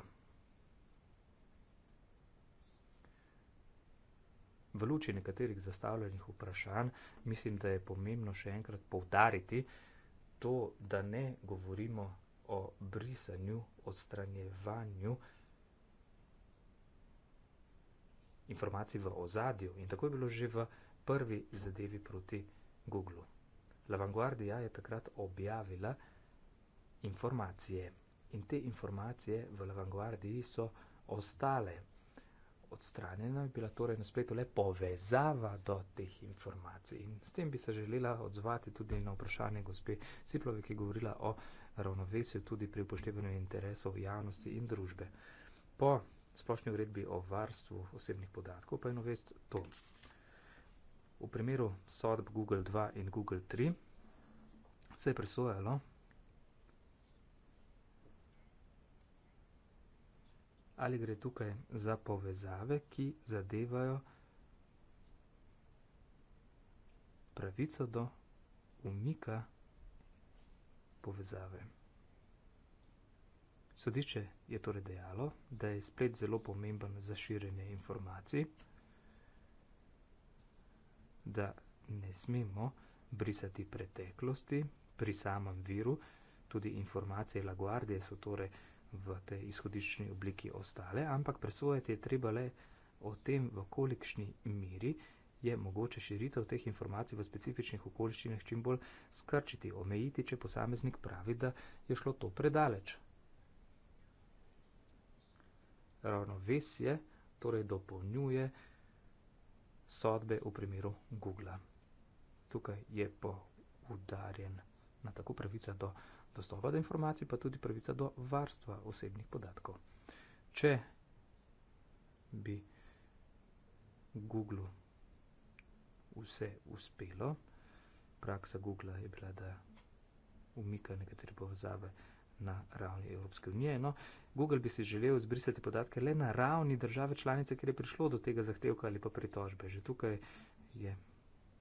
V luči nekaterih zastavljenih vprašanj mislim, da je pomembno še enkrat povdariti to, da ne govorimo o brisanju, odstranjevanju informacij v ozadju. In tako je bilo že v prvi zadevi proti Google. La Vanguardia je takrat objavila informacije in te informacije v La Vanguardia so ostale. Odstranjena je bila torej na spletu le povezava do teh informacij. In s tem bi se želela odzvati tudi na vprašanje gospe Siplove, ki je govorila o ravnovesju tudi pri upoštevanju interesov javnosti in družbe. Po splošni uredbi o varstvu osebnih podatkov pa je novest to. V primeru sodb Google 2 in Google 3 se je presojalo, ali gre tukaj za povezave, ki zadevajo pravico do umika informacij povezave. Sodišče je torej dejalo, da je splet zelo pomemben za širjenje informacij, da ne smemo brisati preteklosti pri samem viru, tudi informacije Laguardije so torej v tej izhodiščni obliki ostale, ampak presvojati je treba le o tem, v kolikšni miri je mogoče širitev teh informacij v specifičnih okoliščinah čim bolj skrčiti, omejiti, če posameznik pravi, da je šlo to predaleč. Ravnovesje torej dopolnjuje sodbe v primeru Google. Tukaj je po udarjen na tako pravica do dostopa do informacij, pa tudi pravica do varstva osebnih podatkov. Če bi Google vse uspelo. Praksa Google je bila, da umika nekatere povezave na ravni Evropske unije. No, Google bi si želel zbrisati podatke le na ravni države članice, kjer je prišlo do tega zahtevka ali pa pritožbe. Že tukaj je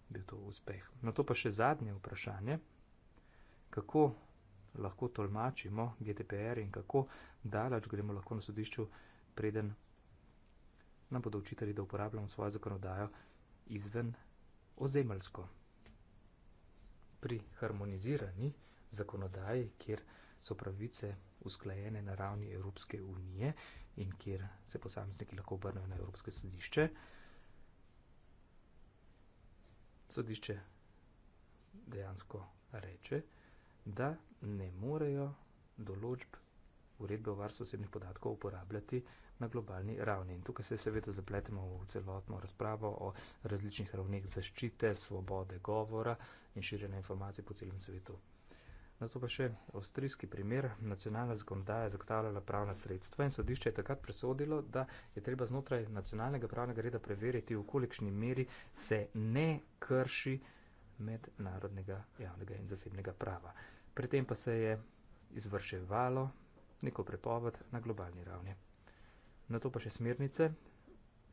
bil to uspeh. Na to pa še zadnje vprašanje. Kako lahko tolmačimo GDPR in kako daleč gremo lahko na sodišču, preden nam bodo učitali, da uporabljamo svojo zakonodajo izven ozemelsko. Pri harmonizirani zakonodaji, kjer so pravice usklajene na ravni Evropske unije in kjer se posamezniki lahko obrnejo na Evropske sodišče, sodišče dejansko reče, da ne morejo določb uredbe o varstvu osebnih podatkov uporabljati na globalni ravni. In tukaj se seveda zapletemo v celotno razpravo o različnih ravneh zaščite, svobode govora in širjenja informacij po celem svetu. Na to pa še avstrijski primer. Nacionalna zakonodaja je zagotavljala pravna sredstva in sodišče je takrat presodilo, da je treba znotraj nacionalnega pravnega reda preveriti, v kolikšni meri se ne krši mednarodnega javnega in zasebnega prava. Pri tem pa se je izvrševalo neko prepoved na globalni ravni. Na to pa še smernice.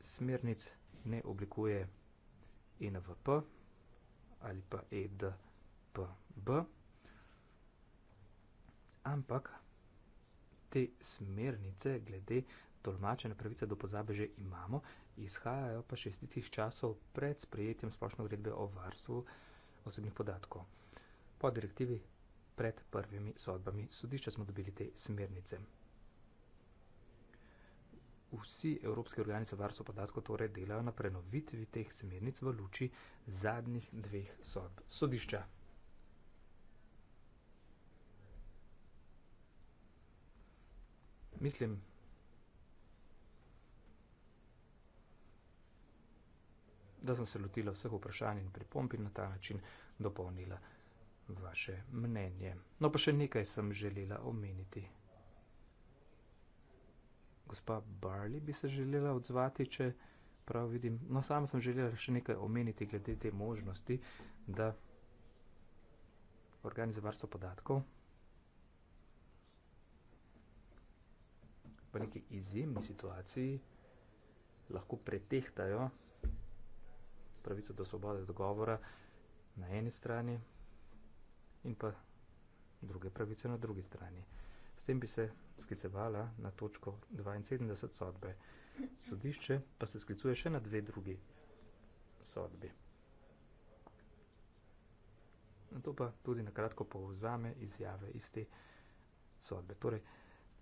Smernic ne oblikuje NVP ali pa EDPB, ampak te smernice glede tolmačene pravice do pozabe že imamo, izhajajo pa še iz tih časov pred sprejetjem splošne uredbe o varstvu osebnih podatkov. Po direktivi pred prvimi sodbami sodišča smo dobili te smernice vsi evropske organi za varstvo podatkov torej delajo na prenovitvi teh smernic v luči zadnjih dveh sodb sodišča. Mislim. Da sem se lotila vseh vprašanj in pripomp in na ta način dopolnila vaše mnenje. No, pa še nekaj sem želela omeniti gospa Barli bi se želela odzvati, če prav vidim. No, sama sem želela še nekaj omeniti glede te možnosti, da organi za varstvo podatkov, pa neki izjemni situaciji, lahko pretehtajo pravico do svobode dogovora na eni strani in pa druge pravice na drugi strani. S tem bi se sklicevala na točko 72 sodbe. Sodišče pa se sklicuje še na dve drugi sodbi. Na to pa tudi na kratko povzame izjave iz te sodbe. Torej,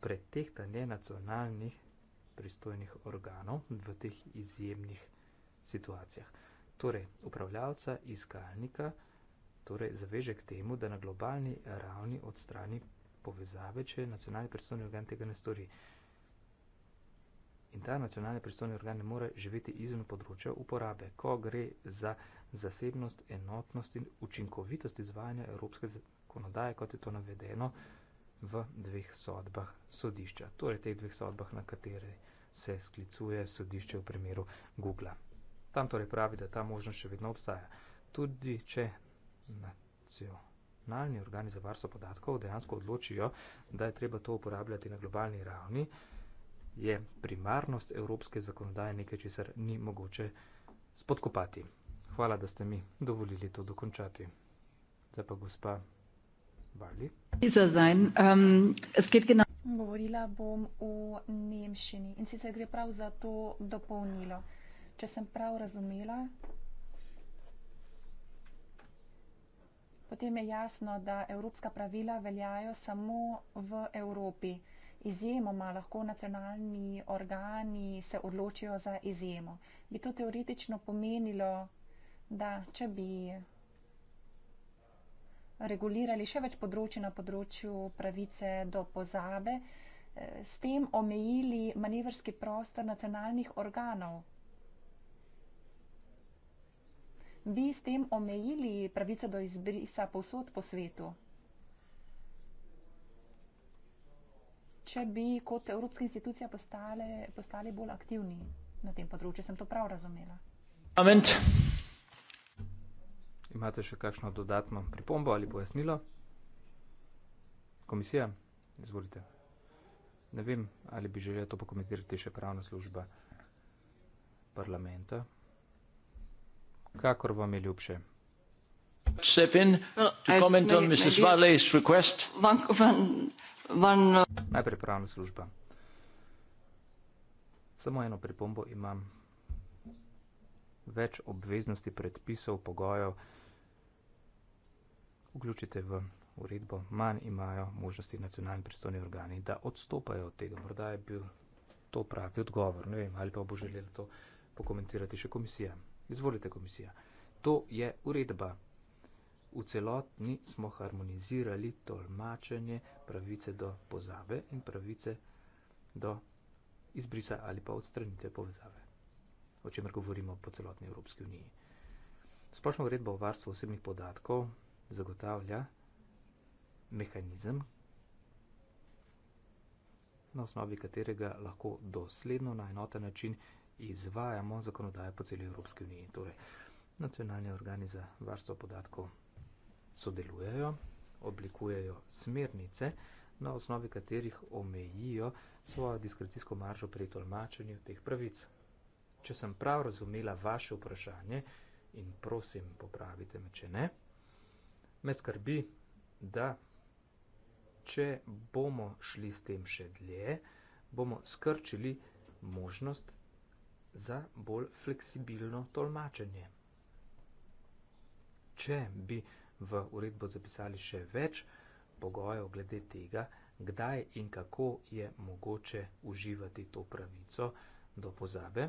pretehtanje nacionalnih pristojnih organov v teh izjemnih situacijah. Torej, upravljavca iskalnika torej, zaveže k temu, da na globalni ravni odstrani povezave, če nacionalni predstavni organ tega ne stori. In ta nacionalni predstavni organ ne more živeti izven področja uporabe, ko gre za zasebnost, enotnost in učinkovitost izvajanja evropske zakonodaje, kot je to navedeno v dveh sodbah sodišča. Torej, teh dveh sodbah, na katere se sklicuje sodišče v primeru Google. Tam torej pravi, da ta možnost še vedno obstaja. Tudi če nacionalni nacionalni organi za varstvo podatkov dejansko odločijo, da je treba to uporabljati na globalni ravni, je primarnost evropske zakonodaje nekaj, česar ni mogoče spodkopati. Hvala, da ste mi dovolili to dokončati. Zdaj pa gospa Bali. Um, Govorila bom o Nemščini in sicer gre prav za to dopolnilo. Če sem prav razumela, potem je jasno, da evropska pravila veljajo samo v Evropi. Izjemoma lahko nacionalni organi se odločijo za izjemo. Bi to teoretično pomenilo, da če bi regulirali še več področji na področju pravice do pozabe, eh, s tem omejili manevrski prostor nacionalnih organov, bi s tem omejili pravico do izbrisa posod po svetu? Če bi kot evropska institucija postale, postali bolj aktivni na tem področju, sem to prav razumela. Amen. Imate še kakšno dodatno pripombo ali pojasnilo? Komisija, izvolite. Ne vem, ali bi želela to pokomentirati še pravna služba parlamenta kakor vam je ljubše. Uh, Najprej pravna služba. Samo eno pripombo imam. Več obveznosti, predpisov, pogojev vključite v uredbo. Manj imajo možnosti nacionalni pristojni organi, da odstopajo od tega. Morda je bil to pravi odgovor. Ne vem, ali pa bo želela to pokomentirati še komisija. Izvolite, komisija. To je uredba. V celotni smo harmonizirali tolmačenje pravice do pozave in pravice do izbrisa ali pa odstranitve povezave, o čemer govorimo po celotni Evropski uniji. Splošna uredba o varstvu osebnih podatkov zagotavlja mehanizem, na osnovi katerega lahko dosledno na enoten način izvajamo zakonodaje po celi Evropski uniji. Torej, nacionalni organi za varstvo podatkov sodelujejo, oblikujejo smernice, na osnovi katerih omejijo svojo diskrecijsko maržo pri tolmačenju teh pravic. Če sem prav razumela vaše vprašanje in prosim, popravite me, če ne, me skrbi, da če bomo šli s tem še dlje, bomo skrčili možnost za bolj fleksibilno tolmačenje. Če bi v uredbo zapisali še več pogojev glede tega, kdaj in kako je mogoče uživati to pravico do pozabe,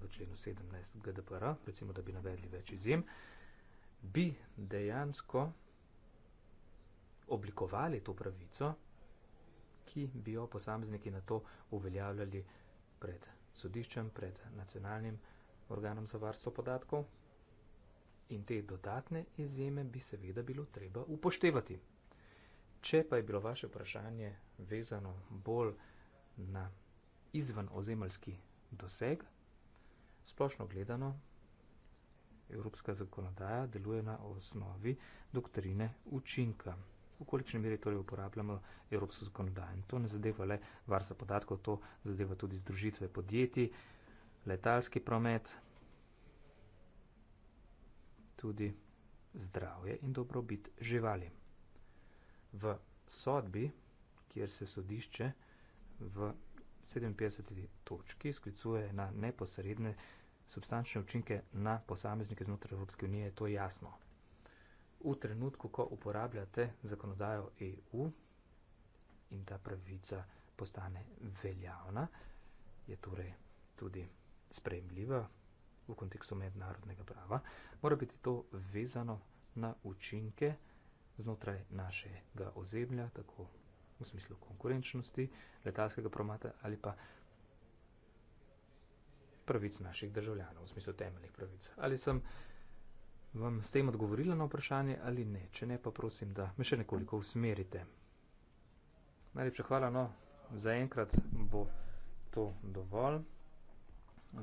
v členu 17 GDPR, recimo, da bi navedli več izjem, bi dejansko oblikovali to pravico, ki bi jo posamezniki na to uveljavljali pred sodiščem pred nacionalnim organom za varstvo podatkov. In te dodatne izjeme bi seveda bilo treba upoštevati. Če pa je bilo vaše vprašanje vezano bolj na izven ozemljski doseg, splošno gledano, evropska zakonodaja deluje na osnovi doktrine učinka v količni meri torej uporabljamo evropsko zakonodajo. In to ne zadeva le varstva podatkov, to zadeva tudi združitve podjetij, letalski promet, tudi zdravje in dobrobit živali. V sodbi, kjer se sodišče v 57. točki sklicuje na neposredne substančne učinke na posameznike znotraj Evropske unije, to je jasno v trenutku, ko uporabljate zakonodajo EU in ta pravica postane veljavna, je torej tudi sprejemljiva v kontekstu mednarodnega prava, mora biti to vezano na učinke znotraj našega ozemlja, tako v smislu konkurenčnosti, letalskega prometa ali pa pravic naših državljanov, v smislu temeljnih pravic. Ali sem vam s tem odgovorila na vprašanje ali ne. Če ne, pa prosim, da me še nekoliko usmerite. Najlepša hvala, no, za enkrat bo to dovolj.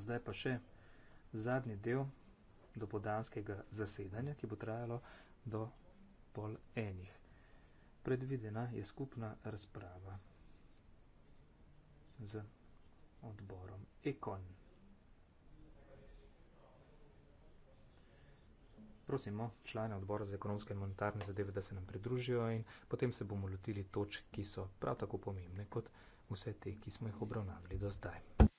Zdaj pa še zadnji del do podanskega zasedanja, ki bo trajalo do pol enih. Predvidena je skupna razprava z odborom Ekon. prosimo člane odbora za ekonomske in monetarne zadeve, da se nam pridružijo in potem se bomo lotili toč, ki so prav tako pomembne kot vse te, ki smo jih obravnavali do zdaj.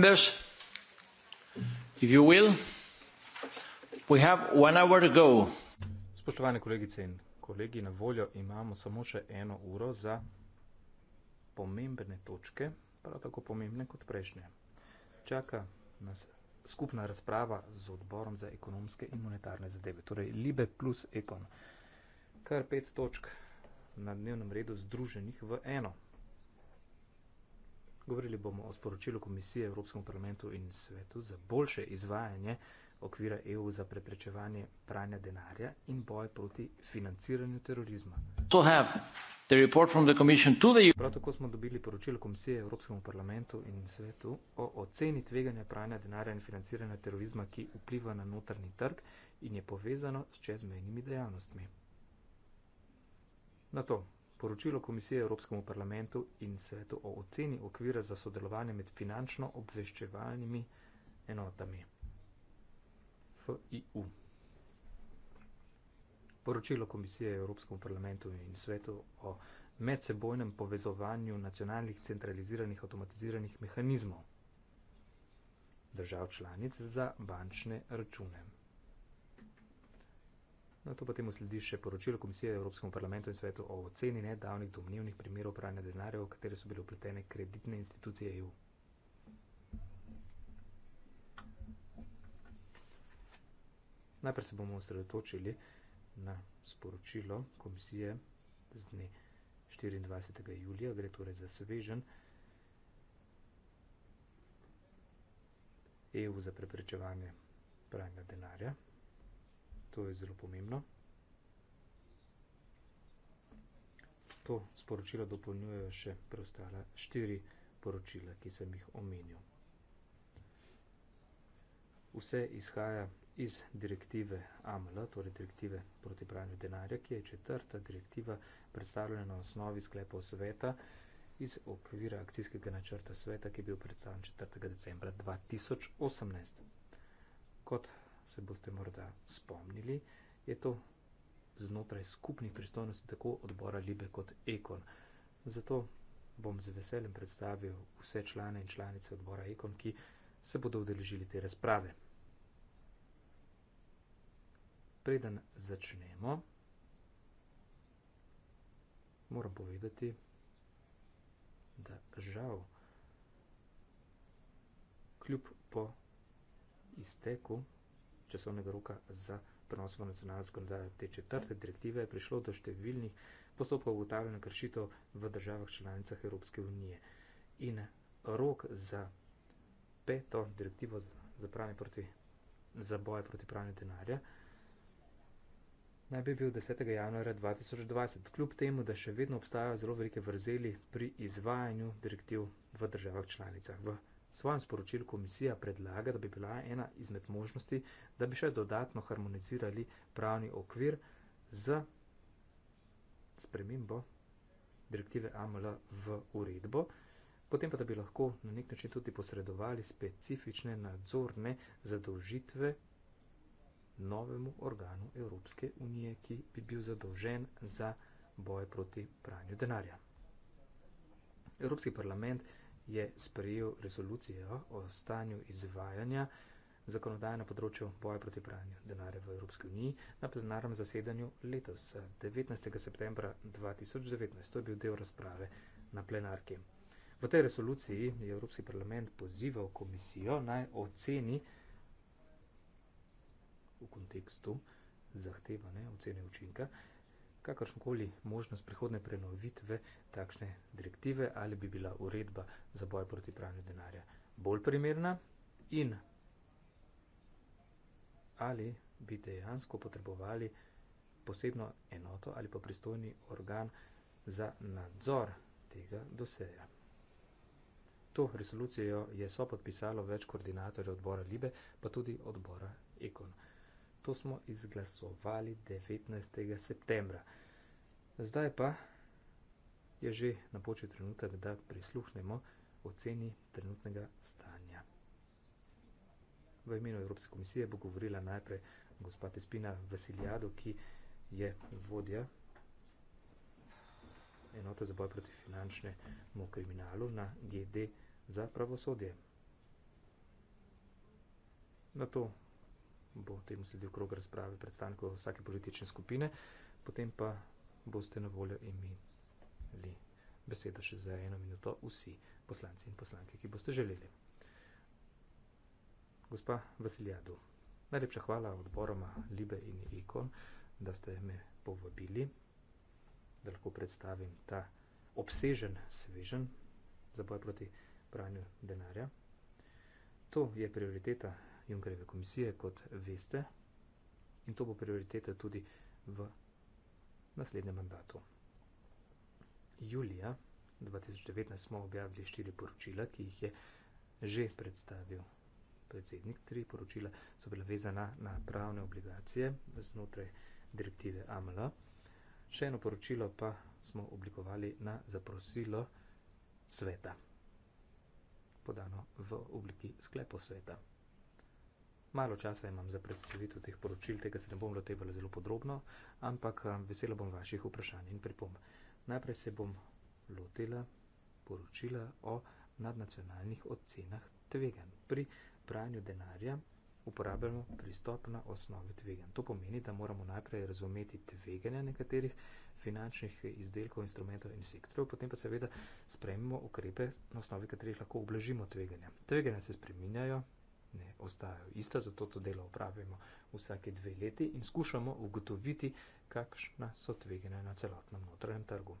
members if you will we have one hour to go spoštovane kolegice in kolegi na voljo imamo samo še eno uro za pomembne točke prav tako pomembne kot prejšnje čaka nas skupna razprava z odborom za ekonomske in monetarne zadeve torej libe plus ekon kar pet točk na dnevnem redu združenih v eno Govorili bomo o sporočilu Komisije Evropskemu parlamentu in svetu za boljše izvajanje okvira EU za preprečevanje pranja denarja in boj proti financiranju terorizma. Prav tako smo dobili poročilo Komisije Evropskemu parlamentu in svetu o oceni tveganja pranja denarja in financiranja terorizma, ki vpliva na notrni trg in je povezano s čezmejnimi dejavnostmi. Na to poročilo Komisije Evropskemu parlamentu in svetu o oceni okvira za sodelovanje med finančno obveščevalnimi enotami. FIU. Poročilo Komisije Evropskemu parlamentu in svetu o medsebojnem povezovanju nacionalnih centraliziranih avtomatiziranih mehanizmov držav članic za bančne račune. Na to potem sledi še poročilo Komisije Evropskemu parlamentu in svetu o oceni nedavnih domnevnih primerov pranja denarja, v katere so bile upletene kreditne institucije EU. Najprej se bomo osredotočili na sporočilo komisije z dne 24. julija, gre torej za svežen EU za preprečevanje pranja denarja, to je zelo pomembno. To sporočilo dopolnjujejo še preostala štiri poročila, ki sem jih omenil. Vse izhaja iz direktive AML, torej direktive proti pranju denarja, ki je četrta direktiva predstavljena na osnovi sklepov sveta iz okvira akcijskega načrta sveta, ki je bil predstavljen 4. decembra 2018. Kot se boste morda spomnili, je to znotraj skupnih pristojnosti tako odbora Libe kot Ekon. Zato bom z veseljem predstavil vse člane in članice odbora Ekon, ki se bodo udeležili te razprave. Preden začnemo, moram povedati, da žal kljub po izteku časovnega roka za prenos v nacionalno zakonodajo te četrte direktive, je prišlo do številnih postopkov ugotavljanja kršitev v državah članicah Evropske unije. In rok za peto direktivo za, proti, za boje proti pranju denarja naj bi bil 10. januarja 2020, kljub temu, da še vedno obstajajo zelo velike vrzeli pri izvajanju direktiv v državah članicah. V svojem sporočilu komisija predlaga, da bi bila ena izmed možnosti, da bi še dodatno harmonizirali pravni okvir z spremembo direktive AML v uredbo, potem pa da bi lahko na nek način tudi posredovali specifične nadzorne zadolžitve novemu organu Evropske unije, ki bi bil zadolžen za boje proti pranju denarja. Evropski parlament je sprejel rezolucijo o stanju izvajanja zakonodaje na področju boja proti pranju denarja v Evropski uniji na plenarnem zasedanju letos 19. septembra 2019. To je bil del razprave na plenarki. V tej resoluciji je Evropski parlament pozival komisijo naj oceni v kontekstu zahtevane ocene učinka, kakršnokoli možnost prihodne prenovitve takšne direktive ali bi bila uredba za boj proti pranju denarja bolj primerna in ali bi dejansko potrebovali posebno enoto ali pa pristojni organ za nadzor tega doseja. To resolucijo je so podpisalo več koordinatorjev odbora Libe, pa tudi odbora Ekona. To smo izglasovali 19. septembra. Zdaj pa je že napočil trenutek, da prisluhnemo oceni trenutnega stanja. V imenu Evropske komisije bo govorila najprej gospa Tespina Vasiljado, ki je vodja enote za boj proti finančnemu kriminalu na GD za pravosodje. Na to bo temu sledil krog razprave predstavnikov vsake politične skupine, potem pa boste na voljo imeli besedo še za eno minuto vsi poslanci in poslanke, ki boste želeli. Gospa Vasiljadu, najlepša hvala odboroma Libe in Ikon, da ste me povabili, da lahko predstavim ta obsežen svežen za boj proti pranju denarja. To je prioriteta Junkerjeve komisije, kot veste, in to bo prioriteta tudi v naslednjem mandatu. Julija 2019 smo objavili štiri poročila, ki jih je že predstavil predsednik. Tri poročila so bila vezana na pravne obligacije znotraj direktive AML. Še eno poročilo pa smo oblikovali na zaprosilo sveta, podano v obliki sklepo sveta. Malo časa imam za predstavitev teh poročil, tega se ne bom lotevala zelo podrobno, ampak eh, vesela bom vaših vprašanj in pripomb. Najprej se bom lotila poročila o nadnacionalnih ocenah tvegan. Pri pranju denarja uporabljamo pristop na osnovi tvegan. To pomeni, da moramo najprej razumeti tveganja nekaterih finančnih izdelkov, instrumentov in sektorjev, potem pa seveda sprememo ukrepe, na osnovi katerih lahko oblažimo tveganja. Tveganja se spreminjajo, ne ostajajo ista, zato to delo opravimo vsake dve leti in skušamo ugotoviti, kakšna so tvegene na celotnem notranjem trgu.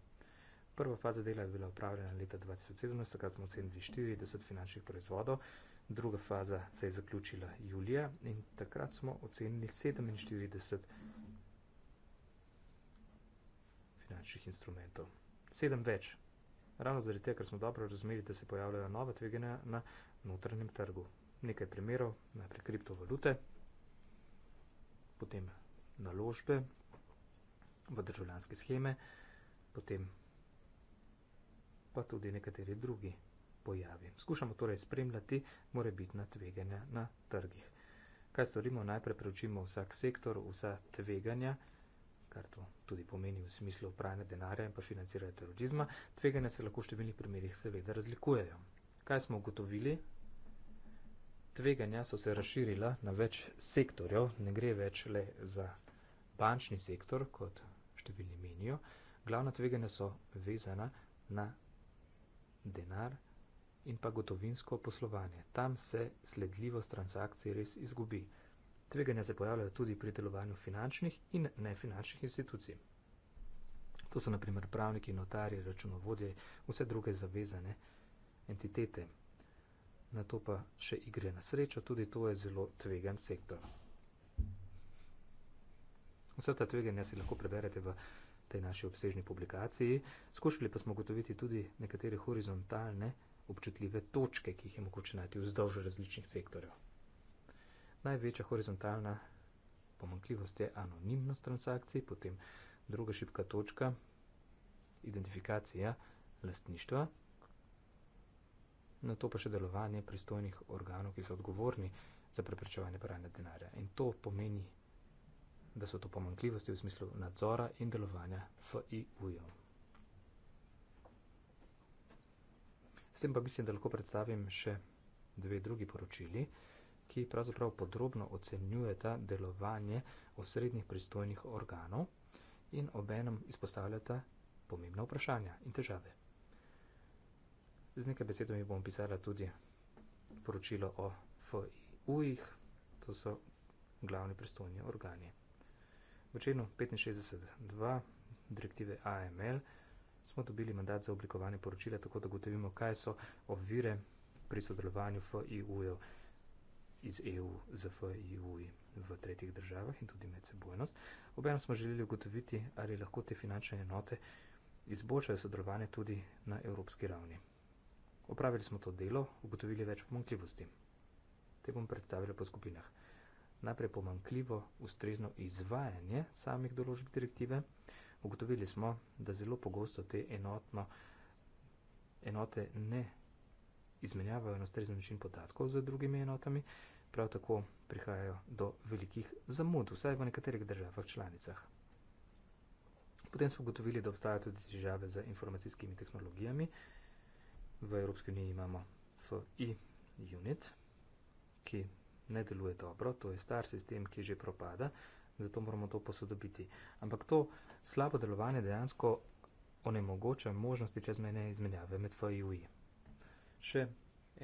Prva faza dela je bila upravljena leta 2017, takrat smo ocenili 40 finančnih proizvodov, druga faza se je zaključila julija in takrat smo ocenili 47 finančnih instrumentov. Sedem več. Ravno zaradi tega, ker smo dobro razumeli, da se pojavljajo nove tvegene na notranjem trgu nekaj primerov, najprej kriptovalute, potem naložbe v državljanske scheme, potem pa tudi nekateri drugi pojavi. Skušamo torej spremljati morebitna tveganja na trgih. Kaj storimo? Najprej preučimo vsak sektor, vsa tveganja, kar to tudi pomeni v smislu pranja denarja in pa financiranja terorizma. Tveganja se lahko v številnih primerjih seveda razlikujejo. Kaj smo ugotovili tveganja so se razširila na več sektorjev, ne gre več le za bančni sektor, kot številni menijo. Glavna tveganja so vezana na denar in pa gotovinsko poslovanje. Tam se sledljivost transakcij res izgubi. Tveganja se pojavljajo tudi pri delovanju finančnih in nefinančnih institucij. To so naprimer pravniki, notarji, računovodje, vse druge zavezane entitete na to pa še igre na srečo, tudi to je zelo tvegan sektor. Vse ta tveganja si lahko preberete v tej naši obsežni publikaciji. Skušali pa smo gotoviti tudi nekatere horizontalne občutljive točke, ki jih je mogoče najti vzdolž različnih sektorjev. Največja horizontalna pomankljivost je anonimnost transakcij, potem druga šibka točka, identifikacija lastništva na to pa še delovanje pristojnih organov, ki so odgovorni za preprečevanje pranja denarja. In to pomeni, da so to pomankljivosti v smislu nadzora in delovanja FIU-jev. S tem pa mislim, da lahko predstavim še dve drugi poročili, ki pravzaprav podrobno ocenjujeta delovanje osrednjih pristojnih organov in obenem izpostavljata pomembna vprašanja in težave. Z nekaj besedami bom pisala tudi poročilo o FIU-jih, to so glavni prestolni organi. V členu 65.2 direktive AML smo dobili mandat za oblikovanje poročila, tako da gotovimo, kaj so ovire pri sodelovanju FIU-jev iz EU z FIU-ji v tretjih državah in tudi medsebojnost. Obenem smo želeli ugotoviti, ali lahko te finančne enote izboljšajo sodelovanje tudi na evropski ravni. Opravili smo to delo, ugotovili več pomankljivosti. Te bom predstavila po skupinah. Najprej pomankljivo, ustrezno izvajanje samih določb direktive. Ugotovili smo, da zelo pogosto te enotno, enote ne izmenjavajo na ustrezen način podatkov z drugimi enotami, prav tako prihajajo do velikih zamud, vsaj v nekaterih državah članicah. Potem smo ugotovili, da obstajajo tudi težave z informacijskimi tehnologijami, v Evropski uniji imamo FI unit, ki ne deluje dobro, to je star sistem, ki že propada, zato moramo to posodobiti. Ampak to slabo delovanje dejansko onemogoča možnosti čezmene izmenjave med FI in UI. Še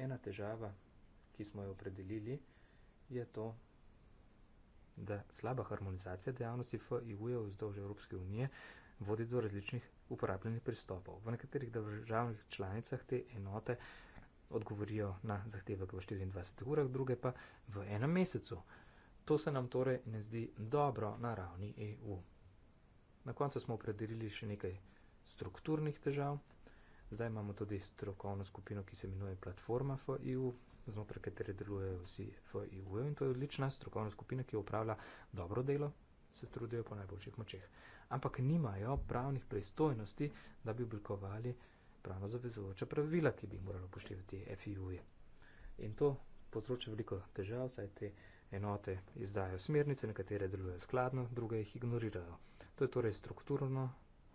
ena težava, ki smo jo opredelili, je to, da slaba harmonizacija dejavnosti FI in UI vzdolž Evropske unije vodi do različnih uporabljenih pristopov. V nekaterih državnih članicah te enote odgovorijo na zahtevek v 24 urah, druge pa v enem mesecu. To se nam torej ne zdi dobro na ravni EU. Na koncu smo opredelili še nekaj strukturnih težav. Zdaj imamo tudi strokovno skupino, ki se imenuje Platforma FIU, znotraj katere delujejo vsi FIU in to je odlična strokovna skupina, ki upravlja dobro delo, se trudijo po najboljših močeh. Ampak nimajo pravnih pristojnosti, da bi oblikovali pravno zavezujoča pravila, ki bi morali upoštevati FIU-je. In to povzroča veliko težav, saj te enote izdajo smernice, nekatere delujejo skladno, druge jih ignorirajo. To je torej strukturno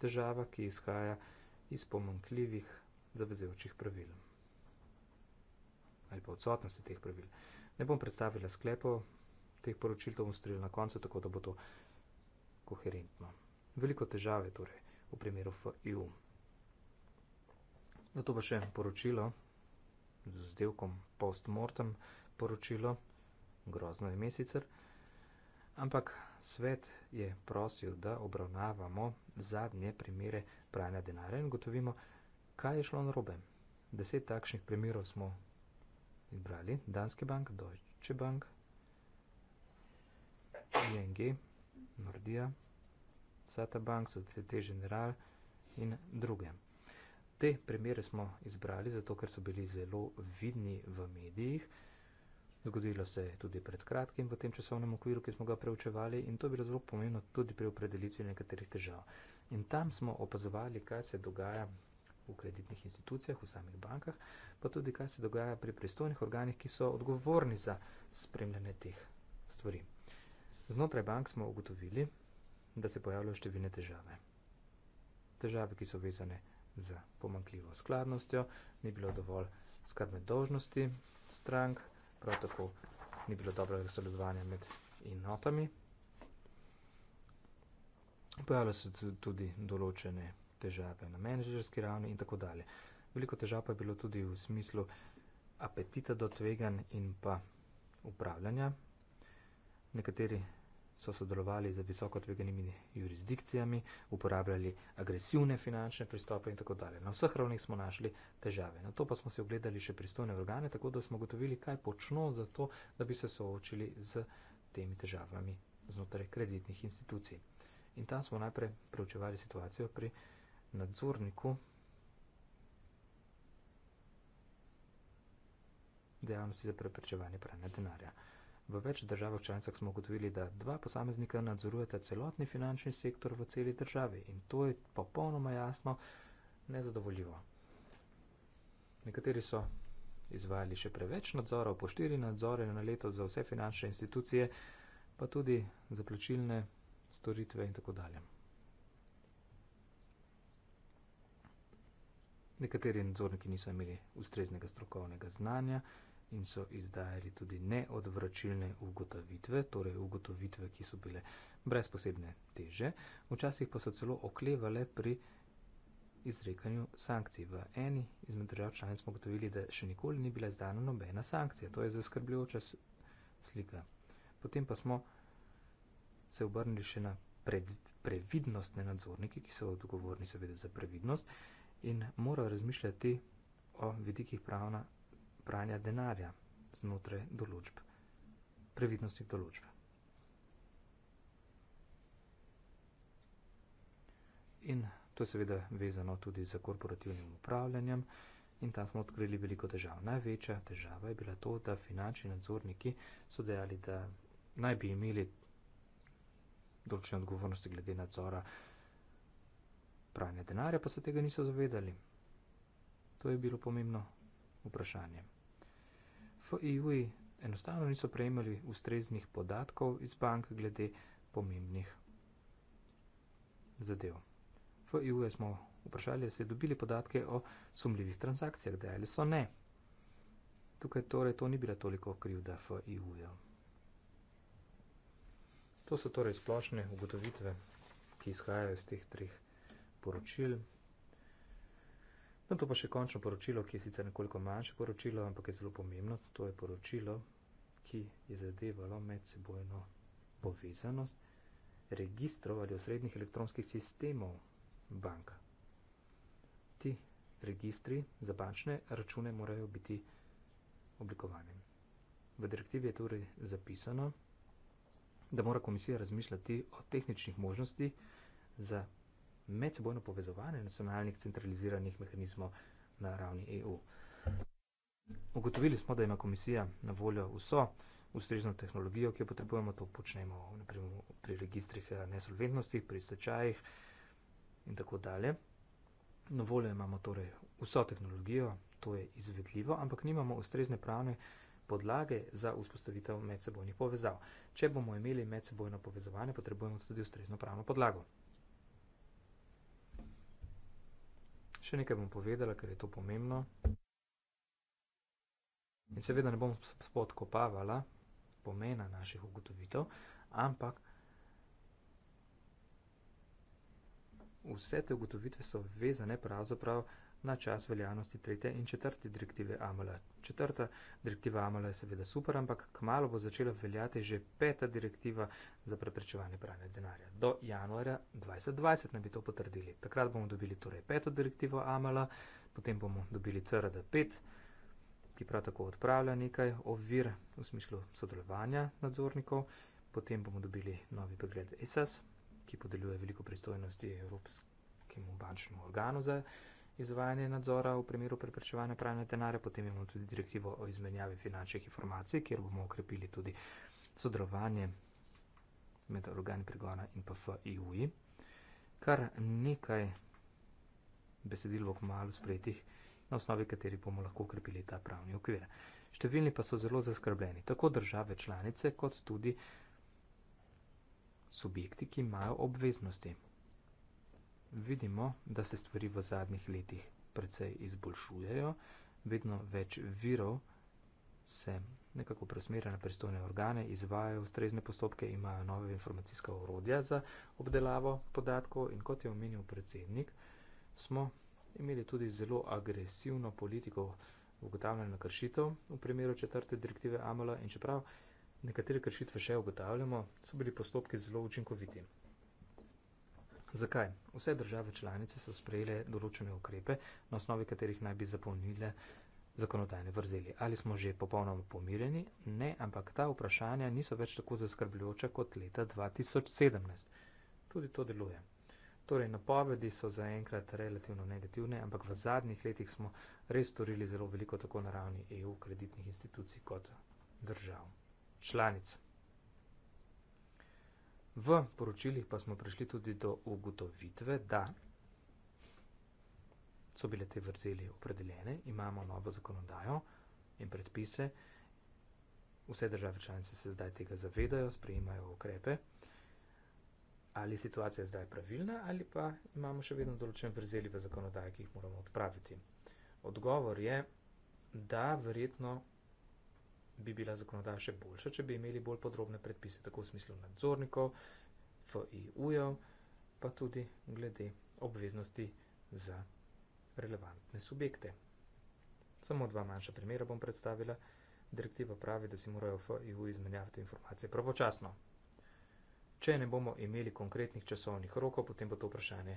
težava, ki izhaja iz pomankljivih zavezujočih pravil ali pa odsotnosti teh pravil. Ne bom predstavila sklepov teh poročil, to bom strelila na koncu, tako da bo to uh, koherentno. Veliko težave torej v primeru FIU. Zato pa še poročilo z vzdevkom postmortem poročilo, grozno je mesicer, ampak svet je prosil, da obravnavamo zadnje primere pranja denarja in gotovimo, kaj je šlo narobe. Deset takšnih primerov smo izbrali, Danske bank, Deutsche bank, ING, Nordija, Sata Bank, Societe General in druge. Te primere smo izbrali zato, ker so bili zelo vidni v medijih. Zgodilo se je tudi pred kratkim v tem časovnem okviru, ki smo ga preučevali in to je bilo zelo pomembno tudi pri opredelitvi nekaterih težav. In tam smo opazovali, kaj se dogaja v kreditnih institucijah, v samih bankah, pa tudi kaj se dogaja pri pristojnih organih, ki so odgovorni za spremljanje teh stvari. Znotraj bank smo ugotovili, da se pojavljajo številne težave. Težave, ki so vezane z pomankljivo skladnostjo, ni bilo dovolj skrbne dožnosti strank, prav tako ni bilo dobrega sodelovanja med enotami. Pojavljajo se tudi določene težave na menedžerski ravni in tako dalje. Veliko težav pa je bilo tudi v smislu apetita do tvegan in pa upravljanja. Nekateri so sodelovali z visoko tveganimi jurisdikcijami, uporabljali agresivne finančne pristope in tako dalje. Na vseh ravnih smo našli težave. Na to pa smo si ogledali še pristojne organe, tako da smo gotovili, kaj počno za to, da bi se soočili z temi težavami znotraj kreditnih institucij. In tam smo najprej preučevali situacijo pri nadzorniku dejavnosti za preprečevanje pranja denarja. V več državah članicah smo ugotovili, da dva posameznika nadzorujeta celotni finančni sektor v celi državi in to je popolnoma jasno nezadovoljivo. Nekateri so izvajali še preveč nadzorov, po štiri nadzore na leto za vse finančne institucije, pa tudi za plačilne storitve in tako dalje. Nekateri nadzorniki niso imeli ustreznega strokovnega znanja in so izdajali tudi neodvračilne ugotovitve, torej ugotovitve, ki so bile brez posebne teže, včasih pa so celo oklevale pri izrekanju sankcij. V eni izmed držav članic smo gotovili, da še nikoli ni bila izdana nobena sankcija. To je zaskrbljujoča slika. Potem pa smo se obrnili še na pred, previdnostne nadzornike, ki so odgovorni seveda za previdnost in morajo razmišljati o vidikih pravna pranja denarja znotraj določb, previdnostnih določb. In to je seveda vezano tudi z korporativnim upravljanjem in tam smo odkrili veliko težav. Največja težava je bila to, da finančni nadzorniki so dejali, da naj bi imeli določene odgovornosti glede nadzora pranja denarja, pa se tega niso zavedali. To je bilo pomembno vprašanje. FIUI enostavno niso prejemali ustreznih podatkov iz bank glede pomembnih zadev. FIUI smo vprašali, ali so dobili podatke o sumljivih transakcijah, da ali so ne. Tukaj torej to ni bila toliko krivda FIUI-ja. To so torej splošne ugotovitve, ki izhajajo iz teh treh poročil. No, to pa še končno poročilo, ki je sicer nekoliko manjše poročilo, ampak je zelo pomembno. To je poročilo, ki je zadevalo medsebojno povezanost registrov ali osrednjih elektronskih sistemov bank. Ti registri za bančne račune morajo biti oblikovani. V direktivi je torej zapisano, da mora komisija razmišljati o tehničnih možnosti za medsebojno povezovanje nacionalnih centraliziranih mehanizmov na ravni EU. Ugotovili smo, da ima komisija na voljo vso ustrezno tehnologijo, ki jo potrebujemo, to počnemo naprimer, pri registrih eh, nesolventnosti, pri stečajih in tako dalje. Na voljo imamo torej vso tehnologijo, to je izvedljivo, ampak nimamo ustrezne pravne podlage za vzpostavitev medsebojnih povezav. Če bomo imeli medsebojno povezovanje, potrebujemo tudi ustrezno pravno podlago. Še nekaj bom povedala, ker je to pomembno. In seveda ne bom spodkopavala pomena naših ugotovitev, ampak vse te ugotovitve so vezane pravzaprav na čas veljavnosti tretje in četrte direktive AMLA. Četrta direktiva AMLA je seveda super, ampak kmalo bo začela veljati že peta direktiva za preprečevanje pranja denarja. Do januarja 2020 naj bi to potrdili. Takrat bomo dobili torej peto direktivo AMLA, potem bomo dobili CRD5, ki prav tako odpravlja nekaj ovir v smislu sodelovanja nadzornikov, potem bomo dobili novi pregled ESAS, ki podeljuje veliko pristojnosti Evropskemu bančnemu organu za izvajanje nadzora v primeru preprečevanja pranja denarja, potem imamo tudi direktivo o izmenjavi finančnih informacij, kjer bomo okrepili tudi sodelovanje med organi pregona in pa FIUI. Kar nekaj besedil bo kmalo sprejetih, na osnovi kateri bomo lahko okrepili ta pravni okvir. Številni pa so zelo zaskrbljeni, tako države članice, kot tudi subjekti, ki imajo obveznosti vidimo, da se stvari v zadnjih letih precej izboljšujejo, vedno več virov se nekako presmerja na pristojne organe, izvajajo ustrezne postopke, imajo nove informacijske orodja za obdelavo podatkov in kot je omenil predsednik, smo imeli tudi zelo agresivno politiko ugotavljanja kršitev v primeru četrte direktive AML in čeprav nekatere kršitve še ugotavljamo, so bili postopki zelo učinkoviti. Zakaj? Vse države članice so sprejele določene ukrepe, na osnovi katerih naj bi zapolnile zakonodajne vrzeli. Ali smo že popolnoma pomirjeni? Ne, ampak ta vprašanja niso več tako zaskrbljujoča kot leta 2017. Tudi to deluje. Torej, napovedi so zaenkrat relativno negativne, ampak v zadnjih letih smo res storili zelo veliko tako na ravni EU kreditnih institucij kot držav članic. V poročilih pa smo prišli tudi do ugotovitve, da so bile te vrzeli opredeljene, imamo novo zakonodajo in predpise, vse države članice se zdaj tega zavedajo, sprejemajo ukrepe, ali situacija je zdaj pravilna ali pa imamo še vedno določene vrzeli v zakonodaji, ki jih moramo odpraviti. Odgovor je, da verjetno bi bila zakonodaja še boljša, če bi imeli bolj podrobne predpise, tako v smislu nadzornikov, FIU-jev, pa tudi glede obveznosti za relevantne subjekte. Samo dva manjša primera bom predstavila. Direktiva pravi, da si morajo FIU izmenjavati informacije pravočasno. Če ne bomo imeli konkretnih časovnih rokov, potem bo to vprašanje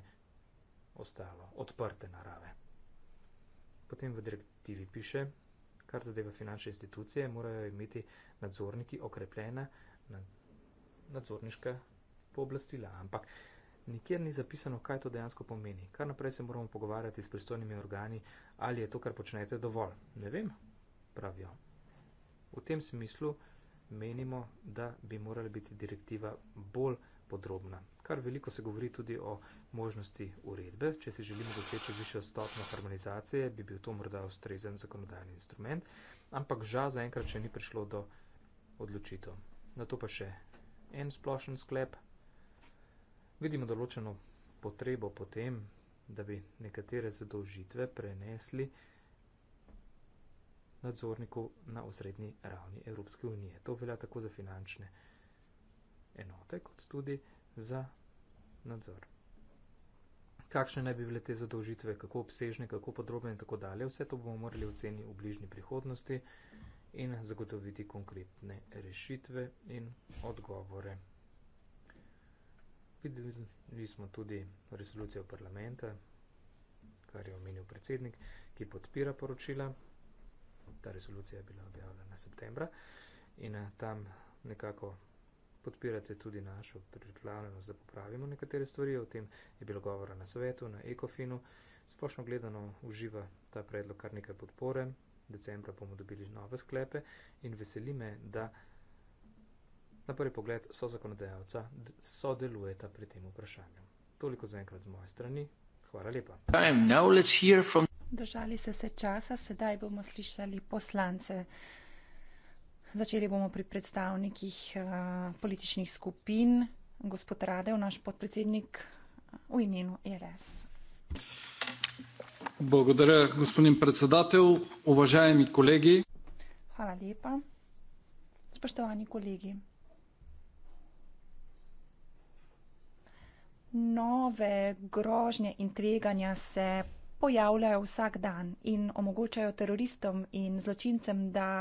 ostalo odprte narave. Potem v direktivi piše, kar zadeva finančne institucije, morajo imeti nadzorniki okrepljena nadzorniška pooblastila. Ampak nikjer ni zapisano, kaj to dejansko pomeni. Kar naprej se moramo pogovarjati s pristojnimi organi, ali je to, kar počnete, dovolj. Ne vem, pravijo. V tem smislu menimo, da bi morala biti direktiva bolj podrobna. Kar veliko se govori tudi o možnosti uredbe. Če si želimo doseči višjo stopno harmonizacije, bi bil to morda ustrezen zakonodajni instrument, ampak žal zaenkrat še ni prišlo do odločitev. Na to pa še en splošen sklep. Vidimo določeno potrebo potem, da bi nekatere zadolžitve prenesli nadzorniku na osrednji ravni Evropske unije. To velja tako za finančne enote, kot tudi za nadzor. Kakšne naj bi bile te zadolžitve, kako obsežne, kako podrobne in tako dalje, vse to bomo morali oceniti v bližnji prihodnosti in zagotoviti konkretne rešitve in odgovore. Videli smo tudi resolucijo parlamenta, kar je omenil predsednik, ki podpira poročila. Ta resolucija je bila objavljena septembra in eh, tam nekako podpirate tudi našo pripravljenost, da popravimo nekatere stvari. O tem je bilo govora na svetu, na Ekofinu. Splošno gledano uživa ta predlog kar nekaj podpore. Decembra bomo dobili nove sklepe in veseli me, da na prvi pogled so zakonodajalca sodelujeta pri tem vprašanju. Toliko zaenkrat z moje strani. Hvala lepa. Držali ste se časa, sedaj bomo slišali poslance. Začeli bomo pri predstavnikih eh, političnih skupin. Gospod Radev, naš podpredsednik v imenu RS. Bogodare, gospodin predsedatelj, uvažajeni kolegi. Hvala lepa. Spoštovani kolegi. Nove grožnje in treganja se pojavljajo vsak dan in omogočajo teroristom in zločincem, da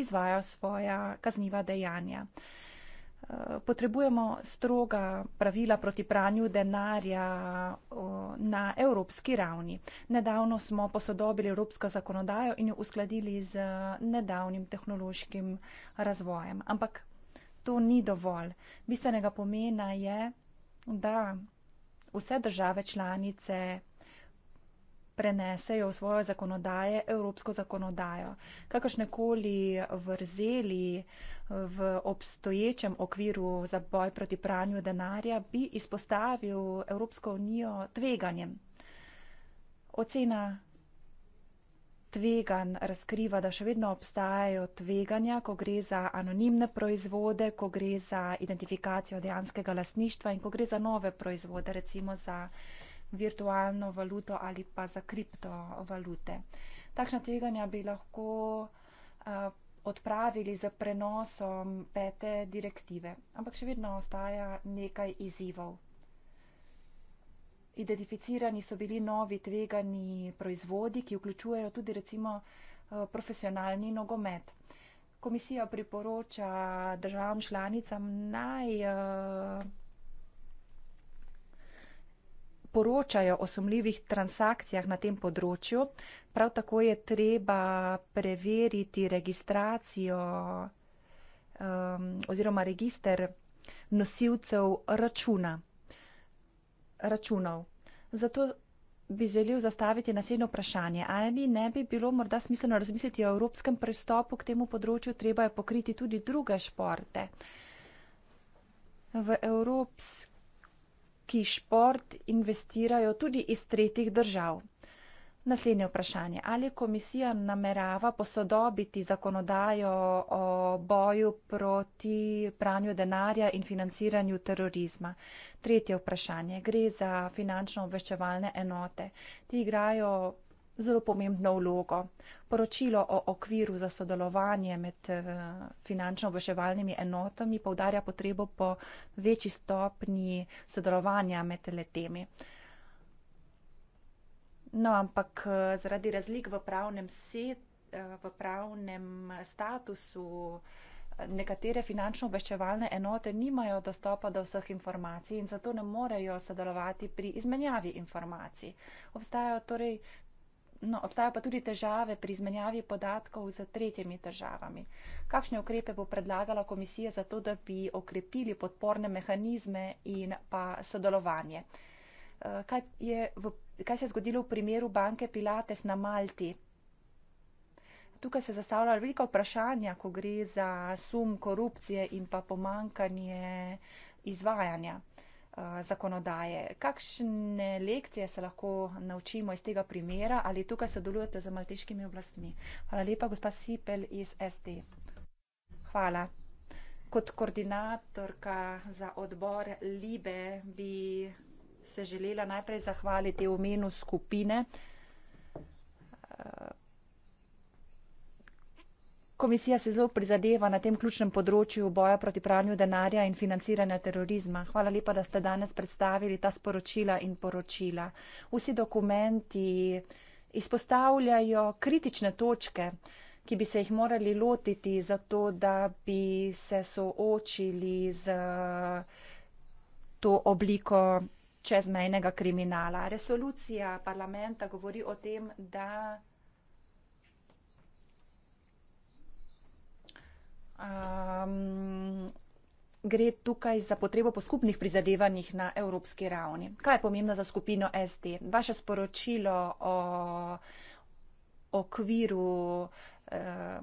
izvajajo svoja kazniva dejanja. Eh, potrebujemo stroga pravila proti pranju denarja eh, na evropski ravni. Nedavno smo posodobili evropsko zakonodajo in jo uskladili z eh, nedavnim tehnološkim razvojem. Ampak to ni dovolj. Bistvenega pomena je, da vse države članice prenesejo v svojo zakonodaje, evropsko zakonodajo. Kakršnekoli vrzeli v obstoječem okviru za boj proti pranju denarja bi izpostavil Evropsko unijo tveganjem. Ocena tvegan razkriva, da še vedno obstajajo tveganja, ko gre za anonimne proizvode, ko gre za identifikacijo dejanskega lasništva in ko gre za nove proizvode, recimo za virtualno valuto ali pa za kriptovalute. Takšna tveganja bi lahko eh, odpravili z prenosom pete direktive, ampak še vedno ostaja nekaj izzivov. Identificirani so bili novi tvegani proizvodi, ki vključujejo tudi recimo eh, profesionalni nogomet. Komisija priporoča državam članicam naj eh, poročajo o sumljivih transakcijah na tem področju, prav tako je treba preveriti registracijo um, oziroma register nosilcev računa, računov. Zato bi želel zastaviti naslednje vprašanje. Ali ne bi bilo morda smiselno razmisliti o evropskem pristopu k temu področju, treba je pokriti tudi druge športe. V evropski ki šport investirajo tudi iz tretjih držav. Naslednje vprašanje. Ali komisija namerava posodobiti zakonodajo o boju proti pranju denarja in financiranju terorizma? Tretje vprašanje. Gre za finančno obveščevalne enote. Ti igrajo zelo pomembno vlogo. Poročilo o okviru za sodelovanje med eh, finančno obveševalnimi enotami povdarja potrebo po večji stopni sodelovanja med letemi. No, ampak eh, zaradi razlik v pravnem, set, eh, v pravnem statusu nekatere finančno obveščevalne enote nimajo dostopa do vseh informacij in zato ne morejo sodelovati pri izmenjavi informacij. Obstajajo torej No, obstaja pa tudi težave pri izmenjavi podatkov z tretjimi državami. Kakšne ukrepe bo predlagala komisija za to, da bi okrepili podporne mehanizme in pa sodelovanje? Eh, kaj, je v, kaj se je zgodilo v primeru banke Pilates na Malti? Tukaj se zastavlja veliko vprašanja, ko gre za sum korupcije in pa pomankanje izvajanja zakonodaje. Kakšne lekcije se lahko naučimo iz tega primera ali tukaj sodelujete z malteškimi oblastmi? Hvala lepa, gospa Sipel iz SD. Hvala. Kot koordinatorka za odbor Libe bi se želela najprej zahvaliti v menu skupine. Komisija se zelo prizadeva na tem ključnem področju boja proti pranju denarja in financiranja terorizma. Hvala lepa, da ste danes predstavili ta sporočila in poročila. Vsi dokumenti izpostavljajo kritične točke, ki bi se jih morali lotiti zato, da bi se soočili z to obliko čezmejnega kriminala. Resolucija parlamenta govori o tem, da. Um, gre tukaj za potrebo po skupnih prizadevanjih na evropski ravni. Kaj je pomembno za skupino SD? Vaše sporočilo o okviru um,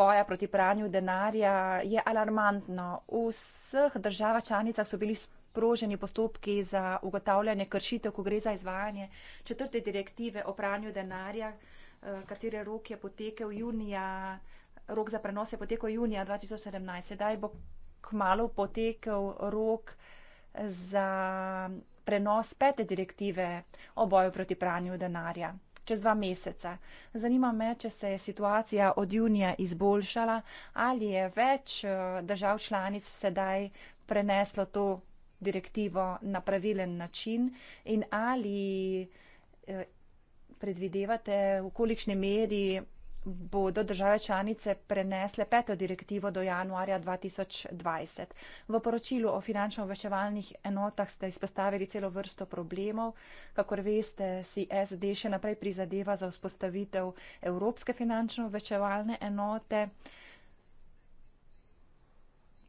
boja proti pranju denarja je alarmantno. V vseh državah članicah so bili sproženi postopki za ugotavljanje kršitev, ko gre za izvajanje četrte direktive o pranju denarja, eh, katere rok je potekel junija rok za prenos je potekel junija 2017, sedaj bo kmalo potekel rok za prenos pete direktive o boju proti pranju denarja. Čez dva meseca. Zanima me, če se je situacija od junija izboljšala, ali je več eh, držav članic sedaj preneslo to direktivo na pravilen način in ali eh, predvidevate, v kolikšni meri bodo države članice prenesle peto direktivo do januarja 2020. V poročilu o finančno obveščevalnih enotah ste izpostavili celo vrsto problemov. Kakor veste, si SD še naprej prizadeva za vzpostavitev Evropske finančno obveščevalne enote.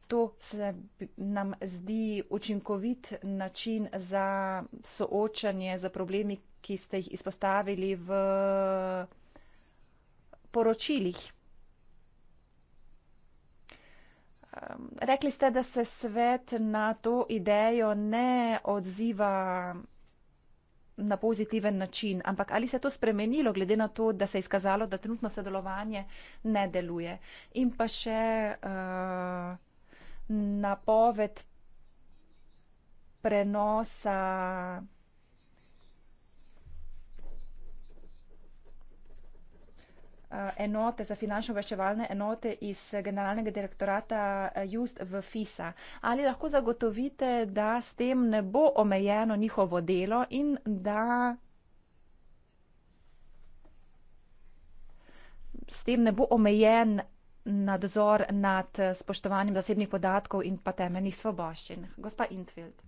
To se nam zdi učinkovit način za soočanje z problemi, ki ste jih izpostavili v poročilih. Rekli ste, da se svet na to idejo ne odziva na pozitiven način, ampak ali se je to spremenilo, glede na to, da se je izkazalo, da trenutno sodelovanje ne deluje. In pa še uh, napoved prenosa Eh, enote, za finančno obveščevalne enote iz generalnega direktorata eh, Just v FISA. Ali lahko zagotovite, da s tem ne bo omejeno njihovo delo in da s tem ne bo omejen nadzor nad eh, spoštovanjem zasebnih podatkov in pa temeljnih svoboščin? Gospa Intfeld.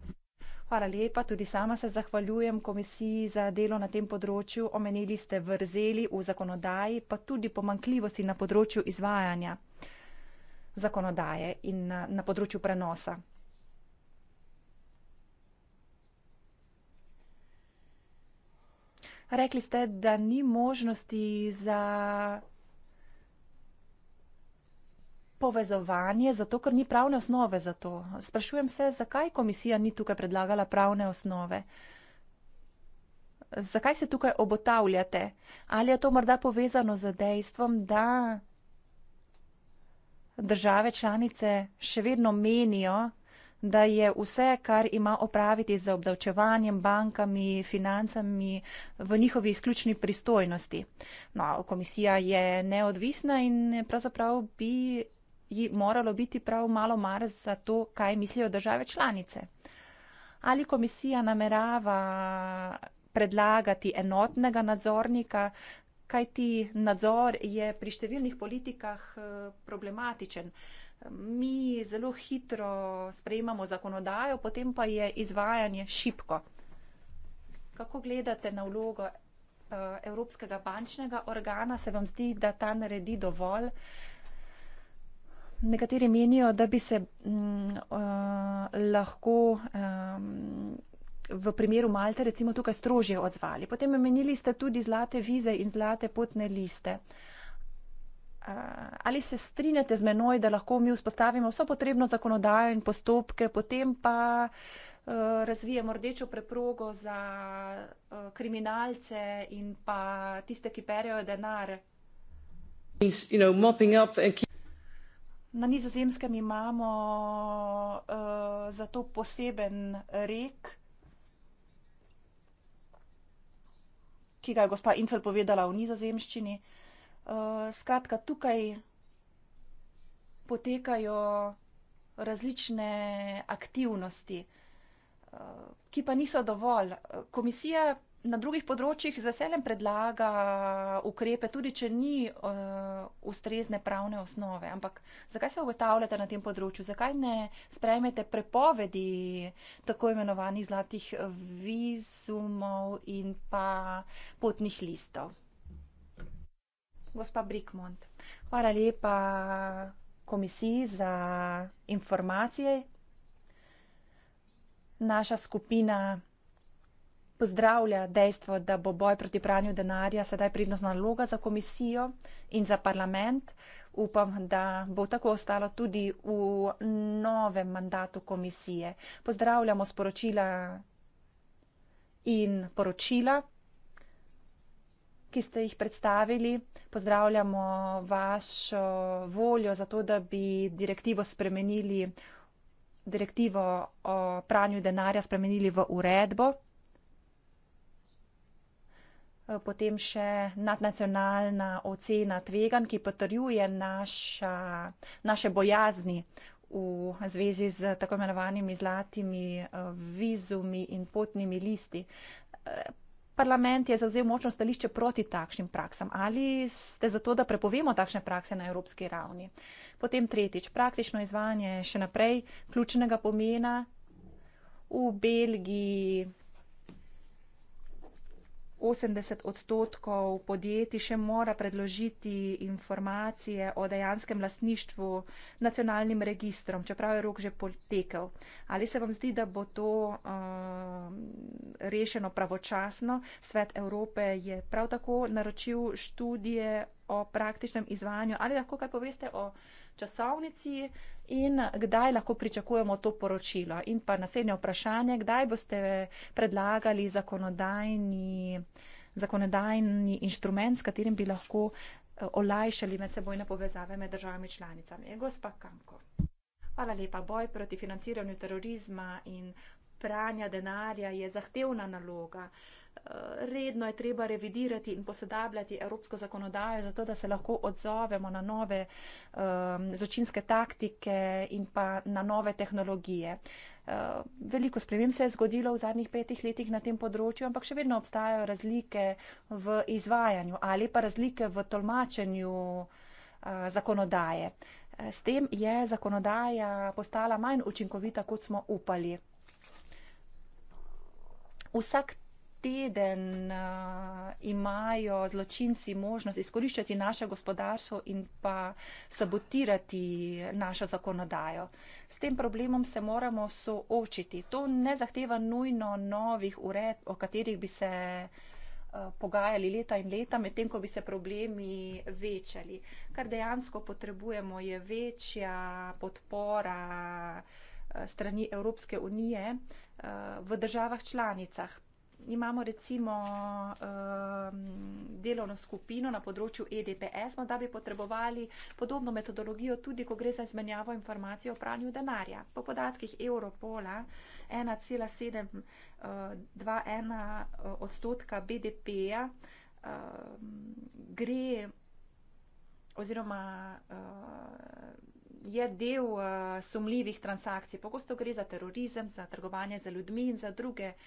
Hvala lepa, tudi sama se zahvaljujem komisiji za delo na tem področju. Omenili ste vrzeli v zakonodaji, pa tudi pomankljivosti na področju izvajanja zakonodaje in na, na področju prenosa. Rekli ste, da ni možnosti za povezovanje, zato ker ni pravne osnove za to. Sprašujem se, zakaj komisija ni tukaj predlagala pravne osnove. Zakaj se tukaj obotavljate? Ali je to morda povezano z dejstvom, da države članice še vedno menijo, da je vse, kar ima opraviti z obdavčevanjem, bankami, financami v njihovi izključni pristojnosti. No, komisija je neodvisna in pravzaprav bi ji moralo biti prav malo mar za to, kaj mislijo države članice. Ali komisija namerava predlagati enotnega nadzornika, kajti nadzor je pri številnih politikah eh, problematičen. Mi zelo hitro sprejemamo zakonodajo, potem pa je izvajanje šipko. Kako gledate na vlogo eh, Evropskega bančnega organa? Se vam zdi, da ta naredi dovolj? nekateri menijo, da bi se m, mm, uh, eh, lahko um, v primeru Malte recimo tukaj strožje odzvali. Potem menili ste tudi zlate vize in zlate potne liste. Eh, ali se strinjate z menoj, da lahko mi vzpostavimo vso potrebno zakonodajo in postopke, potem pa uh, razvijemo rdečo preprogo za uh, kriminalce in pa tiste, ki perejo denar? In, you know, Na nizozemskem imamo uh, za to poseben rek, ki ga je gospa Intel povedala v nizozemščini. Uh, skratka, tukaj potekajo različne aktivnosti, uh, ki pa niso dovolj. Komisija na drugih področjih z veseljem predlaga ukrepe, tudi če ni uh, ustrezne pravne osnove. Ampak zakaj se ugotavljate na tem področju? Zakaj ne sprejmete prepovedi tako imenovanih zlatih vizumov in pa potnih listov? Gospa Brikmont, hvala lepa komisiji za informacije. Naša skupina pozdravlja dejstvo, da bo boj proti pranju denarja sedaj prednostna naloga za komisijo in za parlament. Upam, da bo tako ostalo tudi v novem mandatu komisije. Pozdravljamo sporočila in poročila, ki ste jih predstavili. Pozdravljamo vašo voljo za to, da bi direktivo spremenili direktivo o pranju denarja spremenili v uredbo. Eh, potem še nadnacionalna ocena tvegan, ki potrjuje naša, naše bojazni v zvezi z tako imenovanimi zlatimi eh, vizumi in potnimi listi. Eh, parlament je zauzel močno stališče proti takšnim praksam. Ali ste za to, da prepovemo takšne prakse na evropski ravni? Potem tretjič, praktično izvajanje še naprej ključnega pomena. V Belgiji 80 odstotkov podjetij še mora predložiti informacije o dejanskem lastništvu nacionalnim registrom, čeprav je rok že potekel. Ali se vam zdi, da bo to uh, rešeno pravočasno? Svet Evrope je prav tako naročil študije o praktičnem izvajanju. Ali lahko kaj poveste o časovnici in kdaj lahko pričakujemo to poročilo. In pa naslednje vprašanje, kdaj boste predlagali zakonodajni, zakonodajni inštrument, s katerim bi lahko eh, olajšali medsebojne povezave med državami članicami. Eh, gospa Kanko. Hvala lepa. Boj proti financiranju terorizma in pranja denarja je zahtevna naloga redno je treba revidirati in posodabljati evropsko zakonodajo, zato da se lahko odzovemo na nove um, zločinske taktike in pa na nove tehnologije. Uh, veliko sprememb se je zgodilo v zadnjih petih letih na tem področju, ampak še vedno obstajajo razlike v izvajanju ali pa razlike v tolmačenju uh, zakonodaje. Uh, s tem je zakonodaja postala manj učinkovita, kot smo upali. Vsak teden uh, imajo zločinci možnost izkoriščati naše gospodarstvo in pa sabotirati našo zakonodajo. S tem problemom se moramo soočiti. To ne zahteva nujno novih ured, o katerih bi se eh, pogajali leta in leta, medtem ko bi se problemi večali. Kar dejansko potrebujemo je večja podpora eh, strani Evropske unije v državah članicah imamo recimo um, delovno skupino na področju EDPS, morda bi potrebovali podobno metodologijo tudi, ko gre za izmenjavo informacij o pranju denarja. Po podatkih Europola 1,721 uh, uh, odstotka BDP-ja um, gre oziroma uh, je del uh, sumljivih transakcij. Pogosto gre za terorizem, za trgovanje za ljudmi in za druge uh,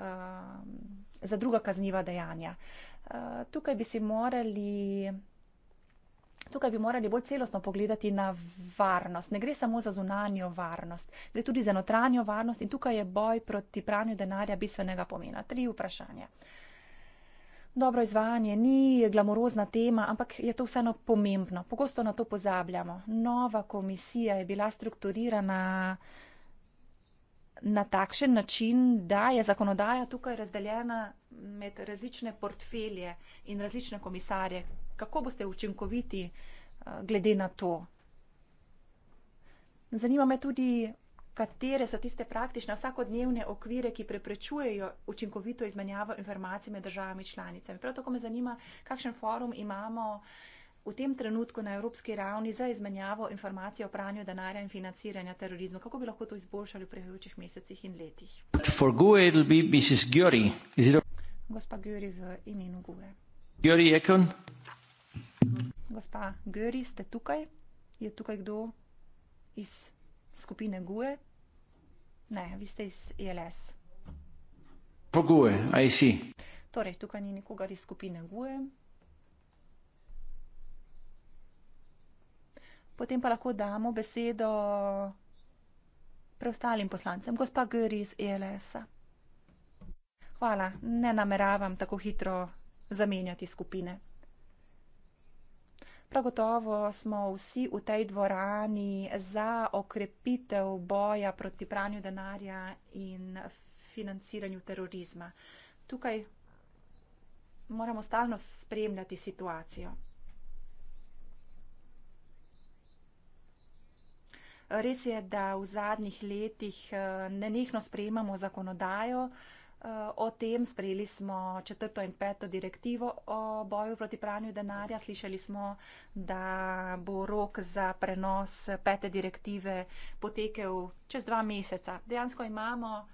Um, za druga kazniva dejanja. Uh, tukaj bi si morali. Tukaj bi morali bolj celostno pogledati na varnost. Ne gre samo za zunanjo varnost, gre tudi za notranjo varnost in tukaj je boj proti pranju denarja bistvenega pomena. Tri vprašanja. Dobro izvajanje ni glamorozna tema, ampak je to vseeno pomembno. Pogosto na to pozabljamo. Nova komisija je bila strukturirana na takšen način, da je zakonodaja tukaj razdeljena med različne portfelje in različne komisarje. Kako boste učinkoviti eh, glede na to? Zanima me tudi, katere so tiste praktične vsakodnevne okvire, ki preprečujejo učinkovito izmenjavo informacij med državami članicami. Prav tako me zanima, kakšen forum imamo v tem trenutku na evropski ravni za izmenjavo informacij o pranju denarja in financiranja terorizma? Kako bi lahko to izboljšali v prihajajočih mesecih in letih? Gospa Gjuri v imenu Gue. Gjuri Ekon. Gospa Gjuri, ste tukaj? Je tukaj kdo iz skupine Gue? Ne, vi ste iz ILS. Pogue, IC. Torej, tukaj ni nikogar iz skupine Gue. Potem pa lahko damo besedo preostalim poslancem, gospa Göri iz ELS-a. Hvala, ne nameravam tako hitro zamenjati skupine. Prav gotovo smo vsi v tej dvorani za okrepitev boja proti pranju denarja in financiranju terorizma. Tukaj moramo stalno spremljati situacijo. Res je, da v zadnjih letih eh, nenehno sprejemamo zakonodajo. Eh, o tem sprejeli smo četrto in peto direktivo o boju proti pranju denarja. Slišali smo, da bo rok za prenos pete direktive potekel čez dva meseca. Dejansko imamo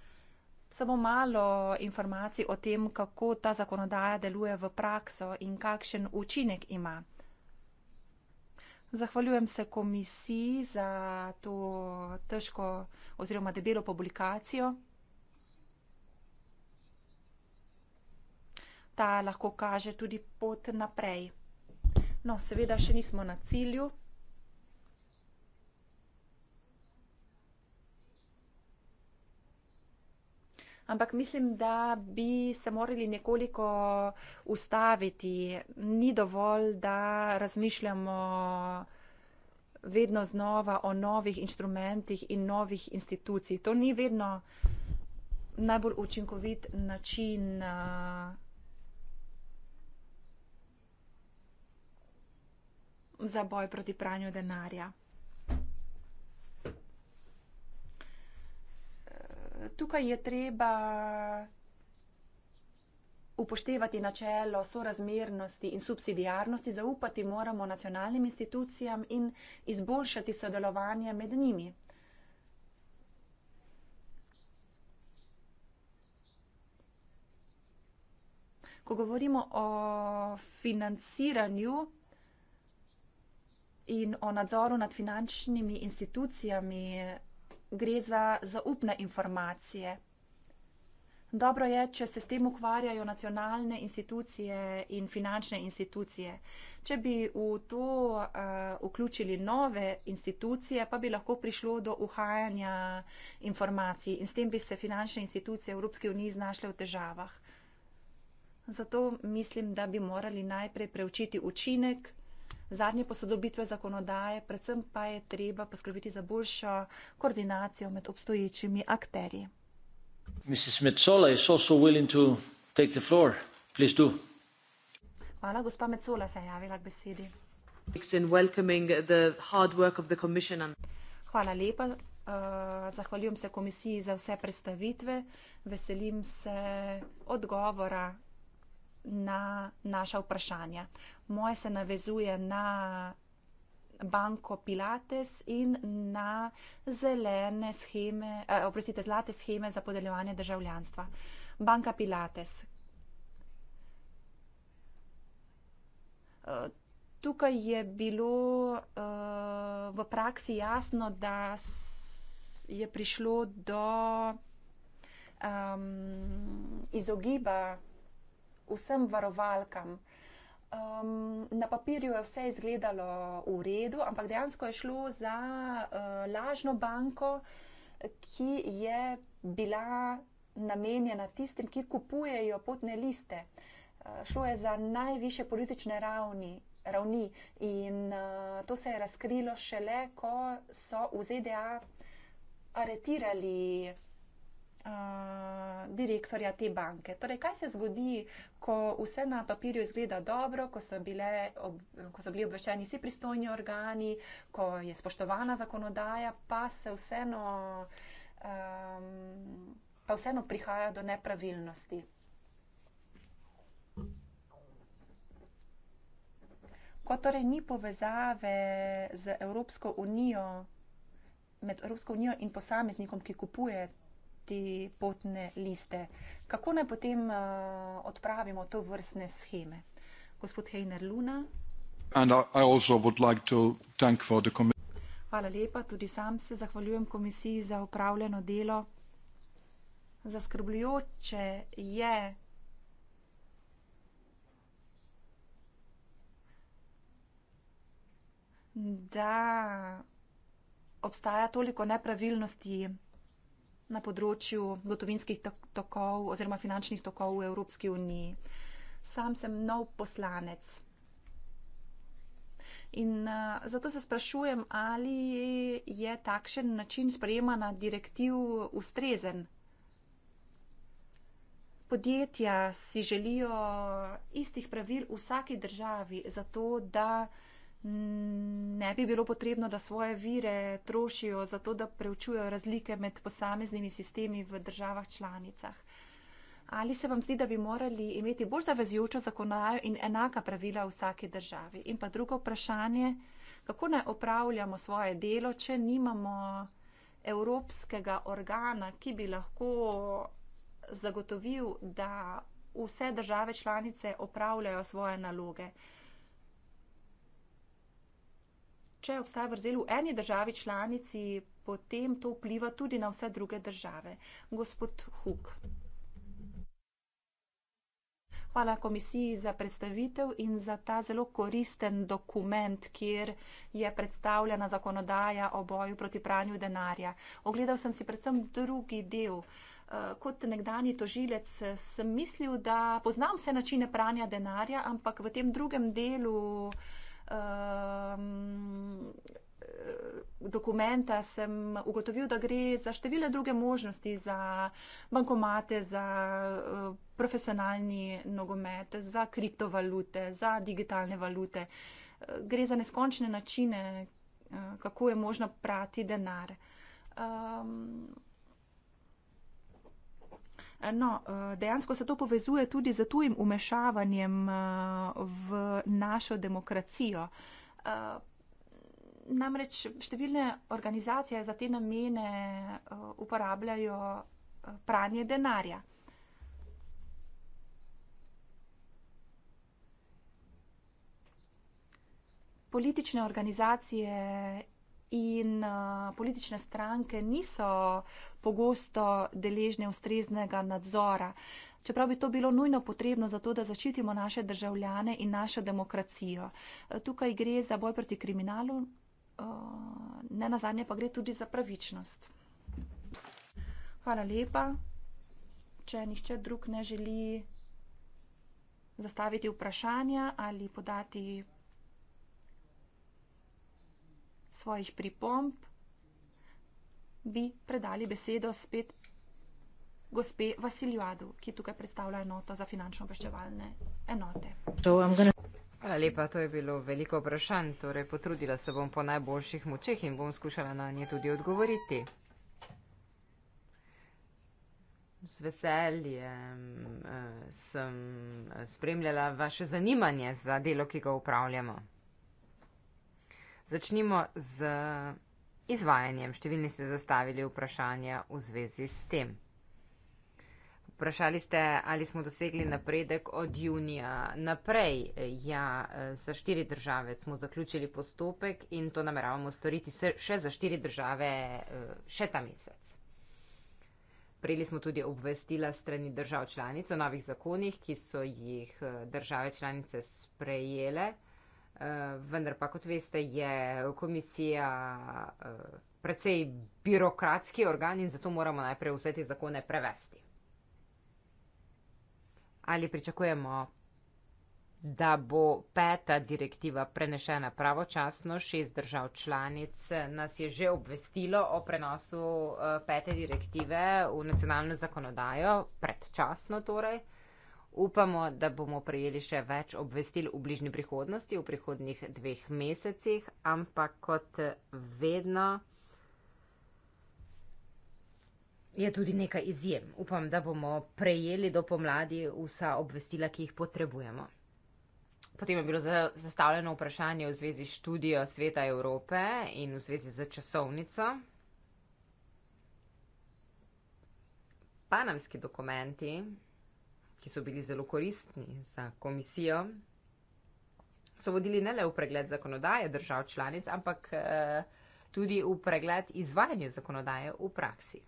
samo malo informacij o tem, kako ta zakonodaja deluje v prakso in kakšen učinek ima. Zahvaljujem se komisiji za to težko oziroma debelo publikacijo. Ta lahko kaže tudi pot naprej. No, seveda še nismo na cilju. ampak mislim, da bi se morali nekoliko ustaviti. Ni dovolj, da razmišljamo vedno znova o novih inštrumentih in novih institucij. To ni vedno najbolj učinkovit način. Uh, za boj proti pranju denarja. tukaj je treba upoštevati načelo sorazmernosti in subsidijarnosti, zaupati moramo nacionalnim institucijam in izboljšati sodelovanje med njimi. Ko govorimo o financiranju in o nadzoru nad finančnimi institucijami, gre za zaupne informacije. Dobro je, če se s tem ukvarjajo nacionalne institucije in finančne institucije. Če bi v to uh, vključili nove institucije, pa bi lahko prišlo do uhajanja informacij in s tem bi se finančne institucije Evropske unije znašle v težavah. Zato mislim, da bi morali najprej preučiti učinek zadnje posodobitve zakonodaje, predvsem pa je treba poskrbiti za boljšo koordinacijo med obstoječimi akterji. Hvala, gospa Mecola se je javila k besedi. Hvala lepa. Uh, zahvaljujem se komisiji za vse predstavitve. Veselim se odgovora na naša vprašanja moje se navezuje na banko Pilates in na zelene scheme, eh, oprostite, zlate scheme za podeljevanje državljanstva. Banka Pilates. Eh, tukaj je bilo uh, v praksi jasno, da je prišlo do um, izogiba vsem varovalkam, Um, na papirju je vse izgledalo v redu, ampak dejansko je šlo za uh, lažno banko, ki je bila namenjena tistim, ki kupujejo potne liste. Uh, šlo je za najviše politične ravni, ravni in uh, to se je razkrilo šele, ko so v ZDA aretirali uh, direktorja te banke. Torej, kaj se zgodi, ko vse na papirju izgleda dobro, ko so, bile, ob, ko so bili obveščeni vsi pristojni organi, ko je spoštovana zakonodaja, pa se vseeno, um, pa vseeno prihaja do nepravilnosti. Ko torej ni povezave z Evropsko unijo, med Evropsko unijo in posameznikom, ki kupuje te potne liste. Kako naj potem uh, odpravimo to vrstne scheme? Gospod Heiner Luna. Hvala lepa, tudi sam se zahvaljujem komisiji za upravljeno delo. Zaskrbljujoče je, da obstaja toliko nepravilnosti na področju gotovinskih tokov oziroma finančnih tokov v Evropski uniji. Sam sem nov poslanec. In uh, zato se sprašujem, ali je takšen način sprejemanja direktiv ustrezen. Podjetja si želijo istih pravil v vsaki državi, zato da uh, ne bi bilo potrebno, da svoje vire trošijo za to, da preučujejo razlike med posameznimi sistemi v državah članicah. Ali se vam zdi, da bi morali imeti bolj zavezujočo zakonodajo in enaka pravila v vsaki državi? In pa drugo vprašanje, kako naj opravljamo svoje delo, če nimamo evropskega organa, ki bi lahko zagotovil, da vse države članice opravljajo svoje naloge? če obstaja vrzel v eni državi članici, potem to vpliva tudi na vse druge države. Gospod Huk. Hvala komisiji za predstavitev in za ta zelo koristen dokument, kjer je predstavljena zakonodaja o boju proti pranju denarja. Ogledal sem si predvsem drugi del. Eh, kot nekdani tožilec sem mislil, da poznam vse načine pranja denarja, ampak v tem drugem delu um, dokumenta sem ugotovil, da gre za številne druge možnosti, za bankomate, za eh, profesionalni nogomet, za kriptovalute, za digitalne valute. Eh, gre za neskončne načine, kako je možno prati denar. Um, Eh, no, eh, dejansko se to povezuje tudi z tujim umešavanjem eh, v našo demokracijo. Namreč številne organizacije za te namene uporabljajo pranje denarja. Politične organizacije in politične stranke niso pogosto deležne ustreznega nadzora. Čeprav bi to bilo nujno potrebno za to, da zaščitimo naše državljane in našo demokracijo. Tukaj gre za boj proti kriminalu, ne na zadnje pa gre tudi za pravičnost. Hvala lepa. Če nihče drug ne želi zastaviti vprašanja ali podati svojih pripomb, bi predali besedo spet gospe Vasiljuadu, ki tukaj predstavlja enoto za finančno obveščevalne enote. Hvala lepa, to je bilo veliko vprašanj, torej potrudila se bom po najboljših močeh in bom skušala na nje tudi odgovoriti. Z veseljem eh, sem eh, spremljala vaše zanimanje za delo, ki ga upravljamo. Začnimo z izvajanjem. Številni ste zastavili vprašanja v zvezi s tem. Vprašali ste, ali smo dosegli napredek od junija naprej. Ja, za štiri države smo zaključili postopek in to nameravamo storiti še za štiri države še ta mesec. Prejeli smo tudi obvestila strani držav članic o novih zakonih, ki so jih države članice sprejele. Eh, vendar pa, kot veste, je komisija eh, precej birokratski organ in zato moramo najprej vse te zakone prevesti. Ali pričakujemo, da bo peta direktiva prenešena pravočasno, šest držav članic eh, nas je že obvestilo o prenosu pete direktive v nacionalno zakonodajo, predčasno torej. Upamo, da bomo prejeli še več obvestil v bližnji prihodnosti, v prihodnih dveh mesecih, ampak kot vedno je tudi nekaj izjem. Upam, da bomo prejeli do pomladi vsa obvestila, ki jih potrebujemo. Potem je bilo zastavljeno vprašanje v zvezi s študijo Sveta Evrope in v zvezi z časovnico. Panamski dokumenti ki so bili zelo koristni za komisijo, so vodili ne le v pregled zakonodaje držav članic, ampak eh, tudi v pregled izvajanja zakonodaje v praksi.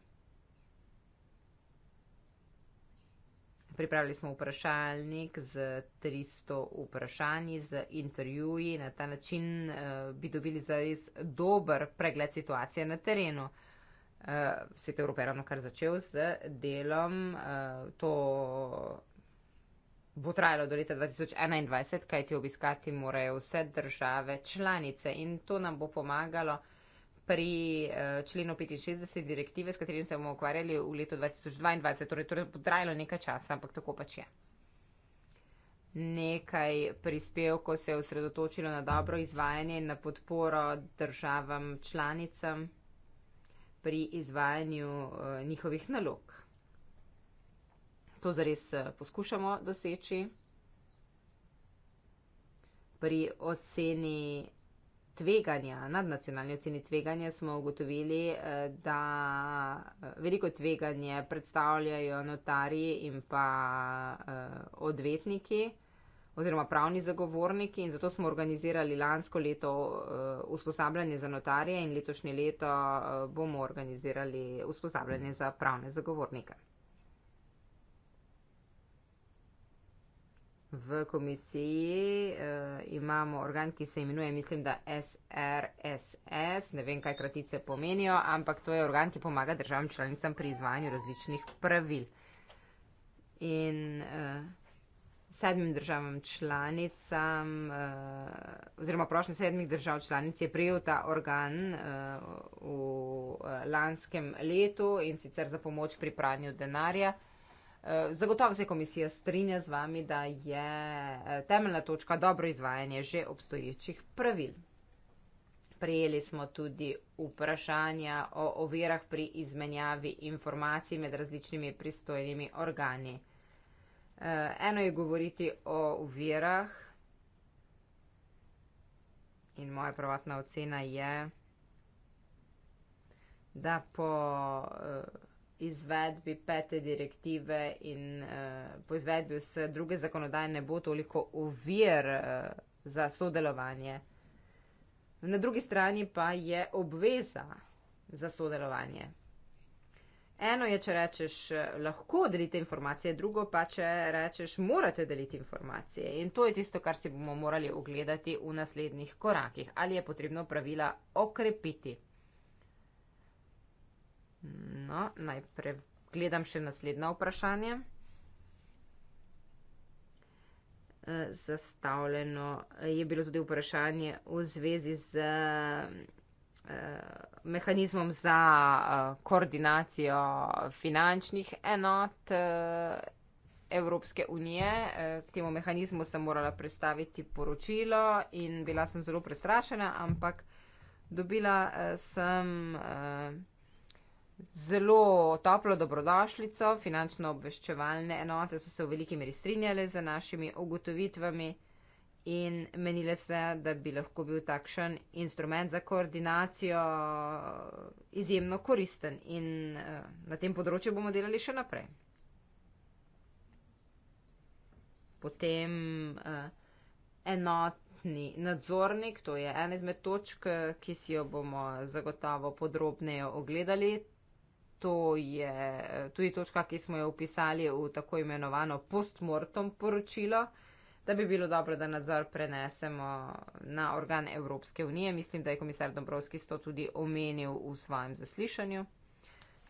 Pripravili smo vprašalnik z 300 vprašanji, z intervjuji. Na ta način eh, bi dobili zares dober pregled situacije na terenu uh, svet Evrope ravno kar začel z delom. Uh, to bo trajalo do leta 2021, kajti obiskati morajo vse države članice in to nam bo pomagalo pri eh, členu 65 direktive, s katerim se bomo ukvarjali v letu 2022. Torej, torej bo trajalo nekaj časa, ampak tako pač je. Nekaj prispevkov se je osredotočilo na dobro izvajanje in na podporo državam članicam pri izvajanju eh, njihovih nalog. To zares eh, poskušamo doseči. Pri oceni tveganja, nadnacionalni oceni tveganja, smo ugotovili, eh, da veliko tveganje predstavljajo notarji in pa odvetniki oziroma pravni zagovorniki in zato smo organizirali lansko leto eh, usposabljanje za notarje in letošnje leto eh, bomo organizirali usposabljanje za pravne zagovornike. V komisiji uh, imamo organ, ki se imenuje, mislim, da SRSS, ne vem, kaj kratice pomenijo, ampak to je organ, ki pomaga državam članicam pri izvajanju različnih pravil. In uh, sedmim državam članicam, eh, oziroma prošnjo sedmih držav članic je prijel ta organ eh, v eh, lanskem letu in sicer za pomoč pri pranju denarja. Zagotovo se komisija strinja z vami, da je temeljna točka dobro izvajanje že obstoječih pravil. Prijeli smo tudi vprašanja o ovirah pri izmenjavi informacij med različnimi pristojnimi organi. Eh, eno je govoriti o uvirah, in moja pravotna ocena je, da po eh, izvedbi pete direktive in eh, po izvedbi vse druge zakonodaje ne bo toliko uvir za sodelovanje. Na drugi strani pa je obveza za sodelovanje. Eno je, če rečeš, eh, lahko delite informacije, drugo pa, če rečeš, morate deliti informacije. In to je tisto, kar si bomo morali ogledati v naslednjih korakih. Ali je potrebno pravila okrepiti? No, najprej gledam še naslednja vprašanja. Eh, zastavljeno eh, je bilo tudi vprašanje v zvezi z Eh, mehanizmom za eh, koordinacijo finančnih enot eh, Evropske unije. K temu mehanizmu sem morala predstaviti poročilo in bila sem zelo prestrašena, ampak dobila sem zelo toplo dobrodošlico. Finančno obveščevalne enote so se v veliki meri strinjale z našimi ugotovitvami in menile se, da bi lahko bil takšen instrument za koordinacijo eh, izjemno koristen in eh, na tem področju bomo delali še naprej. Potem eh, enotni nadzornik, to je ena izmed točk, ki si jo bomo zagotavo podrobneje ogledali. To je tudi točka, ki smo jo upisali v tako imenovano postmortem poročilo da bi bilo dobro, da nadzor prenesemo na organ Evropske unije. Mislim, da je komisar Dombrovski to tudi omenil v svojem zaslišanju.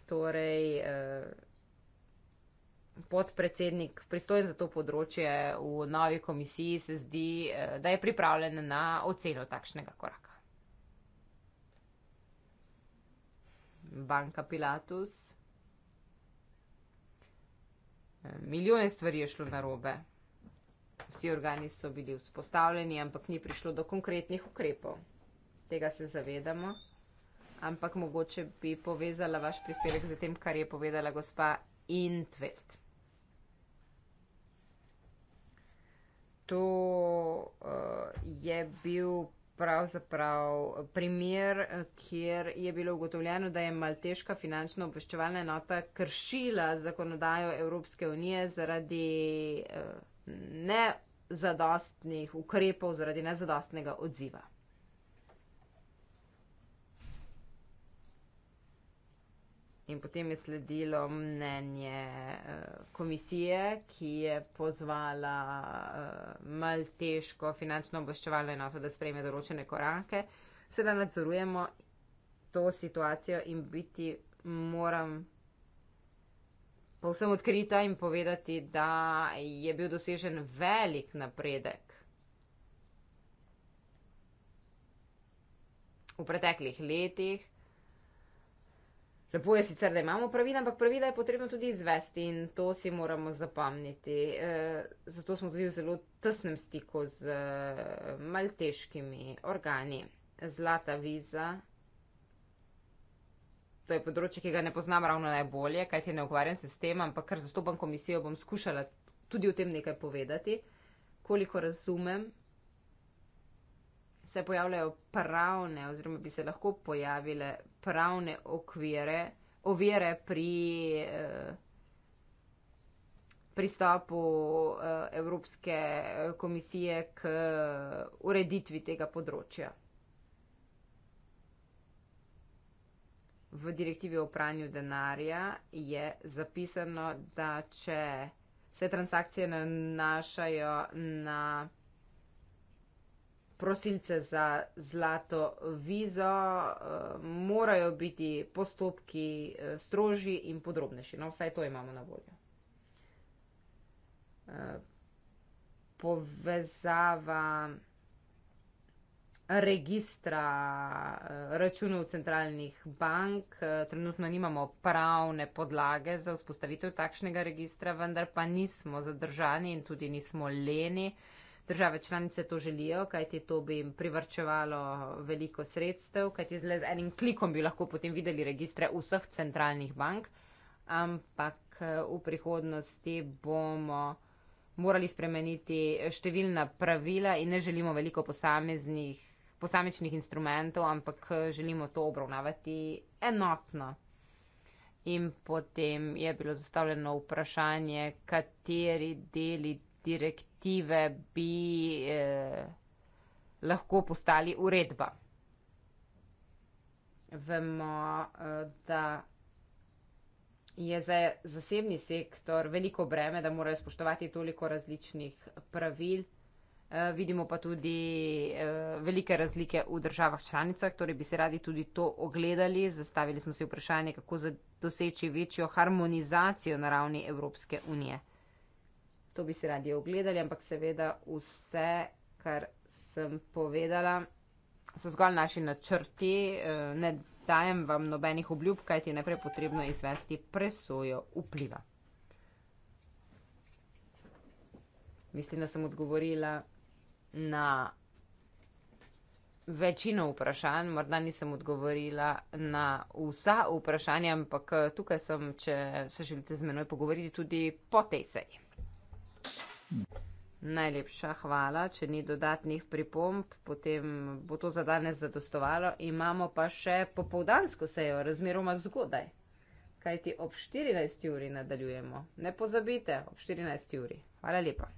Torej, eh, podpredsednik pristojen za to področje v novi komisiji se zdi, eh, da je pripravljen na oceno takšnega koraka. Banka Pilatus. Eh, milijone stvari je šlo na robe. Vsi organi so bili vzpostavljeni, ampak ni prišlo do konkretnih ukrepov. Tega se zavedamo, ampak mogoče bi povezala vaš prispevek z tem, kar je povedala gospa Intveld. To uh, je bil pravzaprav primer, kjer je bilo ugotovljeno, da je malteška finančna obveščevalna enota kršila zakonodajo Evropske unije zaradi. Uh, nezadostnih ukrepov, zaradi nezadostnega odziva. In potem je sledilo mnenje eh, komisije, ki je pozvala eh, malteško finančno obveščevalno enoto, da sprejme določene korake. Sedaj nadzorujemo to situacijo in biti moram povsem odkrita in povedati, da je bil dosežen velik napredek v preteklih letih. Lepo je sicer, da imamo pravila, ampak pravila je potrebno tudi izvesti in to si moramo zapamniti. E, eh, zato smo tudi v zelo tesnem stiku z e, malteškimi organi. Zlata viza to je področje, ki ga ne poznam ravno najbolje, kaj ti ne ukvarjam se s tem, ampak ker zastopam komisijo, bom skušala tudi o tem nekaj povedati. Koliko razumem, se pojavljajo pravne oziroma bi se lahko pojavile pravne okvire, ovire pri eh, pristopu eh, Evropske eh, komisije k ureditvi tega področja. v direktivi o pranju denarja je zapisano, da če se transakcije nanašajo na prosilce za zlato vizo, eh, morajo biti postopki eh, strožji in podrobnejši. No, vsaj to imamo na voljo. Eh, povezava registra eh, računov centralnih bank. Eh, trenutno nimamo pravne podlage za vzpostavitev takšnega registra, vendar pa nismo zadržani in tudi nismo leni. Države članice to želijo, kajti to bi jim privrčevalo veliko sredstev, kajti z enim klikom bi lahko potem videli registre vseh centralnih bank, ampak eh, v prihodnosti bomo morali spremeniti številna pravila in ne želimo veliko posameznih posamičnih instrumentov, ampak eh, želimo to obravnavati enotno. In potem je bilo zastavljeno vprašanje, kateri deli direktive bi eh, lahko postali uredba. Vemo, eh, da je za zasebni sektor veliko breme, da morajo spoštovati toliko različnih pravil. Eh, vidimo pa tudi eh, velike razlike v državah članicah, torej bi se radi tudi to ogledali. Zastavili smo si vprašanje, kako doseči večjo harmonizacijo na ravni Evropske unije. To bi se radi ogledali, ampak seveda vse, kar sem povedala, so zgolj naši načrti. Eh, ne dajem vam nobenih obljub, kajti je najprej potrebno izvesti presojo vpliva. Mislim, da sem odgovorila na večino vprašanj, morda nisem odgovorila na vsa vprašanja, ampak eh, tukaj sem, če se želite z menoj pogovoriti tudi po tej seji. Najlepša hvala, če ni dodatnih pripomb, potem bo to za danes zadostovalo. Imamo pa še popovdansko sejo, razmeroma zgodaj, kajti ob 14. uri nadaljujemo. Ne pozabite, ob 14. uri. Hvala lepa.